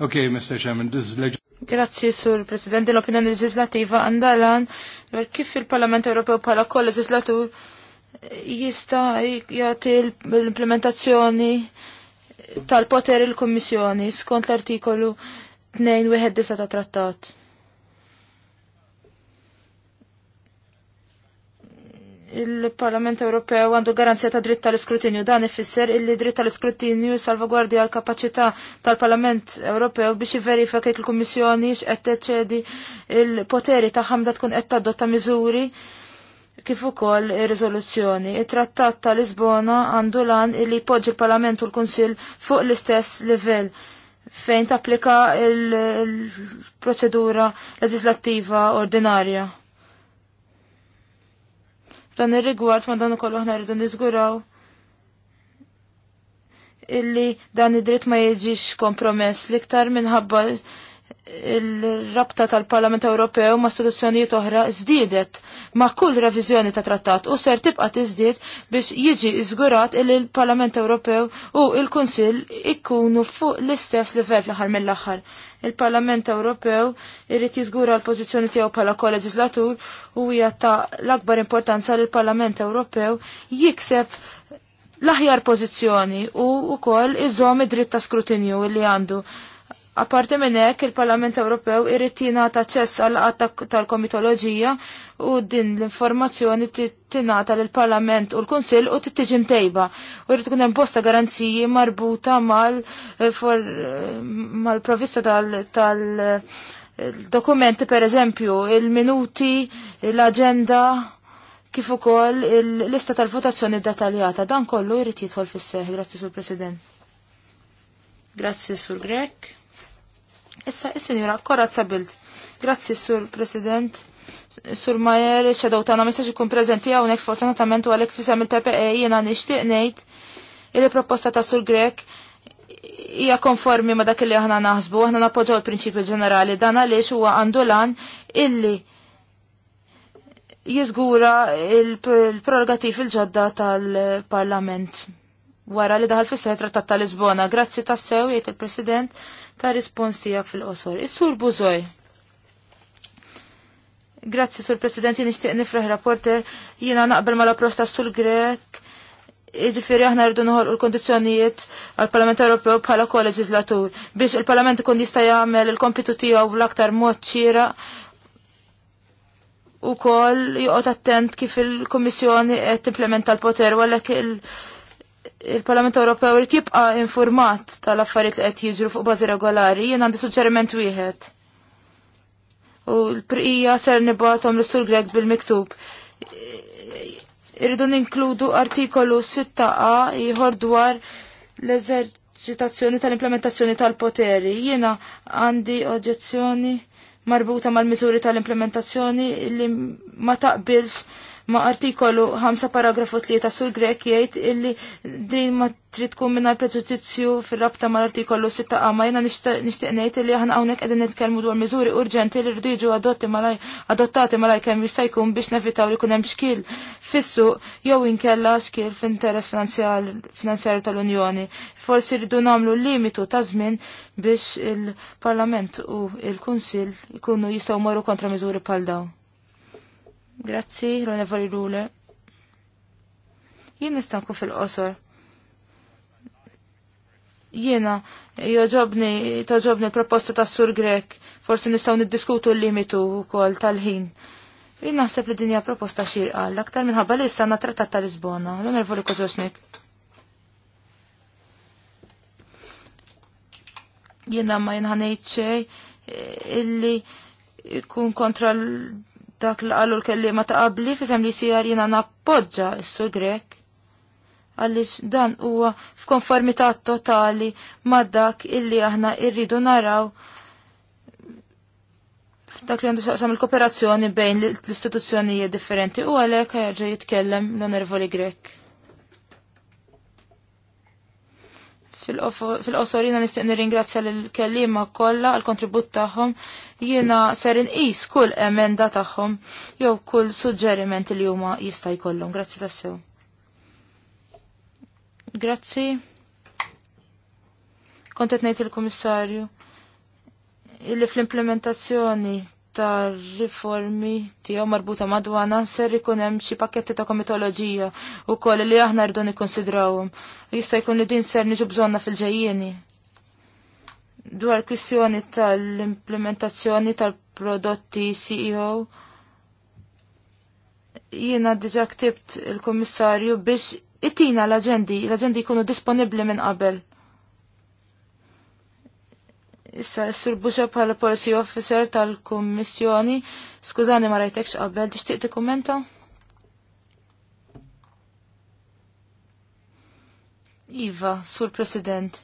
Okay, Mr. Chairman, this is Grazzi, Sur President, l-opinjoni legislativa għandalan kif il-Parlament Ewropew pala kol legislatur jista jagħti l-implementazzjoni tal-poter il-Kommissjoni skont l-artikolu 2.1 ta' trattat. il-Parlament Ewropew għandu garanzija ta' dritt tal-iskrutinju. Dan ifisser illi dritt tal-iskrutinju salvagwardja l-kapacità tal-Parlament Ewropew biex jiverifika jekk il-Kummissjoni x'qed teċedi il-poteri ta' ħamda tkun qed tadotta miżuri kif ukoll ir-riżoluzzjoni. It-Trattat ta' Lisbona għandu lan illi jpoġġi l-Parlament u l-Kunsill fuq l-istess livell fejn tapplika il-proċedura leġislattiva ordinarja. Dan ir-rigward ma dan ukoll aħna rridu niżguraw illi dan id-dritt ma jiġix kompromess liktar minħabba il-rabta tal-Parlament Ewropew ma' istituzzjonijiet oħra żdiedet ma' kull reviżjoni ta' trattat u ser tibqa' tiżdied biex jiġi iżgurat il il-Parlament Ewropew u il-Kunsill ikkunu fuq l-istess livell fl-aħħar mill-aħħar. Il-Parlament Ewropew irrid jiżgura l-pożizzjoni tiegħu bħala koleġislatur u hija ta' l-akbar importanza li l-Parlament Ewropew jikseb l-aħjar pożizzjoni u wkoll iżomm id-dritt ta' skrutinju li għandu Apparti minn hekk il-Parlament Ewropew irid jingħata aċċess għal qatt tal-komitoloġija u din l-informazzjoni tingħata lill parlament u l-Kunsill u tittiġi mtejba. U jrid ikun hemm bosta garanziji marbuta eh, eh, mal-provista tal-dokumenti eh, pereżempju il-minuti, l-aġenda kif ukoll il-lista tal-votazzjoni dettaljata. Dan kollu jrid jidħol fis-seħ, grazzi sur President. Grazzi sur Issa is-Sinjura Korazza Bild. Grazzi Sur President. Sur Majer, xedaw tana messaġ ikun prezenti nek sfortunatament u għalek fisem il-PPE jena nishtiq nejt il-proposta ta' Sur Grek hija konformi ma dak li aħna naħsbu, aħna nappoġġaw il-prinċipju ġenerali dan għaliex huwa għandu lan illi jiżgura il-prerogativ il-ġodda tal-Parlament wara li daħal fis-setra ta' Lisbona. Grazzi tassew jgħid il-President ta' rispons tija fil-qosor. Is-sur Buzoj. Grazzi, sur Presidenti, nishtiq nifraħ rapporter, jiena naqbel la prosta sul Grek. Iġifiri aħna rridu noħolqu l-kondizzjonijiet għal parlament Ewropew bħala koleġislatur biex il-Parlament ikun jista' jagħmel il-kompitu tiegħu bl-aktar mod ċira u kol joqgħod attent kif il-Kummissjoni qed timplementa l-poter għalhekk il-, -poter, il-Parlament Ewropew irid jibqa' informat tal-affarijiet li qed jiġru fuq bażi regolari, jien għandi suġġeriment wieħed. U l priqija ser nibgħathom l-istur grek bil-miktub. Irridu ninkludu artikolu 6a ieħor dwar l-eżerċitazzjoni tal-implementazzjoni tal-poteri. Jiena għandi oġġezzjoni marbuta mal-miżuri tal-implementazzjoni li ma taqbilx ma' artikolu 5 paragrafu 3 sur grek jgħid illi din ma trid tkun minna preġudizzju fir-rabta mal-artikolu 6 ma jiena nixtieq ngħid illi aħna hawnhekk qegħdin nitkellmu dwar miżuri urġenti li rridu jiġu adottati malaj kemm jista' jkun biex nevitaw li jkun hemm xkil fissu jew inkella xkil f'interess finanzjarju tal-Unjoni. Forsi rridu nagħmlu limitu ta' żmien biex il-Parlament u il-Kunsill jkunu jistgħu moru kontra miżuri bħal dawn. Grazzi, l-onevoli ruler. Jien nistanku fil-qosor. Jiena, joġobni, toġobni proposta ta' sur grek, forsi nistaw niddiskutu l-limitu u kol tal-ħin. Jien naħseb li dinja proposta xirqa, l-aktar minnħabba li issa trattat tal-Lisbona, l-onervoli koġosnik. Jiena ma jenħanejċej eh, xej illi kun kontra dak li qalu l-kellima ta' qabli fisem li sijar jina nappoġġa s-sur Grek Għallix dan huwa f'konformità totali ma' dak illi aħna irridu naraw f'dak li għandu saqsam il-kooperazzjoni bejn l-istituzzjonijiet differenti u għalek ħajġa jitkellem l-onervoli Grek. Fil-qosorina nir nirringrazzja l-kellima kollha għal kontribut tagħhom jiena ser inqis kull emenda tagħhom jew kull suġġeriment li huma jista' jkollhom. Grazzi tassew. Grazzi. Kont qed ngħid il-Kummissarju illi fl-implementazzjoni ta' riformi tiegħu marbuta madwana ser ikun hemm xi pakketti ta' komitoloġija wkoll li aħna rridu nikkonsidrawhom. Jista' jkun li din ser niġu bżonna fil-ġejjieni. Dwar kwistjoni tal-implementazzjoni tal-prodotti CEO jiena diġa ktibt il-Kummissarju biex itina l-aġendi, l-aġendi jkunu disponibbli minn qabel. Issa s-sur Buxa bħala policy officer tal-kommissjoni. Skużani ma rajtekx qabel, tixtieq tikkummenta? Iva, sur President.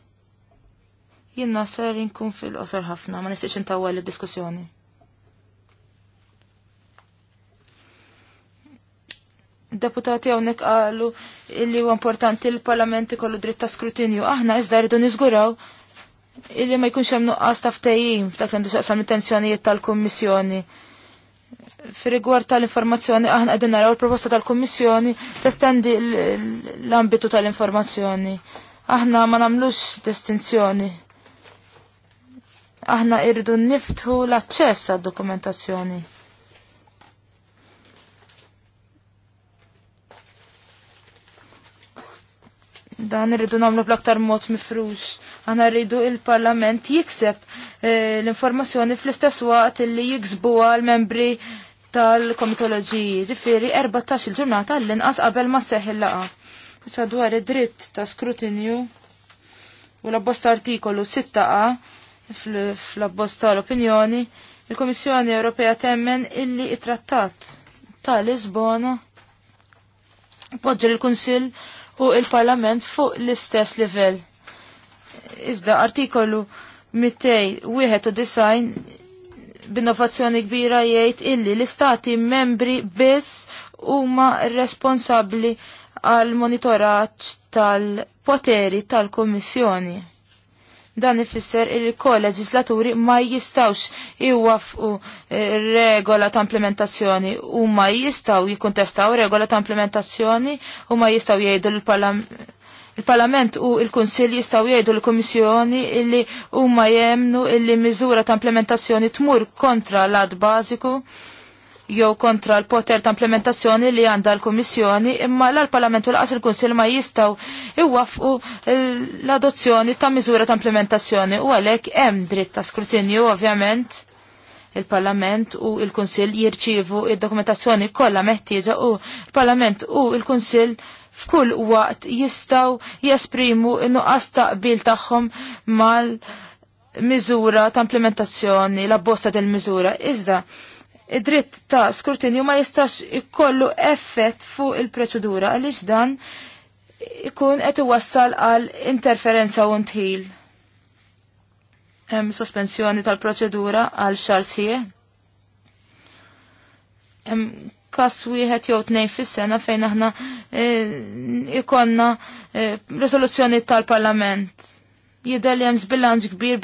Jien ser inkun fil-qosor ħafna, ma nistax intawwa l-diskussjoni. deputati hawnhekk għalu illi huwa importanti l parlament kollu dritt ta' skrutinju. Aħna iżda rridu nizguraw illi ma jkunx hemm nuqqas ta' ftehim f'dak li għandu xaqsam intenzjonijiet tal-Kummissjoni. Fir-rigward tal-informazzjoni aħna qegħdin naraw il-proposta tal-Kummissjoni testendi l-ambitu tal-informazzjoni. Aħna ma nagħmlux distinzjoni. Aħna irridu niftħu l-aċċess għad-dokumentazzjoni. dan irridu namlu bl-aktar mod mifrux. Għana rridu il-parlament jikseb eh, l-informazzjoni fl-istess waqt li jiksbuha għal membri tal-komitoloġiji. Ġifiri 14 il-ġurnata l-inqas qabel ma seħi il-laqa. Issa dwar id-dritt ta' skrutinju u l-abbost artikolu 6a fl-abbost tal-opinjoni, il-Komissjoni Ewropea temmen illi it-trattat tal-Lisbona poġġa l-Kunsill u il-Parlament fuq l-istess livell. Iżda artikolu 291 b'innovazzjoni kbira jgħid illi l-istati membri biss huma responsabbli għal monitoraġġ tal-poteri tal-Kummissjoni. Dan ifisser il kol-leġislaturi ma jistawx iwafqu eh, regola ta' implementazzjoni u ma jistaw jikontestaw regola ta' implementazzjoni u ma jistaw jgħidu l-parlament u l kunsil jistaw jgħidu l-Komissjoni illi huma jemnu illi miżura ta' implementazzjoni tmur kontra l-ad bażiku jew kontra l-poter ta' implementazzjoni li għandha l-Kummissjoni imma l-Parlament u l-Qas il-Kunsil ma jistgħu iwafqu l-adozzjoni ta' miżura ta' implementazzjoni u għalhekk hemm dritt ta' skrutinju ovvjament il-Parlament u il-Kunsil jirċivu il dokumentazzjoni kollha meħtieġa u il-Parlament u il-Kunsil f'kull waqt jistgħu jesprimu n-nuqqas taqbil tagħhom mal-miżura ta' implementazzjoni, la bosta del-miżura. Iżda, id-dritt ta' skrutinju ma jistax ikollu effett fuq il-proċedura għaliex dan ikun qed iwassal għal interferenza u ntħil. Hemm sospensjoni tal-proċedura għal xar sieħ. Hemm kas wieħed jew tnejn fis-sena fejn aħna eh, ikonna e, risoluzzjoni tal-Parlament Jidal li hemm kbir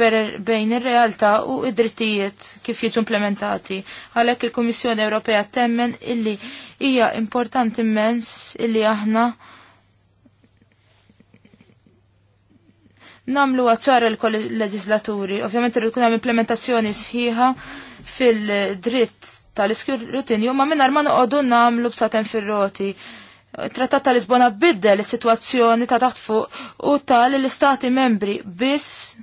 bejn ir-realtà u id-drittijiet kif jiġu implementati. Għalhekk il-Kummissjoni Ewropea temmen illi hija importanti immens illi aħna namlu għacċar il-leġislaturi. Ovvjament irrid kun hemm implementazzjoni sħiħa fil-dritt tal rutin, ma minnar ma noqogħdu namlu b'satem fir-roti. Trattat ta' Lisbona biddel is-sitwazzjoni ta' taħt fuq u tal l-istati membri biss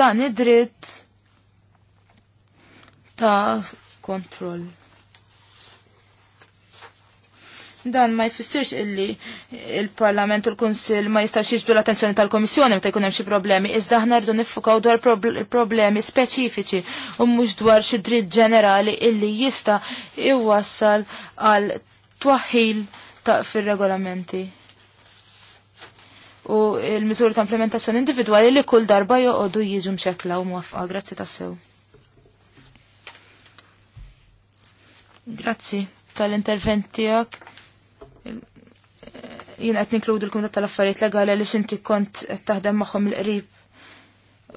dan id-dritt ta' kontroll. Dan ma jfissirx illi il-Parlament u l konsil ma jistax jiġbu l-attenzjoni tal-Komissjoni meta jkun hemm xi problemi, iżda aħna rridu niffukaw dwar problemi speċifiċi u mhux dwar xi dritt ġenerali illi jista' iwassal għal twaħħil x'taqtaq fir-regolamenti. U l misur ta' implementazzjoni individwali li kull darba joqogħdu jiġu mxekla u muwafqa. Grazzi tassew. Grazzi tal-intervent tiegħek. Jien qed ninkludu l-Kumitat tal-Affarijiet Legali li x'inti kont taħdem magħhom il-qrib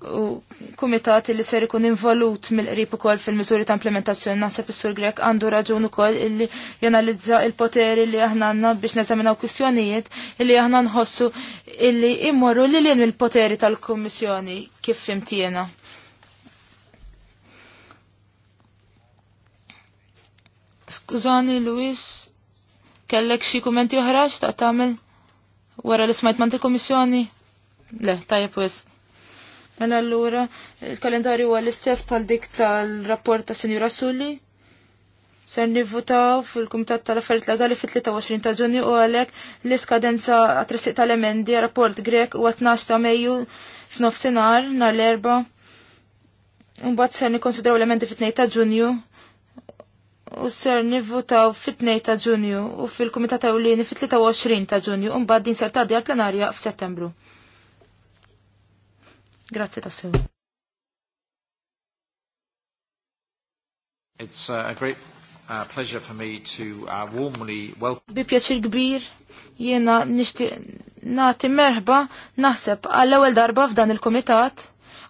u kumitati li ser ikun involut mill-qrib ukoll fil-miżuri ta' implementazzjoni naħseb is-Sur Grek għandu raġun ukoll illi janalizza il-poteri li aħna għandna biex neżaminaw kwistjonijiet illi aħna nħossu illi immorru li lin mill-poteri tal-Kummissjoni kif fimtiena. Skużani Luis, kellek xi kumenti oħraġ ta' tagħmel wara li ismajt mant il-Kummissjoni? Le, tajjeb wis. Mela allura il-kalendarju huwa l-istess bħal dik tal-rapport ta' Sinjura Sulli. Ser nivvutaw fil-Kumitat tal-Affarijiet Legali fit-23 ta' Ġunju u għalhekk l-iskadenza għat-tressiq tal-emendi rapport Grek huwa 12 ta' Mejju f'nofsinhar nhar l-erba'. Mbagħad ser nikkonsidraw l-emendi fit-2 ta' Ġunju u ser nivvutaw fit-2 ta' Ġunju u fil-Kumitat Ewlieni fit-23 ta' Ġunju u mbagħad din ser tgħaddi għall-plenarja f'Settembru. Grazzi tassew. It's uh, a great uh, pleasure for me to uh, warmly welcome. Bi pjaċir kbir jiena nixtieq nagħti merħba naħseb għall-ewwel darba f'dan il-kumitat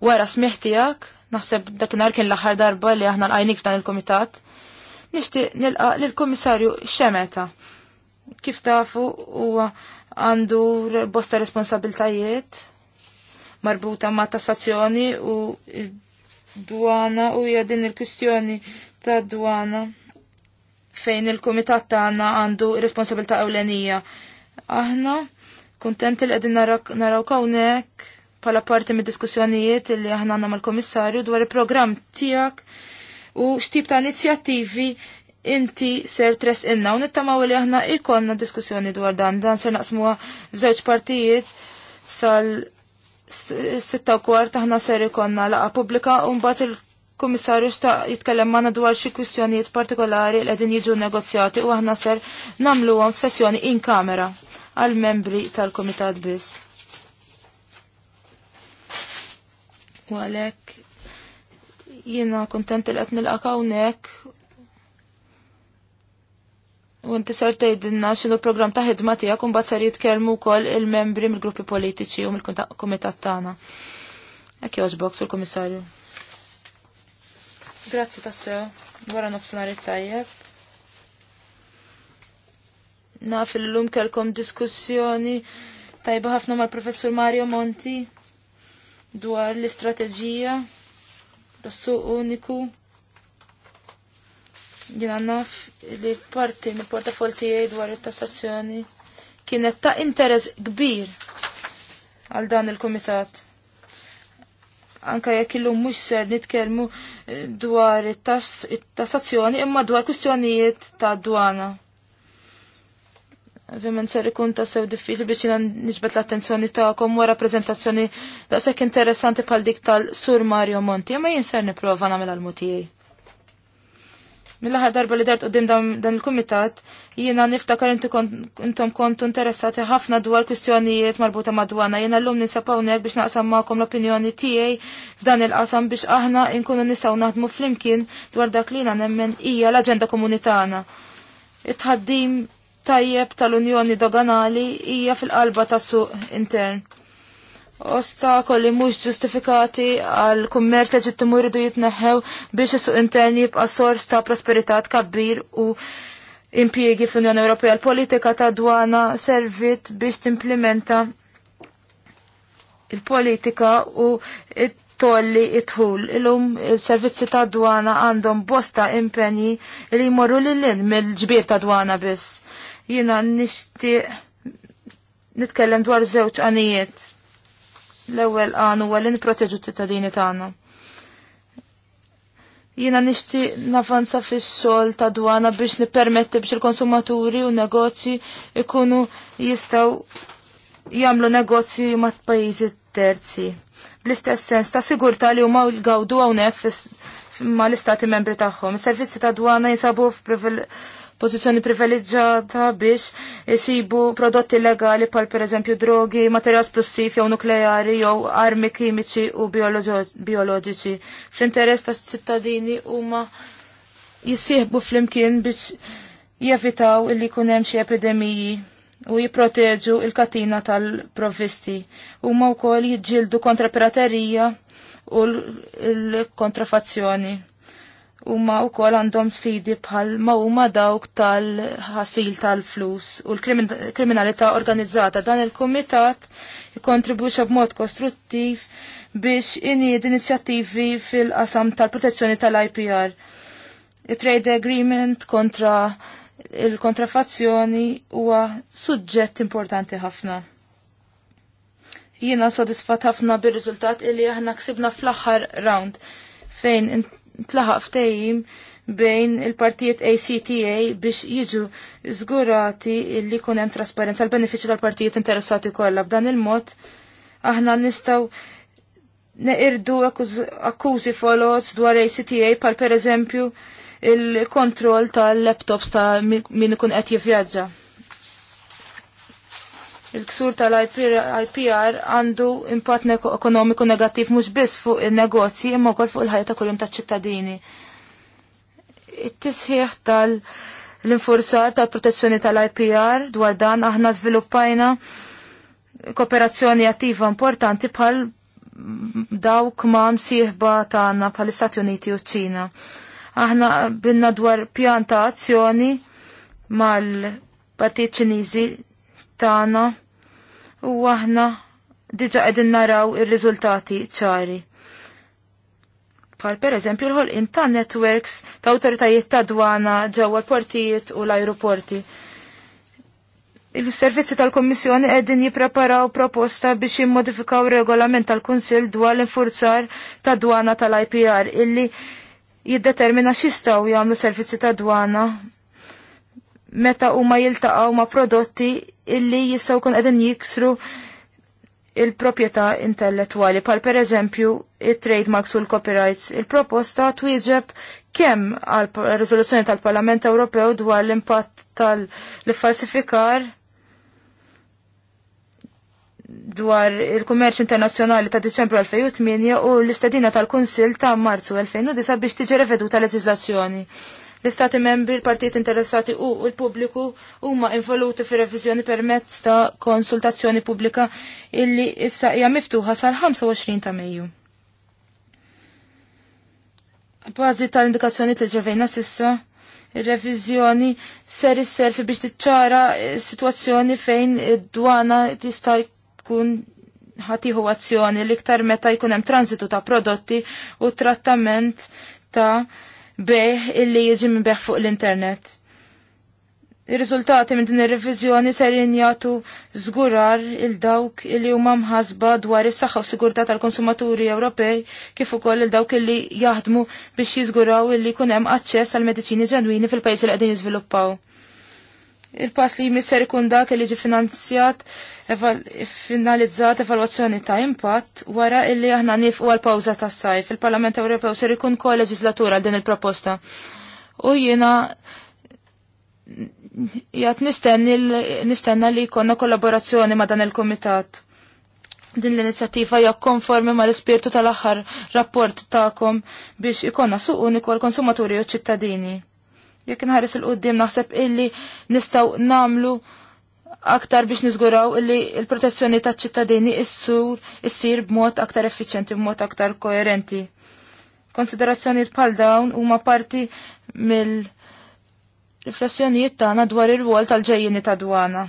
wara smieħ tiegħek naħseb dakinhar kien l-aħħar darba li aħna lqajnik f'dan il-kumitat. Nixtieq nilqa' lill-Kummissarju Xemeta. Kif tafu huwa għandu bosta responsabiltajiet marbuta ma' tassazzjoni u dwana u hija din il-kwistjoni ta' dwana fejn il-kumitat tagħna għandu responsabilta' ewlenija. Aħna kuntenti li qegħdin naraw hawnhekk bħala parti mid-diskussjonijiet li aħna għandna mal-Komissarju dwar il-programm tiegħek u x'tip ta' inizjattivi inti ser tres inna u nittamaw li aħna ikonna diskussjoni dwar dan dan ser naqsmuha zewċ partijiet sal sitta u kwart aħna ser ikonna laqa pubblika u mbagħad il-kummissarju sta jitkellem magħna dwar xi kwistjonijiet partikolari li qegħdin jiġu negozjati u aħna ser nagħmluhom f'sessjoni in kamera għal membri tal-kumitat biss. U għalhekk jiena kuntent li qed nilqa' hawnhekk U inti ser tgħidilna x'inhu l-programm ta' ħidma tiegħek u mbagħad ser jitkellmu wkoll il-membri mill-gruppi politiċi u mill-kumitat tagħna. Hekk jogħġbok sur kummissarju. Grazzi tassew, wara nofsinhar it-tajjeb. Naf illum kellkom diskussjoni tajba ħafna mal-professur Mario Monti dwar l-istrateġija tas-suq uniku jina naf li parti mill portafol tiegħi dwar it-tassazzjoni kienet ta' interess kbir għal dan il-komitat. Anka jekk illum mhux ser nitkellmu eh, dwar it-tassazzjoni imma dwar kwistjonijiet ta' dwana. Ovvijament ser ikun ta' sew diffiċli biex jina nisbet l-attenzjoni tagħkom wara da' daqshekk interessanti bħal dik tal-Sur Mario Monti, imma jien ser nipprova nagħmel għal mutijej. Mill-aħħar darba li dart qudiem dan il-kumitat, jiena niftakar intom kontu interessati ħafna dwar kwistjonijiet marbuta madwana. Jiena llum lum hawnhekk biex naqsam maqom l-opinjoni tiegħi f'dan il-qasam biex aħna nkunu nistgħu naħdmu flimkien dwar dak li jiena nemmen hija l-aġenda komunitana. it tajjeb tal-Unjoni Doganali hija fil-qalba tas-suq intern ostakoli mhux ġustifikati għal kummerċ li ġittimu jridu jitneħħew biex is-suq interni jibqa' sors ta' prosperità tkabbir u impjiegi fl-Unjoni Ewropea. L-politika ta' dwana servit biex timplementa il-politika u tolli itħul. Illum il-servizzi ta' dwana għandhom bosta impenji li jmorru l lin mill-ġbir ta' dwana biss. Jina nishtiq nitkellem dwar żewġ għanijiet L-ewwel għan huwa li nipproteġu t-tittadini tagħna. Jiena nixti navanza fis-sol ta' dwana biex nippermetti biex il-konsumaturi u negozji ikunu jistaw jagħmlu negozji mat pajjiżi terzi. Bl-istess sens ta' sigurta li huma gawdu hawnhekk ma l-istati membri tagħhom. Is-servizzi ta' dwana jinsabu f'privileġġ pożizzjoni privileġġata biex jisibu prodotti legali pal per eżempju drogi, materjal splussiv jew nukleari jew armi kimiċi u bioloġiċi. Fl-interess ta' ċittadini huma jissieħbu fl-imkien biex jevitaw illi jkun hemm xi epidemiji u jipproteġu il-katina tal-provisti. Huma wkoll jiġġieldu kontra piraterija u l-kontrafazzjoni u wkoll għandhom sfidi bħal ma huma dawk tal-ħasil tal-flus u l-kriminalità organizzata. Dan il-kumitat jikkontribwixxa b'mod kostruttiv biex inijed inizjattivi fil-qasam tal-protezzjoni tal-IPR. Il-trade agreement kontra il-kontrafazzjoni huwa suġġett importanti ħafna. Jiena sodisfat ħafna bir-riżultat illi aħna ksibna fl-aħħar round fejn tlaħaq ftejjim bejn il-partijiet ACTA biex jiġu zgurati li kun hemm trasparenza l benefiċċju tal-partijiet interessati kollha b'dan il-mod aħna nistgħu neqirdu akkużi folos dwar ACTA pal pereżempju il-kontroll tal-laptops ta' min ikun qed jivvjaġġa il-ksur tal-IPR għandu impatt ekonomiku negattiv mhux biss fuq in-negozji imma kol fuq il-ħajja ta' kuljum taċ-ċittadini. It-tisħiħ tal-infurzar tal-protezzjoni tal-IPR dwar dan aħna żviluppajna kooperazzjoni attiva importanti bħal dawk ma' msieħba tagħna bħal-Istati Uniti u ċina Aħna binna dwar pjan ta' azzjoni mal-partit ċiniżi Tana u aħna diġa qegħdin naraw il riżultati ċari. per pereżempju l-ħolqien ta' networks ta' autoritajiet ta' dwana ġewwa l-portijiet u l-ajruporti. Il-servizzi tal-Kommissjoni qegħdin jippreparaw proposta biex jimmodifikaw regolament tal-Kunsill dwar l-infurzar ta' dwana tal-IPR illi jiddetermina x'jistgħu jagħmlu servizzi ta' dwana meta huma jiltaqgħu ma' prodotti illi jistgħu jkun qegħdin jiksru il-proprjetà intellettwali pal pereżempju it-trademarks u l-copyrights. Il-proposta twieġeb kemm għal riżoluzzjoni tal-Parlament Ewropew dwar l-impatt tal-falsifikar dwar il-kummerċ internazzjonali ta' Diċembru 2008 u l-istedina tal-Kunsil ta' Marzu 2009 biex tiġi reveduta leġislazzjoni. L-istati membri, l-partijiet interessati u l-pubbliku huma involuti fi reviżjoni permezz ta' konsultazzjoni pubblika illi issa hija miftuħa sal-25 ta' Mejju. Bażi tal-indikazzjoni li ġevejna sissa, ir-reviżjoni ser isserfi biex tiċċara eh, situazzjoni fejn id-dwana tista' jkun ħatiħu azzjoni l-iktar meta jkun hemm transitu ta' prodotti u trattament ta' beħ illi jiġi minn beħ fuq l-internet. Ir-riżultati minn din ir-reviżjoni ser jagħtu żgurar il dawk li huma mħasba dwar is-saħħa u sigurtà tal-konsumaturi Ewropej kif ukoll il dawk li jaħdmu biex jiżguraw illi jkun hemm aċċess għal mediċini ġenwini fil-pajjiżi li qegħdin jiżviluppaw. Il-pass li jmisser ikun dak li ġi finanzjat, finalizzat evalwazzjoni ta' impatt wara illi aħna nifqu għal pawza ta' sajf. Il-Parlament Ewropew ser ikun ko leġislatura din il-proposta. U jiena jgħat nistenna li jkollna kollaborazzjoni ma' dan il-komitat. Din l-inizjattiva hija konformi ma' l-ispirtu tal-aħħar rapport ta'kom biex ikonna suq uniku għal konsumaturi u ċittadini. Jekk nħares il-qoddim naħseb illi nistaw namlu aktar biex nizguraw illi il-protezzjoni ta' ċittadini issur issir b'mod aktar effiċenti, b'mod aktar koerenti. Konsiderazzjoni bħal dawn huma parti mill riflessjonijiet tagħna dwar ir-rwol tal-ġejjini ta' dwana.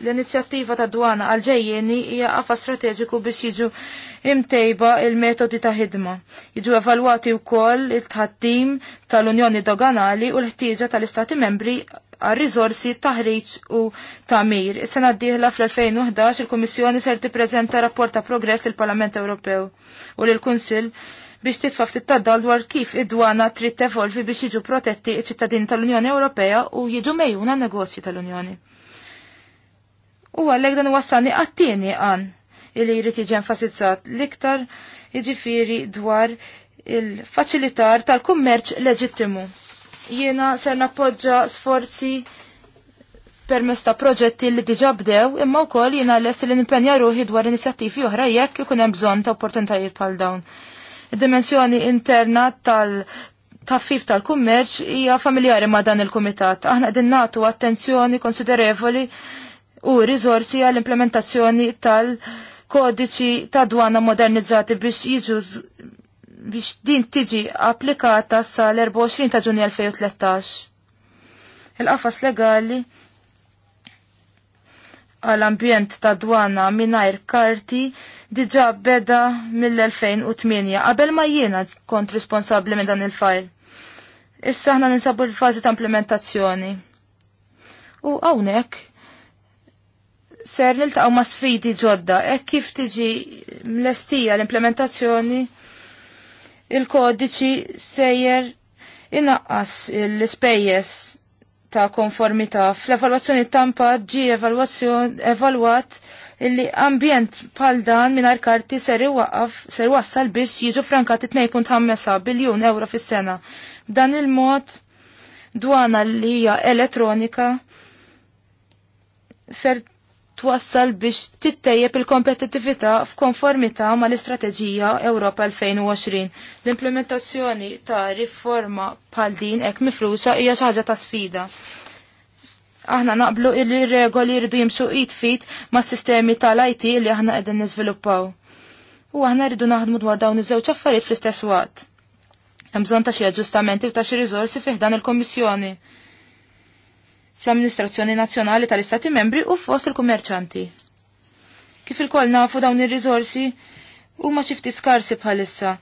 L-inizjattiva ta' dwana għal-ġejjeni hija qafa strateġiku biex jiġu imtejba il-metodi ta' ħidma. Jiġu evalwati wkoll il tħaddim tal-Unjoni Doganali u l-ħtieġa tal-Istati Membri għal rizorsi taħriġ u tamir. Is-sena d-dieħla fl-2011 il-Kummissjoni ser tippreżenta rapport ta' progress il-Parlament Ewropew u l-Kunsill biex titfa' ftit taddal dwar kif id-dwana trid tevolvi biex jiġu protetti ċ-ċittadini tal-Unjoni Ewropea u jiġu mejjuna negozji tal-Unjoni. U għallek dan wassani għattini għan illi jrid jiġi enfasizzat l-iktar jiġifieri dwar il-faċilitar tal-kummerċ leġittimu. Jiena ser nappoġġa sforzi permess ta' proġetti li diġa bdew imma wkoll jiena lest li nimpenja ruħi dwar inizjattivi oħra jekk ikun hemm bżonn ta' opportunitajiet bħal dawn. Id-dimensjoni interna tal taffif tal-kummerċ hija familjari ma' dan il-kumitat. Aħna din nagħtu attenzjoni konsiderevoli u rizorsi għall-implementazzjoni tal-kodiċi ta' dwana modernizzati biex jiġu biex din tiġi applikata sal-24 ta' ġunju 2013. Il-qafas legali għal-ambjent ta' dwana minajr karti diġa beda mill-2008 qabel ma jiena kont responsabli minn dan il-fajl. Issa ħna ninsabu l-fazi ta' implementazzjoni. U għawnek ser niltaqgħu ma' sfidi ġodda, hekk kif tiġi mlestija l-implementazzjoni il-kodiċi sejjer inaqqas l-ispejjeż ta' konformità. Fl-evalwazzjoni tampa ġi evalwat illi ambjent bħal dan mingħajr karti ser iwaqqaf ser wassal biex jiġu frankati 2.5 biljun euro fis-sena. Dan il-mod dwana li hija elettronika ser twassal biex tittejjeb il-kompetittività f'konformità ma l-Istrateġija Ewropa 2020. L-implementazzjoni ta' riforma bħal din hekk mifruxa hija xi ħaġa ta' sfida. Aħna naqblu il-regoli jridu jimxu id-fit ma' sistemi tal-IT li aħna qegħdin niżviluppaw. U aħna rridu naħdmu dwar dawn iż-żewġ affarijiet fl-istess waqt. Hemm bżonn ta' xi aġġustamenti u ta' xi riżorsi fih dan il-Kommissjoni fl-Amministrazzjoni Nazzjonali tal-Istati Membri u fost il-kummerċanti. Kif il-koll nafu dawn ir rizorsi huma xi ftit skarsi bħalissa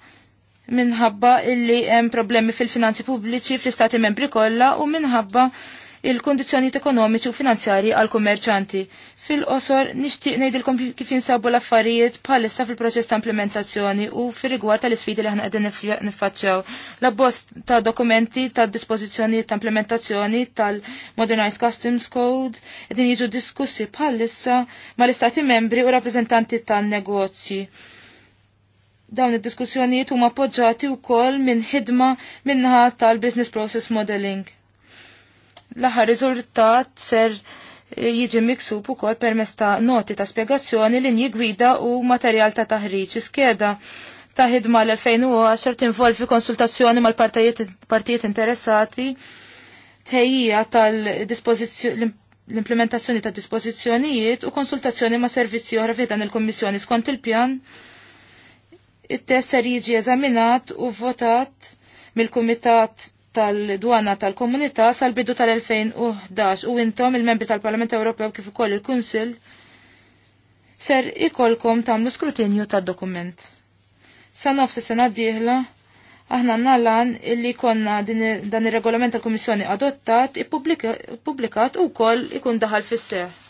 minħabba illi hemm problemi fil-finanzi pubbliċi fl-Istati Membri kollha u minħabba il-kondizjoni ekonomiċi u finanzjari għal kummerċanti. Fil-qosor nixtieq ngħidilkom kif jinsabu l-affarijiet bħalissa fil-proċess ta' implementazzjoni u fir-rigward tal-isfidi li aħna qegħdin niffaċċjaw. l abbost ta' dokumenti ta' dispożizzjoni ta' implementazzjoni tal-Modernized Customs Code qegħdin jiġu diskussi bħalissa mal-istati membri u rappreżentanti tan-negozji dawn id-diskussjonijiet huma appoġġjati wkoll minn ħidma minnaħa tal-Business Process Modeling. L-aħħar riżultat ser jiġi miksub ukoll permezz ta' noti ta' spjegazzjoni linji gwida u materjal ta' taħriġ. Iskeda ta' ħidma l-2010 tinvolvi konsultazzjoni mal-partijiet interessati tejjija tal-implementazzjoni ta' dispożizzjonijiet u konsultazzjoni ma' servizzi oħra fiħdan il-Kommissjoni skont il-pjan. It-test ser jiġi eżaminat u votat mill-Kumitat tal-dwana tal-komunità sal-bidu tal-2011 u intom il-membri tal-Parlament Ewropew kif ukoll il-Kunsil ser ikolkom tagħmlu skrutinju tad-dokument. Sa nofs sena d-dieħla aħna nalan illi konna dan ir-regolament tal-Kummissjoni adottat ippubblikat ukoll ikun daħal fis-seħ.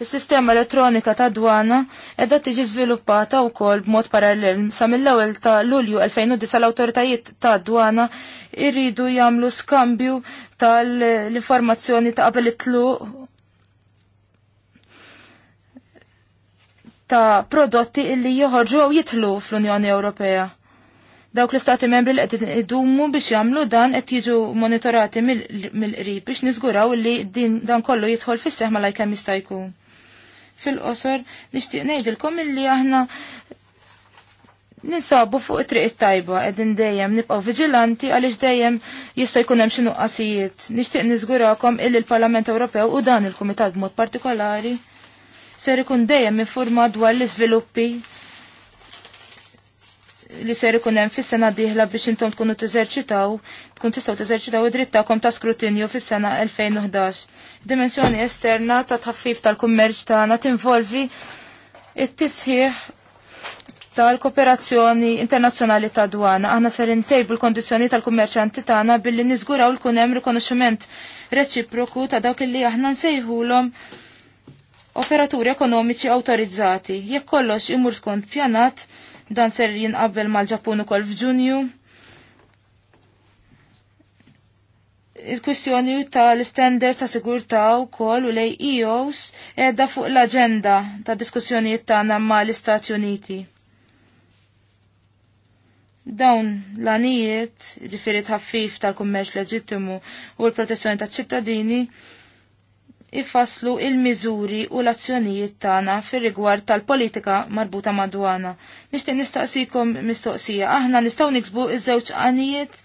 Is-sistema elettronika ta' dwana edha tiġi żviluppata wkoll b'mod parallel sa mill-ewwel ta' Lulju 2009 l-awtoritajiet ta' dwana irridu jagħmlu skambju tal-informazzjoni ta' qabel it ta' prodotti illi joħorġu jew jitlu fl-Unjoni Ewropea. Dawk l-istati membri li qed idumu biex jagħmlu dan qed jiġu monitorati mill-qrib biex niżguraw li din dan kollu jidħol fis-seħma lajk jista' jkun fil-qosor nixtieq ngħidilkom illi aħna ninsabu fuq it-triq it-tajba qegħdin dejjem nibqgħu viġilanti għaliex dejjem jista' jkun hemm xi nuqqasijiet. Nixtieq niżgurakom illi l-Parlament Ewropew u dan il-Kumitat b'mod partikolari ser ikun dejjem informat dwar l-iżviluppi li ser ikun hemm fis-sena dieħla biex intom tkunu teżerċitaw, tkun tistgħu teżerċitaw id-dritt tagħkom ta' skrutinju fis-sena 2011. Dimensjoni esterna ta' tħaffif tal-kummerċ tagħna tinvolvi it-tisħiħ tal-kooperazzjoni internazzjonali ta' dwana. Aħna ser intejbu l-kondizzjoni tal-kummerċanti tagħna billi niżguraw l hemm rikonoxximent reċiproku ta' dawk li aħna nsejħulhom operaturi ekonomiċi awtorizzati. Jekk kollox imur skont pjanat, Dan ser jinqabel mal-Ġappun ukoll f'Ġunju. il-kwistjoni tal-standards ta' sigurtà wkoll u lej EOS qiegħda fuq l-aġenda ta' diskussjonijiet tagħna mal istati Uniti. Dawn l-anijiet, ġifieri ħaffif tal-kummerċ leġittimu u l-protezzjoni taċ ċittadini, ifasslu il-miżuri u l-azzjonijiet tagħna fir-rigward tal-politika marbuta madwana. Nixtieq nistaqsikom mistoqsija. Aħna nistgħu niksbu iż-żewġ għanijiet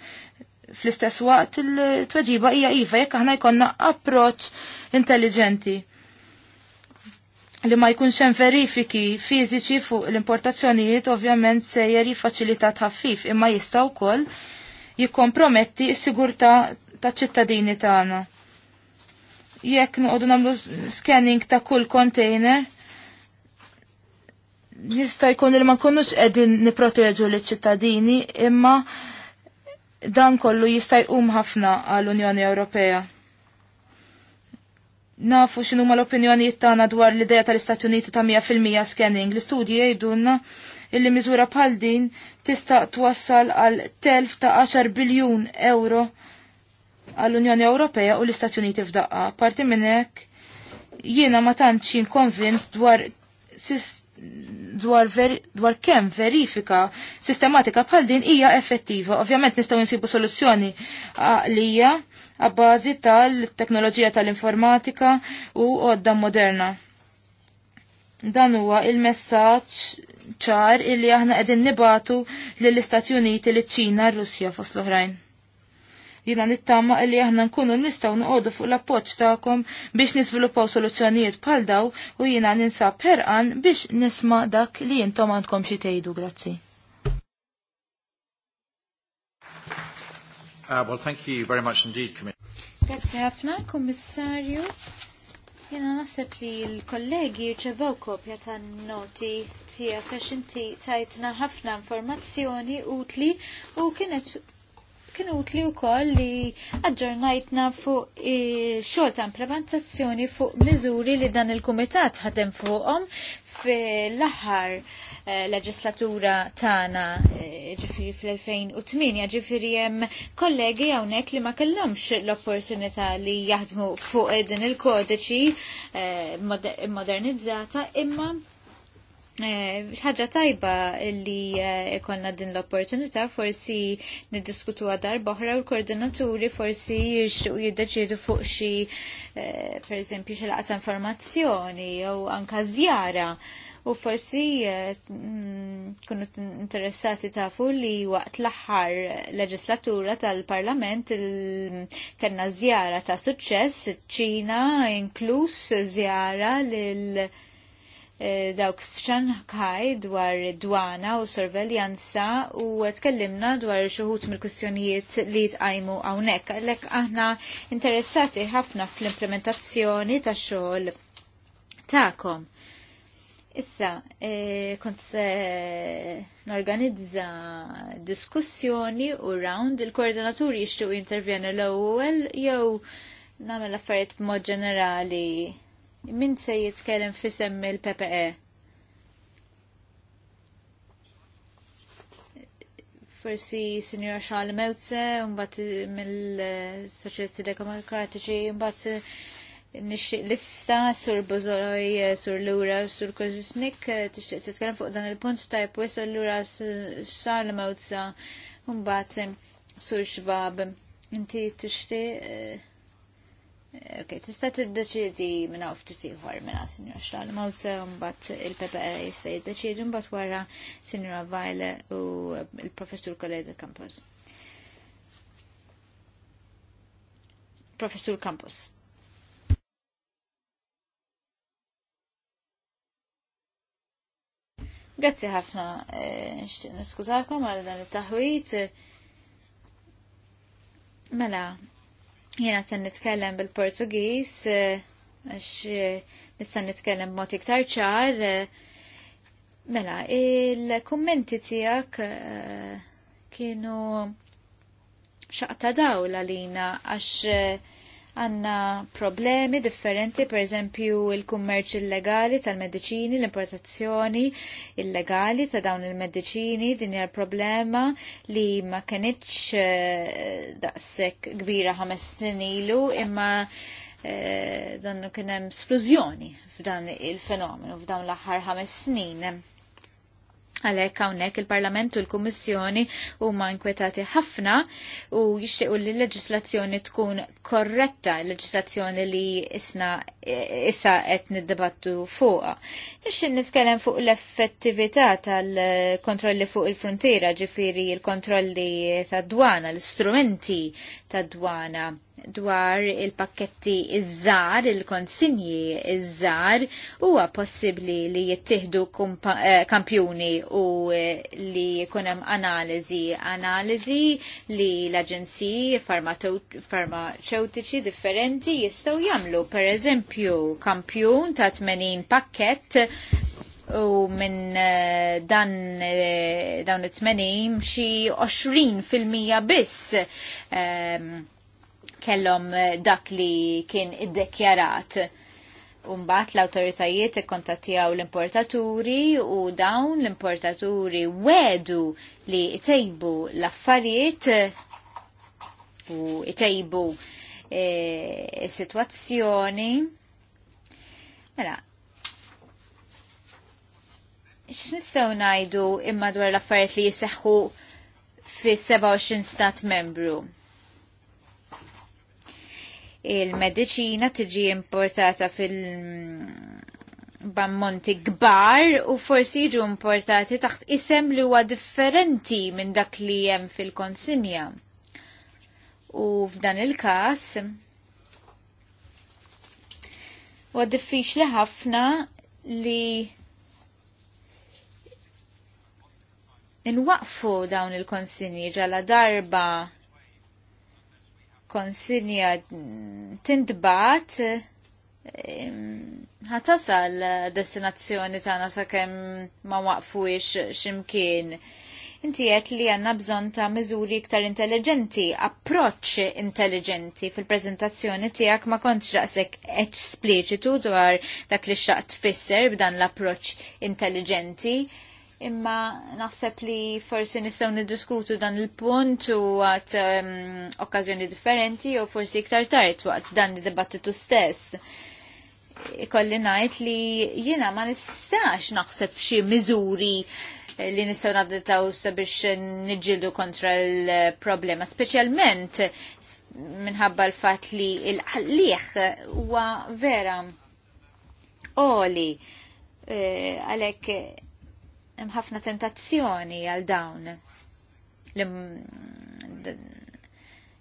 fl-istess waqt il-tweġiba hija iva jekk aħna jkollna approċċ intelligenti li ma jkunx hemm verifiki fiżiċi fuq l-importazzjonijiet ovvjament sejjer jiffaċilita tħaffif imma jista' wkoll jikkomprometti s-sigurtà taċ-ċittadini tagħna jekk noqogħdu nagħmlu scanning ta' kull container jista' jkun li ma nkunux qegħdin nipproteġu l-ċittadini imma dan kollu jista' jqum ħafna għall-Unjoni Ewropea. Nafu x'inhuma l-opinjonijiet tagħna dwar l-idea tal-Istati Uniti ta' 100% scanning. L-istudji jgħidulna illi miżura bħal din tista' twassal għal telf ta' 10 biljun euro għall-Unjoni Ewropea u l-Istati Uniti f'daqqa. Parti minn hekk jiena ma tantx konvint dwar dwar, ver, dwar kemm verifika sistematika bħal din hija effettiva. Ovvjament nistgħu nsibu soluzzjoni għaqlija għabbażi tal-teknoloġija tal-informatika u għodda moderna. Dan huwa il-messaġġ ċar illi aħna qegħdin nibatu lill-Istati Uniti, liċ-Ċina, r-Russja fost l-oħrajn. Jina nittama li aħna nkunu nistaw nqodu fuq l-appoċ ta'kom biex nisviluppaw soluzzjonijiet bħal daw u jina ninsab perqan biex nisma dak li jintom għandkom xi tgħidu. Grazzi. Uh, well, thank you very much indeed, Grazie ħafna, Kommissarju. Jena naħseb li l-kollegi ċevaw kopja ta' noti tija għax inti tajtna ħafna informazzjoni utli u kienet kien utli wkoll li aġġornajtna fuq xogħol ta' implementazzjoni fuq miżuri li dan il-kumitat ħadem fuqhom fil-aħħar eh, leġislatura tagħna eh, ġifiri fl-2008 ġifiri hemm kollegi hawnhekk li ma kellhomx l-opportunità li jaħdmu fuq din il-kodiċi eh, modernizzata imma ħaġa eh, tajba li eh, ikonna din l-opportunità forsi niddiskutu għadar boħra u l-koordinaturi forsi jixtuq jiddeċidu fuq xi eh, per eżempju xi laqta informazzjoni jew anka żjara u forsi mm, kunu interessati tafu li waqt l-aħħar leġislatura tal-Parlament kellna żjara ta' suċċess ċina inkluż żjara lil Eh, dawk kaj dwar dwana u sorveljanza u tkellimna dwar xuħut mill-kwistjonijiet li tqajmu hawnhekk. Għalhekk aħna interessati ħafna fl-implementazzjoni ta' xogħol tagħkom. Issa, eh, kont se norganizza diskussjoni u round il-koordinaturi jixtiequ jintervjenu l-ewwel jew nagħmel affarijiet b'mod ġenerali Min se jitkellem semmi l ppe Forsi Sinjora Charles Melze, mbatt mill soċjetti Demokratiċi, mbagħad lista sur Bozoroj, sur Lura, sur Kozisnik, tixtieq titkellem fuq dan il-punt tajb wis Lura Charles Melze, mbatt sur Xbab. Inti tixtieq eh, Ok, tista t-deċidi minna ufti tiħor minna Signor Xlal Mawse, mbatt il-PPA jissa jiddeċidi mbatt wara Signora Vajle u il-Professur Kollega Campos. Professur Campos. Grazie ħafna, eh, nxtiq niskużakom għal dan il-taħwit. Mela, Jena se nitkellem bil-Portugiż eh, għax eh, nista' nitkellem mod iktar ċar. Eh, mela, il-kummenti tiegħek kienu xaqta dawl għalina għax għanna problemi differenti, per eżempju il-kummerċ illegali tal-medicini, l-importazzjoni illegali ta' dawn il-medicini, din hija problema li ma kenitx eh, daqshekk kbira ħames ilu imma eh, dan kien hemm splużjoni f'dan il-fenomenu f'dawn l-aħħar ħames snin Għalek hawnhekk il-Parlament u l-Kummissjoni huma inkwetati ħafna u jixtiequ li l-leġislazzjoni tkun korretta, l-leġislazzjoni li isna issa qed niddebattu fuqha. Ixin nitkellem fuq l-effettività tal-kontrolli fuq il-frontiera, ġifieri l-kontrolli tad-dwana, l-istrumenti tad-dwana dwar il-pakketti iż-żar, il-konsinji iż-żar, huwa possibbli li jittieħdu eh, kampjuni u eh, li jkun hemm analiżi, analiżi li l-aġenziji farmaceutiċi differenti jistgħu jagħmlu, pereżempju kampjun ta' 80 pakkett u minn eh, dan dawn it-80 xi 20 fil-mija biss um, kellhom eh, dak li kien iddekjarat. Umbat l-autoritajiet ikkontattijaw l-importaturi u dawn l-importaturi wedu li itejbu l-affarijiet u itejbu e, eh, situazzjoni. Mela, x'nistgħu ngħidu imma dwar l-affarijiet li jiseħħu fi 27 stat membru? il-medicina tiġi importata fil- bammonti kbar u forsi jiġu importati taħt isem li huwa differenti minn dak li hemm fil-konsinja. U f'dan il-każ huwa diffiċli ħafna li inwaqfu dawn il-konsinji ġala darba konsinja tintbat ħatasal destinazzjoni tagħna sakemm ma waqfuix x'imkien. Inti qed li għandna bżonn ta' miżuri iktar intelligenti, approċċ intelligenti fil-preżentazzjoni tiegħek ma kontx raqsek espliċitu dwar dak li xaqt tfisser b'dan l-approċċ intelligenti imma naħseb li forsi nistgħu niddiskutu dan il-punt u għat um, okkażjoni differenti u forsi iktar tard waqt dan id-dibattitu stess. Ikolli ngħid li jiena ma nistax naħseb xi miżuri li nistgħu nadditaw sabiex niġġieldu kontra l-problema, speċjalment minħabba l-fatt li l-ħalliħ huwa vera oli eh, għalhekk hemm ħafna tentazzjoni għal dawn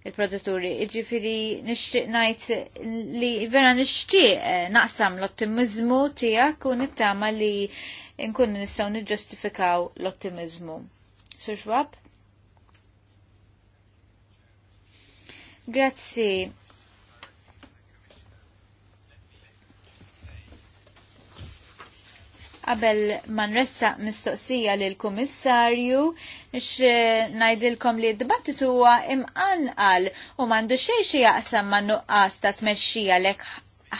il-produtturi. Iġifiri nixtieq ngħid li vera nixtieq eh, naqsam l-ottimizmu tiegħek u nittama li nkunu nistgħu niġġustifikaw l-ottimizmu. Sur Grazzi. Qabel ma nressaq mistoqsija lil kummissarju x eh, ngħidilkom li d-dibattitu huwa għal u mandu xejn jaqsam ma' nuqqas ta' tmexxija lek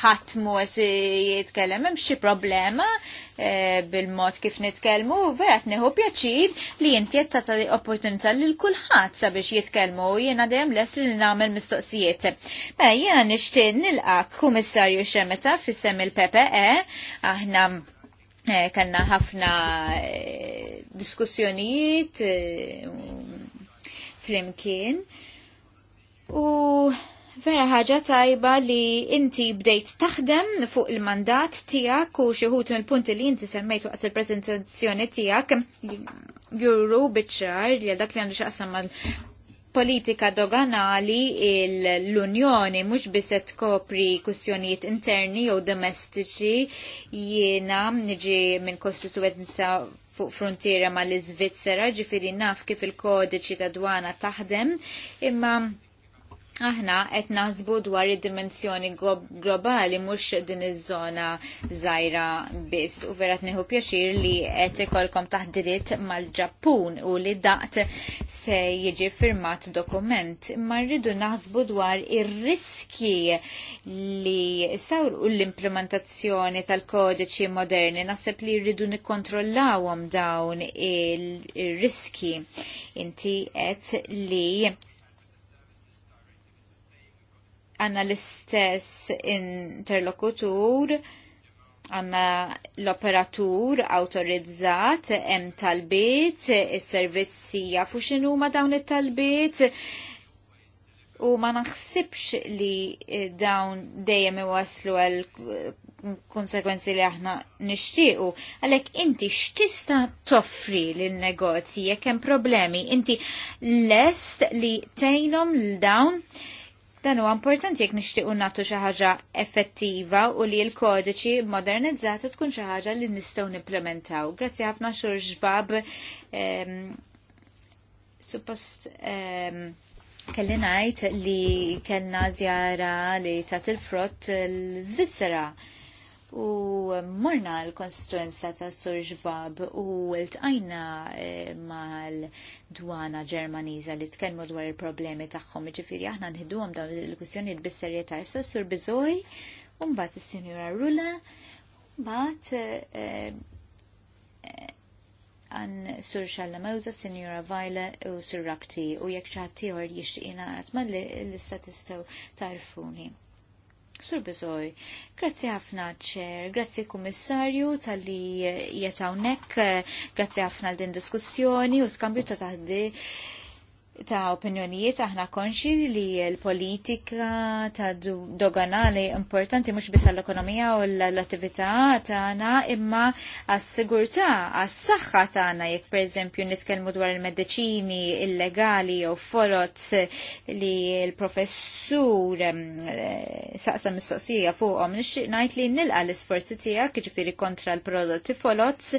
ħadd mu jitkellem hemm xi problema eh, bil-mod kif nitkellmu, vera nieħu pjaċir li inti qed tagħti opportunità lil kulħadd sabiex jitkellmu u jiena dejjem les li nagħmel mistoqsijiet. Mela jiena nixtieq nilqak kummissarju xemeta fis-sem il-PPE aħna Eh, kanna ħafna eh, diskussjonijiet eh, flimkien u vera ħaġa tajba li inti bdejt taħdem fuq il-mandat tijak u xieħut il punti li inti semmejtu għat il-prezentazzjoni tijak juru Bichar, li għadak li għandu xaqsam mal politika doganali l-Unjoni mhux biss qed tkopri kwistjonijiet interni jew domestiċi jiena niġi minn kostituenza fuq frontiera mal-Iżvizzera ġifieri naf kif il-kodiċi ta' dwana taħdem imma aħna qed naħsbu dwar id-dimensjoni globali mhux din iż-żona żgħira biss u vera tnieħu pjaċir li qed ikolkom taħdirit mal-Ġappun u li daqt se jiġi firmat dokument. Imma rridu naħsbu dwar ir-riski li u l-implementazzjoni tal-kodiċi moderni naħseb li rridu nikkontrollawhom dawn ir-riski. Inti qed li għanna l-istess interlokutur, għanna l-operatur autorizzat, hemm talbiet, is-servizzi jafu x'inhu ma dawn it-talbiet, u ma naħsibx li dawn dejjem iwaslu għal konsekwenzi li aħna nixtiequ, għalhekk inti x'tista' toffri lin-negozji jekk hemm problemi, inti lest li tgħinhom l dawn Dan huwa importanti jekk nixtiequ nagħtu xi ħaġa effettiva u li l-kodiċi modernizzata tkun xi ħaġa li nistgħu nimplementaw. Grazzi ħafna xur ġbab suppost kelli ngħid li kellna żjara li tat il-frott l-Svizzera u morna l-konstituenza ta' Sur Ġbab u l ma eh, mal-dwana Ġermaniża li tkellmu dwar il-problemi tagħhom. Ġifieri aħna nħidduhom dawn il-kwistjonijiet bis-serjetà issa Sur Bizoj u mbagħad is-Sinjura Rula mbagħad eh, eh, għan Sur Xalla Mewza, Sinjura Vajla u Sur Rabti u jekk ċaħtiħor jixtiqina għatma li l-istatistaw tarfuni. Sur Bizoj, grazzi ħafna ċer, grazzi kummissarju tal-li jetawnek, grazzi ħafna l-din diskussjoni u skambju ta' taħdi ta' opinjonijiet aħna konxi li l-politika ta' doganali importanti mhux biss għall-ekonomija u l-attività tagħna imma għas-sigurtà, għas-saħħa tagħna jekk pereżempju nitkellmu dwar il-mediċini illegali jew folot li l-professur eh, saqsa mistoqsija fuqhom nixtieq ngħid li nilqa l-isforzi tiegħek jiġifieri kontra l-prodotti folot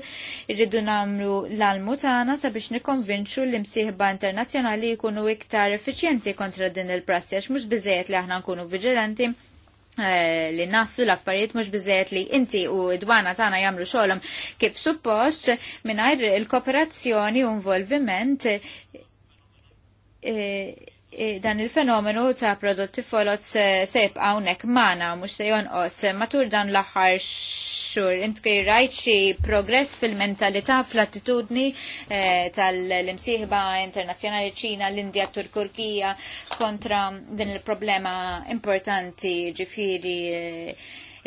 irridu nagħmlu l-almu tagħna sabiex nikkonvinċu l-imsieħba internazzjonali li jkunu iktar effiċjenti kontra din il-prassi għax mhux biżejjed li aħna nkunu viġilanti eh, li naslu l-affarijiet mhux biżejjed li inti u id-dwana tagħna jagħmlu xogħolhom kif suppost mingħajr il-kooperazzjoni u involviment eh, Eh, dan il-fenomenu ta' prodotti folot se għawnek maħna, mux se jonqos. Matur dan l-axar xur, intki rajt xi progress fil-mentalità, fl-attitudni eh, tal-imsieħba internazjonali ċina, l-Indja, Turkurkija kontra din il-problema importanti ġifiri eh,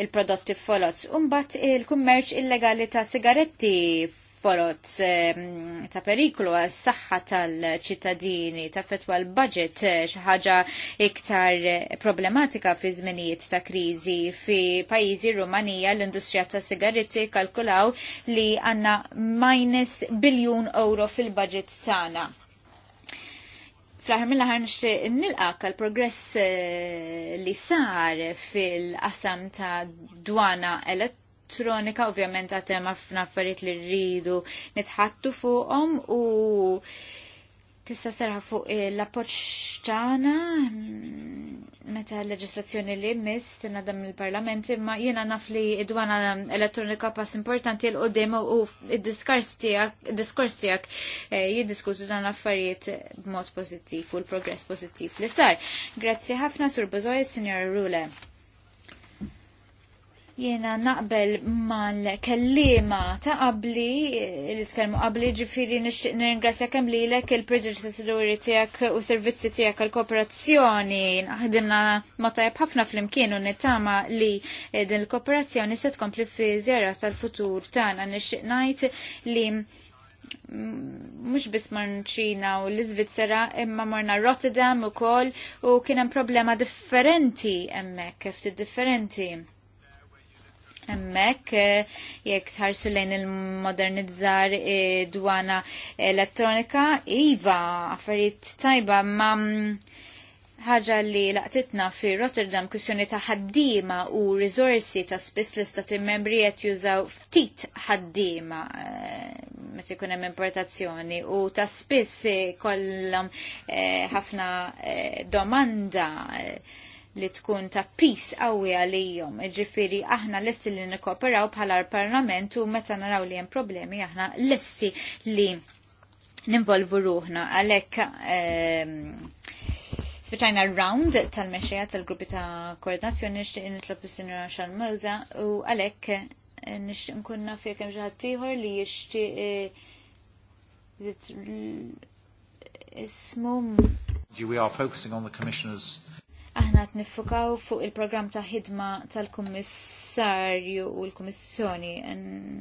il-prodotti folot. Umbat il-kummerċ illegali ta' sigaretti forot ehm, ta' periklu għal saħħa tal-ċittadini ta' fetwa l-budget eh, xaħġa iktar problematika fi żminijiet ta' kriżi fi pajizi Rumanija l-industrija ta' sigaretti kalkulaw li għanna minus biljun euro fil-budget tagħna. Fl-aħħar mill-aħħar nixtieq nilqak għal progress eh, li sar fil-qasam ta' dwana elett elettronika ovvjament għatem għafna affarijiet li rridu nitħattu fuqhom u tista' serħa fuq l-appoċ mm, meta l-leġislazzjoni li miss tinadam il-Parlament imma jiena naf li id-dwana elettronika pass importanti l qudiem u id-diskors tiegħek eh, jiddiskutu dan l-affarijiet b'mod pozittiv u l-progress pozittiv li sar. Grazzi ħafna Sur Bozoj, Signor Rule. Jena naqbel mal-kellima ta' qabli, li tkellmu qabli ġifiri nishtiq nirringrazzja kemm lilek il-predeċessuri tiegħek u servizzi tiegħek għall-kooperazzjoni. Naħdimna ma tajab ħafna flimkien u nittama li din l-kooperazzjoni se tkompli fi żjara tal-futur tagħna nixtieq ngħid li mux bis marnċina u l-Izvizzera imma marna Rotterdam u kol u kienem problema differenti emmek, kif differenti hemmhekk eh, jekk tħarsu lejn il-modernizzar eh, dwana elettronika iva affarijiet tajba ma mm, ħaġa li laqtitna fi Rotterdam kwistjoni ta' ħaddiema u risorsi ta' spiss l-istati membri qed jużaw ftit ħaddiema eh, meta jkun hemm importazzjoni u ta' spiss kollhom ħafna domanda li tkun ta' peace għawi għalijom. Ġifieri aħna lesti li nikoperaw bħala l-Parlament u meta naraw li hemm problemi aħna lesti li ninvolvu ruħna għalhekk ehm, Spiċajna round tal-mexxija tal-gruppi ta' koordinazzjoni nixtieq nitlob is-sinjora Xalmoza u għalhekk eh, nixtieq nkunna naf jekk hemm ieħor li jixtieq eh, ismu We are focusing on the commissioners Aħna t-nifukaw fuq il program ta' ħidma tal-Kummissarju u l-Kummissjoni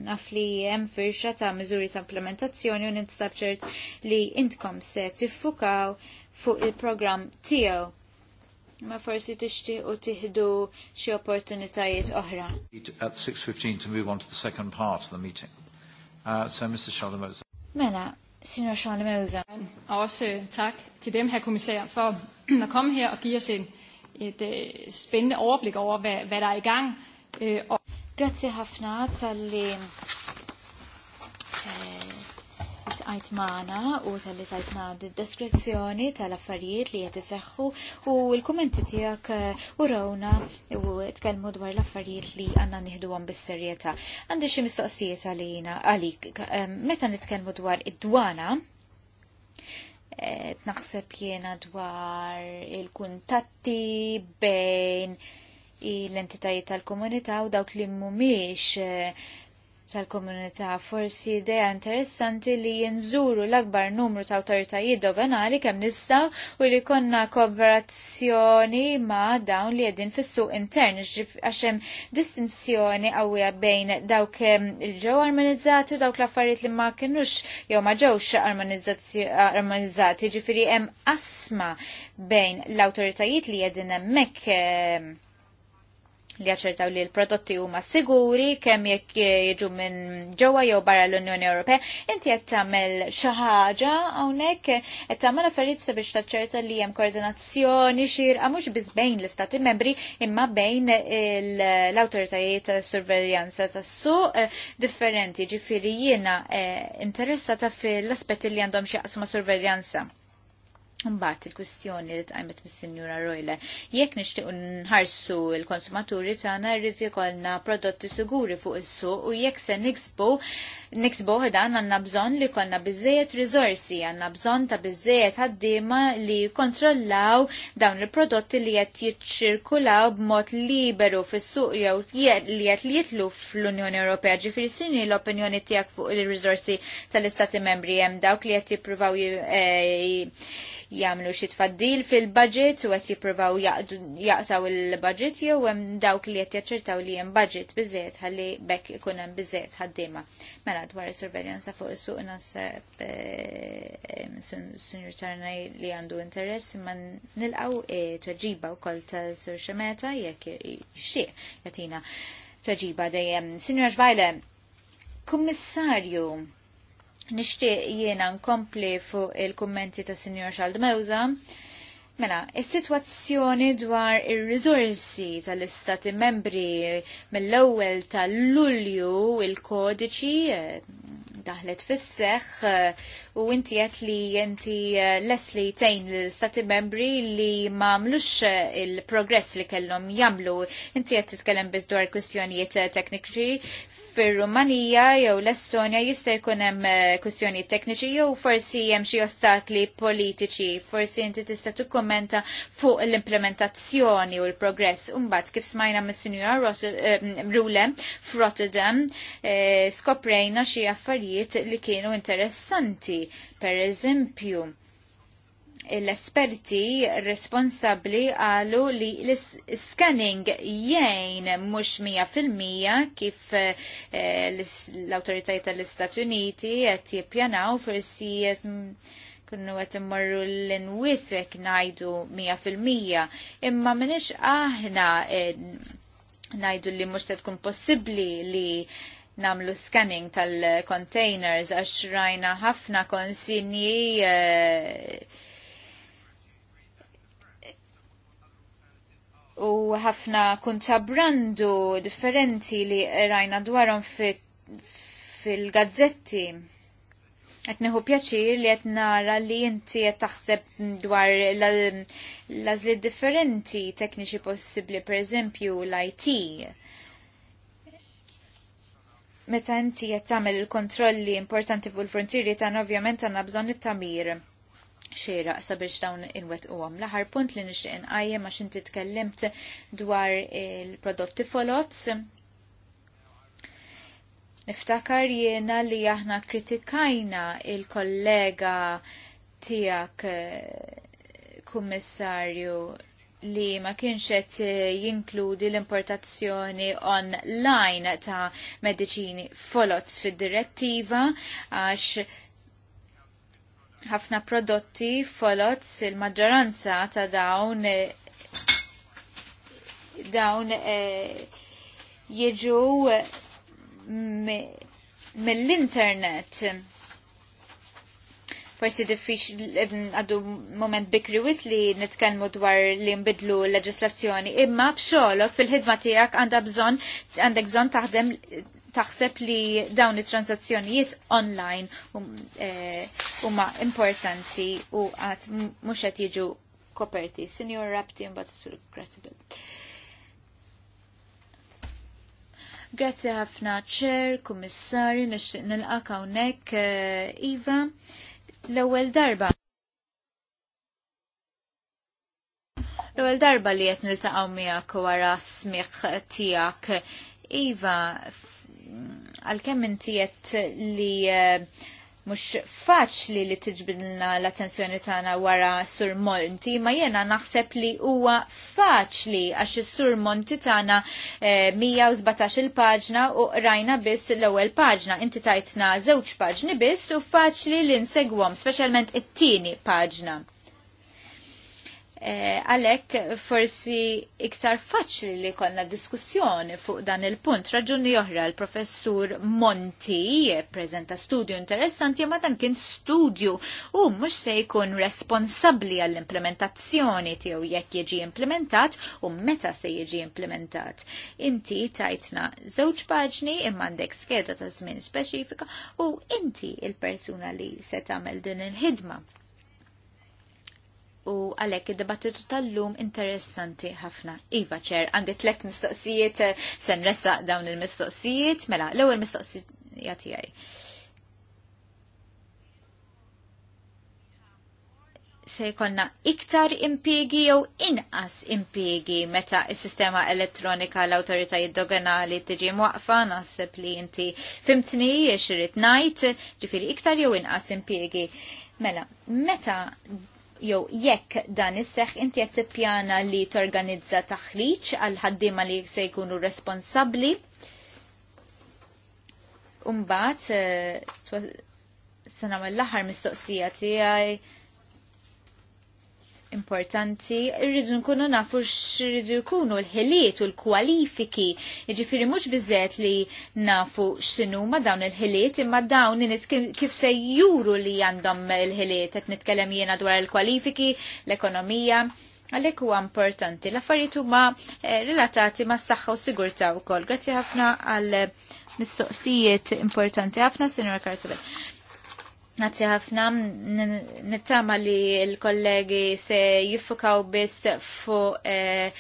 naf li hemm firxa ta' mizuri ta' implementazzjoni u nintsab ċert li intkom se t tiffukaw fuq il program tijaw. Ma forsi t-ixti u t-ihdu xie opportunitajiet oħra. At 6:15 to move on to the second part of the meeting. Uh, so Mr. Schaldemoser. Mela, Signor Schaldemoser. Også tak til dem, her kommissær, for at komme her og give os en et øh, spændende overblik over, hvad, hvad der er i gang. Øh, og Grazie ħafna tal-li eh, maħna u tal-li tajt deskrizzjoni tal-affarijiet li jgħet iseħħu u l-kommenti tijak eh, u rawna u tkellmu dwar l-affarijiet li għanna nihdu għan bis-serjeta. Għandi xie mistoqsijiet għalina għalik, eh, meta nitkellmu dwar id-dwana, naħseb jiena dwar il-kuntatti bejn l-entitajiet tal-komunità u dawk li mhumiex eh, tal-komunità. Forsi idea interessanti li jinżuru l-akbar numru ta' awtoritajiet doganali kemm nista' u li konna kooperazzjoni ma' dawn li qegħdin fis-suq intern għax hemm distinzjoni qawwija bejn dawk ehm, il-ġew armonizzati u dawk l-affarijiet li ma kinux jew ma ġewx armonizzati, ġifiri hemm asma bejn l-awtoritajiet li jedin hemmhekk ehm, li aċċertaw li l-prodotti huma siguri kemm jekk jiġu minn ġewwa jew barra l-Unjoni Ewropea. Inti qed tagħmel xi ħaġa hawnhekk qed tagħmel affarijiet sabiex taċċerta li hemm koordinazzjoni xierqa mhux biss bejn l-istati membri imma bejn l-awtoritajiet tas-surveljanza tas-suq eh, differenti. Ġifieri jiena eh, interessata fil-aspetti li għandhom xi qasma surveljanza. Mbagħad il-kwistjoni li tqajmet mis-Sinjura Royle, jekk nixtiequ nħarsu l-konsumaturi tagħna rrid jkollna prodotti siguri fuq is-suq u jekk se niksbu niksbu dan għandna bżonn li jkollna biżejjed riżorsi, għandna bżonn ta' biżejjed ħaddiema li kontrollaw dawn il-prodotti li qed jiċċirkulaw b'mod liberu fis-suq jew li qed li jitlu fl-Unjoni Ewropea. Ġifieri sini l-opinjoni tiegħek fuq il-riżorsi tal-Istati Membri hemm dawk li qed jippruvaw eh, Jamlu xi tfaddil fil-budget u qed jippruvaw jaqtaw il-budget jew hemm dawk li qed jaċċertaw li hemm budget biżejjed ħalli bekk ikun hemm biżejjed ħaddiema. Mela dwar is-surveljanza fuq is-suq nasab eh, Sinjur Tarnaj li għandu interess imma nilqgħu eh, tweġiba wkoll ta' Sur Xemeta jekk jixtieq jagħtina tweġiba dejjem. Sinjor Ġbajle, kummissarju, Nixtieq jiena nkompli fuq il-kummenti ta' Sinjor Mewza. Mela, is-sitwazzjoni dwar ir-riżorsi tal-istati membri mill-ewwel tal-Lulju il-kodiċi eh, daħlet fis-seħħ eh, u inti għet li inti eh, lesli tejn l-stati membri li ma mlux eh, il-progress li kellhom jamlu. Inti għet titkellem biz dwar kwestjonijiet eh, tekniċi fir-Rumanija jew l-Estonja jista' jkun hemm kwistjoni tekniċi jew forsi hemm xi ostakli politiċi. Forsi inti tista' tikkummenta fuq l-implementazzjoni u l-progress. mbagħad, kif smajna mis-Sinjura mm, Rule f'Rotterdam skoprejna xi affarijiet li kienu interessanti. Per eżempju, l-esperti responsabli għalu li l-scanning jgħin mux 100% kif eh, l-autoritajt tal-Istat Uniti għet jipjanaw forsi kunnu għet immorru l-inwisek najdu 100% imma minix aħna eh, najdu li mux tkun possibli li namlu scanning tal-containers għax rajna ħafna konsinji eh, u ħafna kuntabrandu differenti li rajna dwarhom fil-gazzetti. Qed neħu pjaċir li qed nara li inti qed taħseb dwar l-azli differenti tekniċi possibbli pereżempju l-IT meta inti qed tagħmel il-kontrolli importanti fuq il-frontieri tagħna ovvjament għandna bżonn it-tamir xira sabiex dawn inwet u għom. Laħar punt li nixtieq inqajjem għax inti tkellimt dwar il-prodotti folots. Niftakar jiena li aħna kritikajna il-kollega tiegħek eh, kummissarju li ma kienx qed eh, jinkludi l-importazzjoni online ta' medicini folots fil direttiva għax ħafna prodotti folots il-maġġoranza ta' dawn eh, dawn eh, jiġu mill-internet forsi diffiċ għaddu moment bikri wis li nitkellmu dwar li nbidlu l-leġislazzjoni, imma b'xogħolok fil-ħidma tiegħek għandha bżonn għandek bżonn taħdem taħseb li dawn it-transazzjonijiet online eh, huma importanti u għad mhux qed jiġu koperti. Senior Rapti mbagħad sur Gratibel. Grazzi ħafna ċer, kummissarju, nixtieq nilqak hawnhekk eh, Iva. Uh, l-ewwel darba. L-ewwel darba li qed niltaqgħu miegħek wara smigħ tiegħek. Iva, għalkemm inti qed li eh, mux faċli li tiġbidna l-attenzjoni tagħna wara Sur Monti, ma jena naħseb li huwa faċli għax is-Sur Monti tagħna 117 eh, il-paġna u rajna biss l-ewwel paġna. Inti tajtna żewġ paġni biss u faċli li nsegwhom, speċjalment it-tieni paġna. Eh, għalek forsi iktar faċli li konna diskussjoni fuq dan il-punt. Raġuni oħra l-professur Monti prezenta studju interessanti ma dan kien studju u mux se jkun responsabli għall-implementazzjoni tiegħu jekk jiġi implementat u meta se jiġi implementat. Inti tajtna żewġ paġni imma għandek skeda ta' żmien speċifika u inti il-persuna li se tagħmel din il-ħidma u għalek id-debattitu tal-lum interessanti ħafna. Iva ċer, għandi tlet mistoqsijiet, eh, sen ressa dawn il-mistoqsijiet, mela, l ewwel mistoqsijiet tijaj. se jkonna iktar impiegi jew inqas impiegi meta is-sistema elettronika l-awtoritajiet doganali tiġi mwaqfa naħseb li inti fimtni xirrit ngħid ġifieri iktar jew inqas impiegi. Mela, meta jew jekk dan isseħ inti qed tippjana li torganizza taħriġ għal ħaddiema li se jkunu responsabbli. Umbagħad eh, se nagħmel l-aħħar mistoqsija tiegħi importanti, rridu nkunu nafu x'ridu jkunu l-ħiliet u l-kwalifiki. Jiġifieri mhux biżżejjed li nafu x'inhu ma dawn il-ħiliet, imma dawn kif se juru li għandhom il-ħiliet qed nitkellem jiena dwar il-kwalifiki, l-ekonomija. Għalhekk huwa importanti. L-affarijiet huma eh, relatati mas saħħa u sigurtà wkoll. Grazzi ħafna għal mistoqsijiet importanti ħafna, Sinjora Karzabel. Grazzi ħafna, nittama li l-kollegi se jiffukaw biss fuq eh,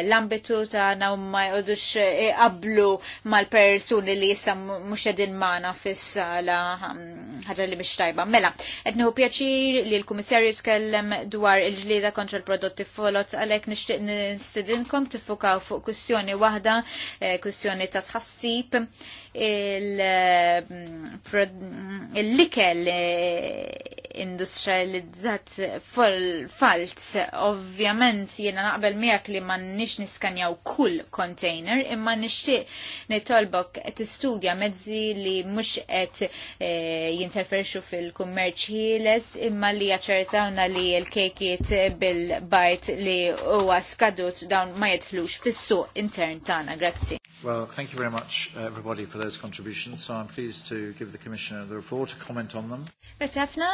l-ambitu ta' na ma jgħodux eh, iqablu mal-persuni li jissa mux edin mana fis-sala ħagġa li biex tajba. Mela, etnu pjaċir li l-Kummissarju tkellem dwar il-ġlida kontra l-prodotti folot għalek nishtiq nistidinkom tiffukaw fuq kustjoni wahda, eh, kustjoni ta' tħassib il l-ikel eh, industrializzat fal-falz, ovvjament jena naqbel miegħek li ma nix niskanjaw kull container, imma nixtieq nitolbok tistudja mezzi li mhux qed eh, jinterferxu fil-kummerċ ħieles, imma li jaċċertawna li l-kekiet bil-bajt li huwa skadut dawn ma jidħlux fis-suq intern tagħna. Grazzi. Well, thank you very much, uh, everybody, for those contributions. So I'm pleased to give the Commissioner the report to comment on them. Resefna,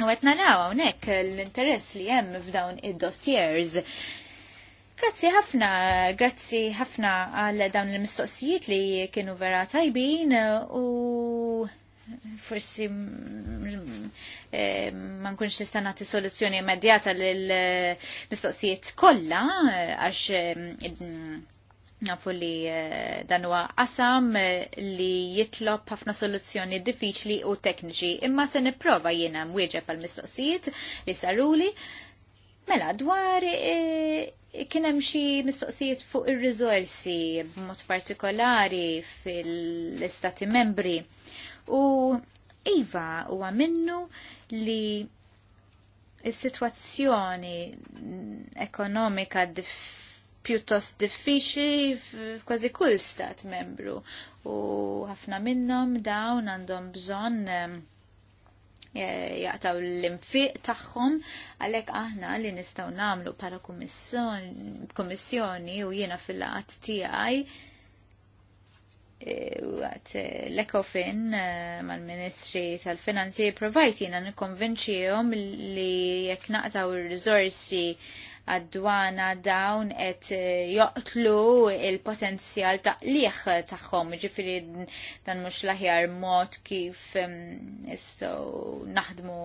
U għetna naw għonek l-interess li jem f'dawn id-dossiers. Grazzi ħafna, grazzi ħafna għal dawn il-mistoqsijiet li kienu vera tajbin u forsi eh, ma nkunx nista' nagħti soluzzjoni immedjata lil eh, mistoqsijiet kollha eh, għax nafu li dan huwa qasam li jitlob ħafna soluzzjoni diffiċli u tekniċi imma se nipprova jiena mwieġeb għal mistoqsijiet li saruli mela dwar kien hemm xi mistoqsijiet fuq ir-riżorsi b'mod partikolari fil-istati membri U Iva huwa minnu li is-sitwazzjoni ekonomika dif pjuttost diffiċli f'kważi kull stat membru u ħafna minnhom dawn għandhom bżonn ehm, e, jaqtaw l-infiq tagħhom għalhekk aħna li nistgħu nagħmlu bħala kummissjoni u jiena fil-laqat tiegħi għat eh, l-ekofin eh, mal-Ministri tal-Finanzi provajt jina nikonvinċijom li jek naqtaw il-rizorsi għadwana dawn et eh, joqtlu il-potenzjal ta' liħ taħħom, ġifiri dan mux laħjar mod kif istow naħdmu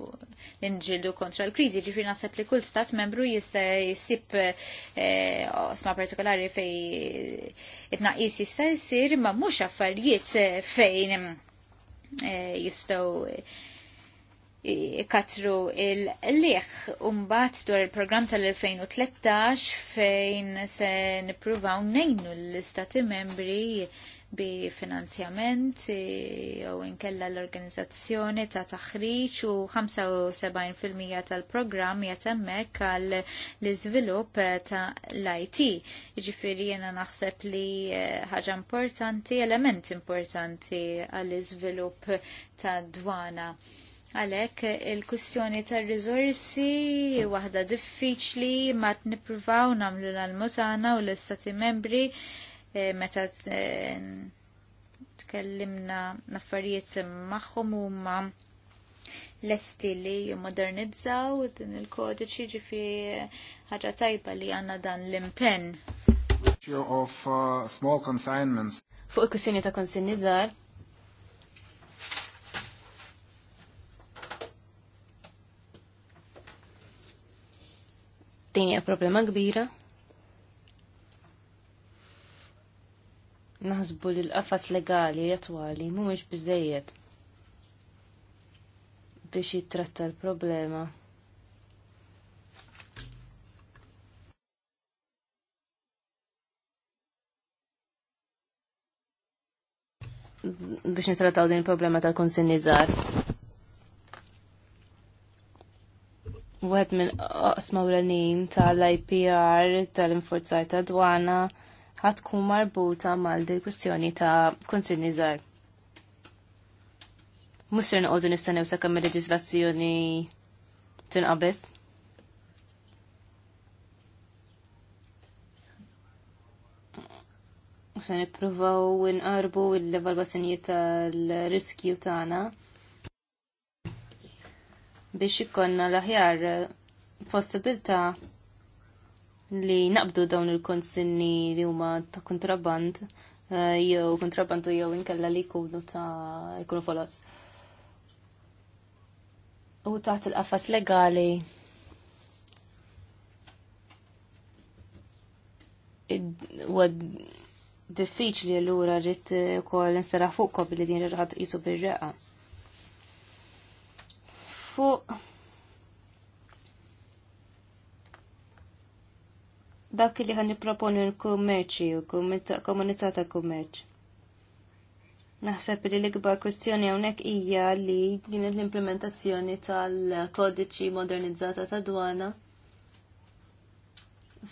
l-inġildu kontra l-krizi, ġifiri nasab li kull stat membru jissa jisib eh, osma partikolari fej it-naqis jissa jissir ma mux affarijiet eh, fejn jistow katru il-liħ umbat dwar il-program tal-2013 fejn se nipruvaw nejnu l-istati membri bi finanzjament e, jew inkella l-organizzazzjoni ta' taħriġ u 75% tal-programm jatemmek għal l-iżvilupp ta' l-IT. Ġifiri jena naħseb li e, ħaġa importanti, element importanti għall iżvilupp ta' dwana Għalek, il-kustjoni tar rizorsi waħda diffiċli ma t-nipruvaw namlu l-almutana u l-istati membri eh, meta eh, tkellimna naffarijiet maħħum u ma l-esti li modernizzaw din il-kodiċi ġifi ħaġa tajba li għanna dan l-impen. Uh, Fuq il-kustjoni ta' konsinnizzar, din hija problema kbira. Naħsbu li l-qafas legali attwali mhumiex biżejjed biex jittratta l-problema. biex nitrataw din il-problema tal konsinni żgħar. Wieħed minn qasma ewlenin tal-IPR tal-infurzar ta' dwana ħatkun marbuta mal di kustjoni ta' kunsinni żgħar. Mhux se noqogħdu sa' sakemm leġislazzjoni leġiżlazzjoni tinqabes. se nippruvaw inqarbu l-evalwazzjonijiet tal-riskju tagħna biex ikonna l-aħjar eh, possibilità li naqbdu dawn il-konsinni li huma ta' kontraband eh, jew u jew inkella li jkunu ta' jkunu folos. U taħt il-qafas legali diffiċli l-ura rrit eh, kol n-sara fuq qabli din rraħat jisu bil-reqa fuq dak li ħan niproponu l-kummerċi u komunità ta' kummerċ. Naħseb li l-ikbar kwestjoni hawnhekk hija li kienet l-implementazzjoni tal-kodiċi modernizzata ta' dwana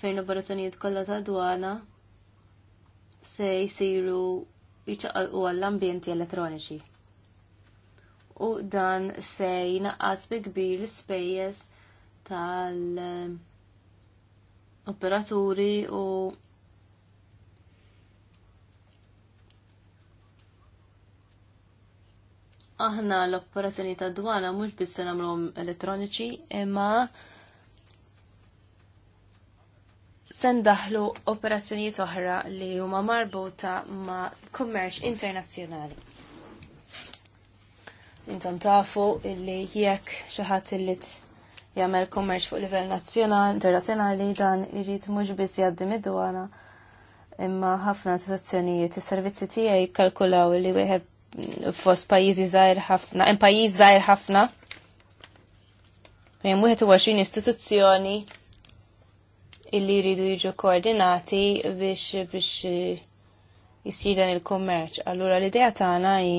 fejn operazzjonijiet kollha ta' dwana se jsiru jiċċaqalqu għall-ambjenti elettroniċi u dan se jinaqqas bi kbir l-ispejjeż tal-operaturi eh, u aħna l-operazzjoni ta' dwana mhux biss se nagħmluhom elettroniċi, imma se ndaħlu operazzjonijiet oħra li huma marbuta ma' kummerċ internazzjonali. Intom tafu illi jekk xi ħadd illi jagħmel kommerċ fuq livell nazzjonali, internazzjonali dan irid mhux biz jgħaddi mid imma ħafna assozzjonijiet is-servizzi tiegħi kalkulaw li wieħed fost pajjiżi żgħir ħafna, hemm pajjiż żgħir ħafna. Hemm wieħed u istituzzjoni illi jridu jiġu koordinati biex biex dan il-kummerċ. Allura l-idea tagħna hi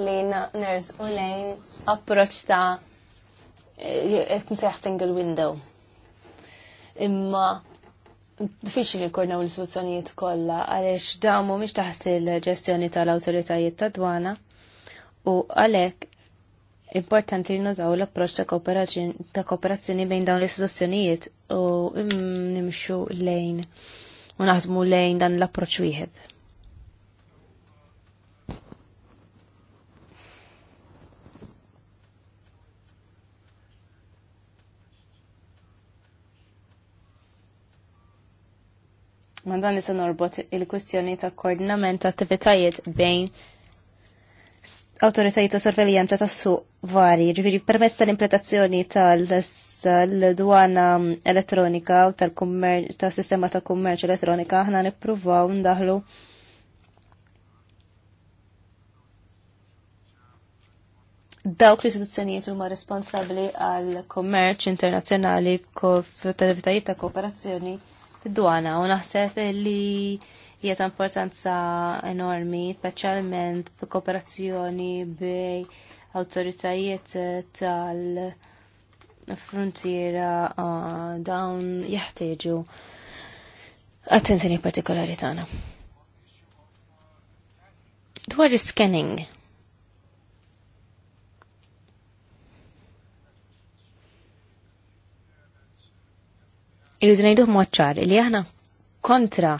li nerż u lejn approċ ta' eh, seħ single window. Imma diffiċli korna l-istituzzjonijiet kollha għaliex dawn mhumiex taħt il-ġestjoni tal-awtoritajiet ta' dwana u għalhekk importanti nużaw l-approċċ ta' kooperazzjoni bejn dawn l-istituzzjonijiet u mm, nimxu lejn u naħdmu lejn dan l-approċċ wieħed. Ma dan li se norbot il kwestjoni ta' koordinament ta' attivitajiet bejn autoritajiet ta' sorveljanza ta' su vari, ġifiri permezz tal-impletazzjoni tal-dwana elettronika u tal-sistema ta' kummerċ elettronika, ħna nippruvaw ndaħlu dawk l-istituzzjonijiet huma responsabbli għal kummerċ internazzjonali attivitajiet ta' kooperazzjoni fid-dwana u naħseb li hija ta' importanza enormi, speċjalment b'kooperazzjoni bej awtoritajiet tal-frontiera uh, dawn jeħteġu attenzjoni partikolari tagħna. Dwar is-scanning, Irridu ngħidu moċċar li aħna kontra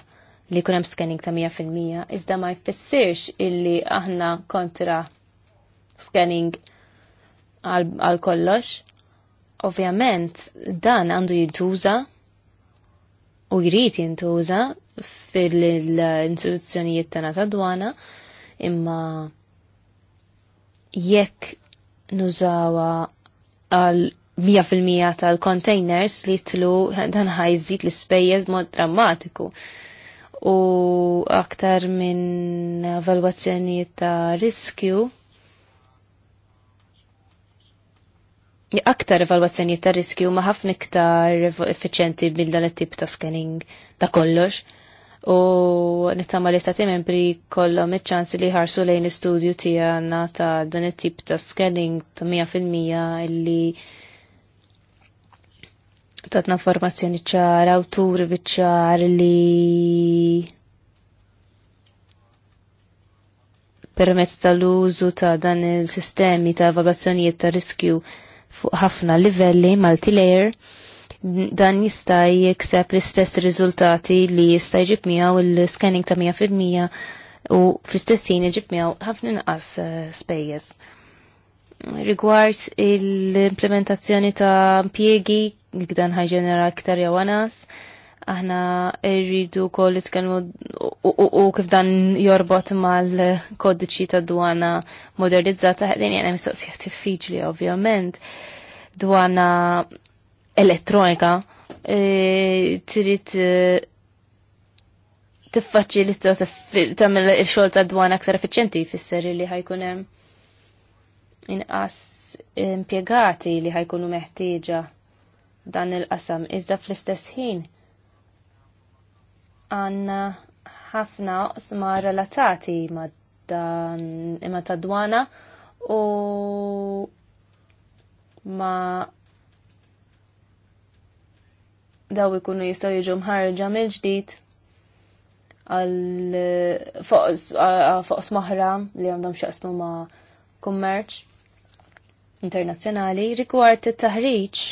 li kun hemm scanning ta' 100% iżda ma jfissirx illi aħna kontra scanning għal kollox. Ovvjament dan għandu jintuża u jrid jintuża fil-istituzzjonijiet tagħna ta' dwana imma jekk nużawa għal 100% tal-containers li tlu dan ħajżit l-ispejjeż mod drammatiku u aktar minn evalwazzjoni ta' riskju aktar evalwazzjoni ta' riskju ma' ħafna iktar effiċenti bil dan it-tip ta' scanning ta' kollox. U nittama li stati membri kollom iċ-ċans li ħarsu lejn l-istudju tijana ta' dan it-tip ta' scanning ta' 100% illi tatna informazzjoni ċar, awturi biċar li permezz tal-użu ta' dan il-sistemi ta' evalwazzjonijiet ta' riskju fuq ħafna livelli multi-layer dan jista' jikseb l-istess riżultati li jista' jġib miegħu il-scanning ta' 100% u fl-istess jien jġib miegħu ħafna inqas eh, spejjeż. Rigward l-implementazzjoni ta' impjiegi dan ħajġenera iktar jew anas. Aħna rridu li nitkellmu u kif dan jorbot mal-kodiċi ta' dwana modernizzata ħedin jena mistoqsija diffiċli ovvjament. Dwana elettronika e, trid e, tiffaċilita tagħmel il-xogħol ta' dwana aktar effiċjenti fisser li ħajkun hemm inqas impjegati li ħajkunu meħtieġa dan il-qasam. Iżda fl-istess ħin għanna ħafna sma relatati ma dan ta' dwana u ma daw ikunu jistaw jiġu mħarġa mill-ġdid għal fuq smaħra li għandhom xaqsmu ma' kummerċ internazzjonali rigward it-taħriġ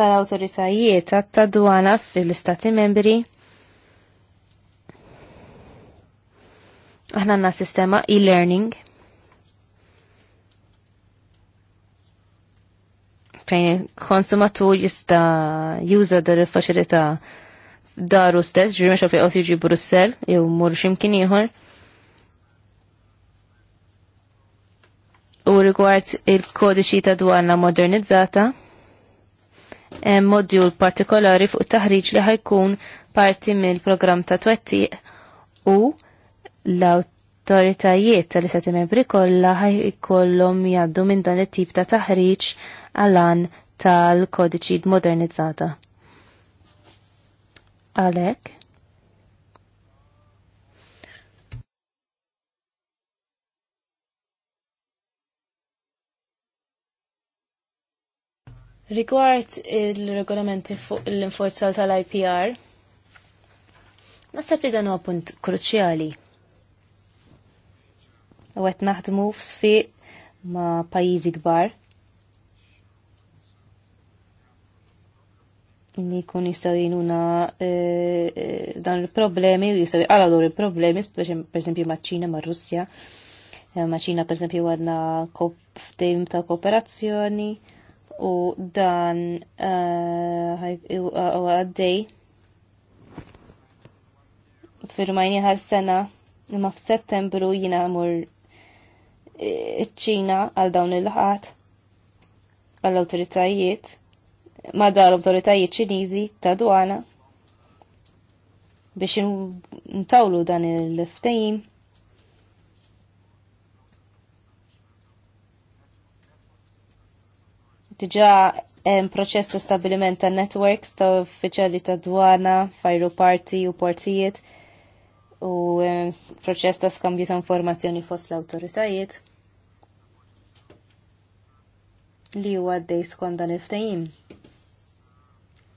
tal-autoritajiet tad-dwana fil-istati membri. Aħna għandna sistema e-learning. Fejn konsumatur jista' juża dar il-faċilità daru stess, ġiri meċa fejqos jiġi Brussel, jew mur ximkien ieħor. U rigward il-kodiċi ta' dwana modernizzata, modjul partikolari fuq taħriġ li ħajkun parti mill-programm ta' twettiq u l-autoritajiet tal-istati membri kollha ħajkollhom jgħaddu minn dan it-tip ta' taħriġ għalan tal-kodiċi modernizzata. Għalhekk Rigward il-regolamenti fuq l inforza tal-IPR, nasab li dan huwa punt kruċjali. U qed naħdmu f'sfiq ma' pajjiżi kbar. Inni jkun jistgħu jinuna e, e, dan il-problemi u jistgħu jqalaw dawn il-problemi, pereżempju maċ-Ċina mar-Russja. E, Maċ-Ċina pereżempju għadna ftehim ta' kooperazzjoni u dan eh, u għaddej firmajni għal-sena imma f'Settembru jina għamur eh, ċina għal dawn il-ħat għall-autoritajiet ma dal-autoritajiet ċiniżi ta' dwana biex ntawlu dan il-ftajim Diġa proċess ta' stabiliment ta' networks ta' uffiċjali ta' dwana, fajru parti u partijiet u proċess ta' skambju ta' informazzjoni fost l-autoritajiet li huwa għaddej skonda l-iftajim.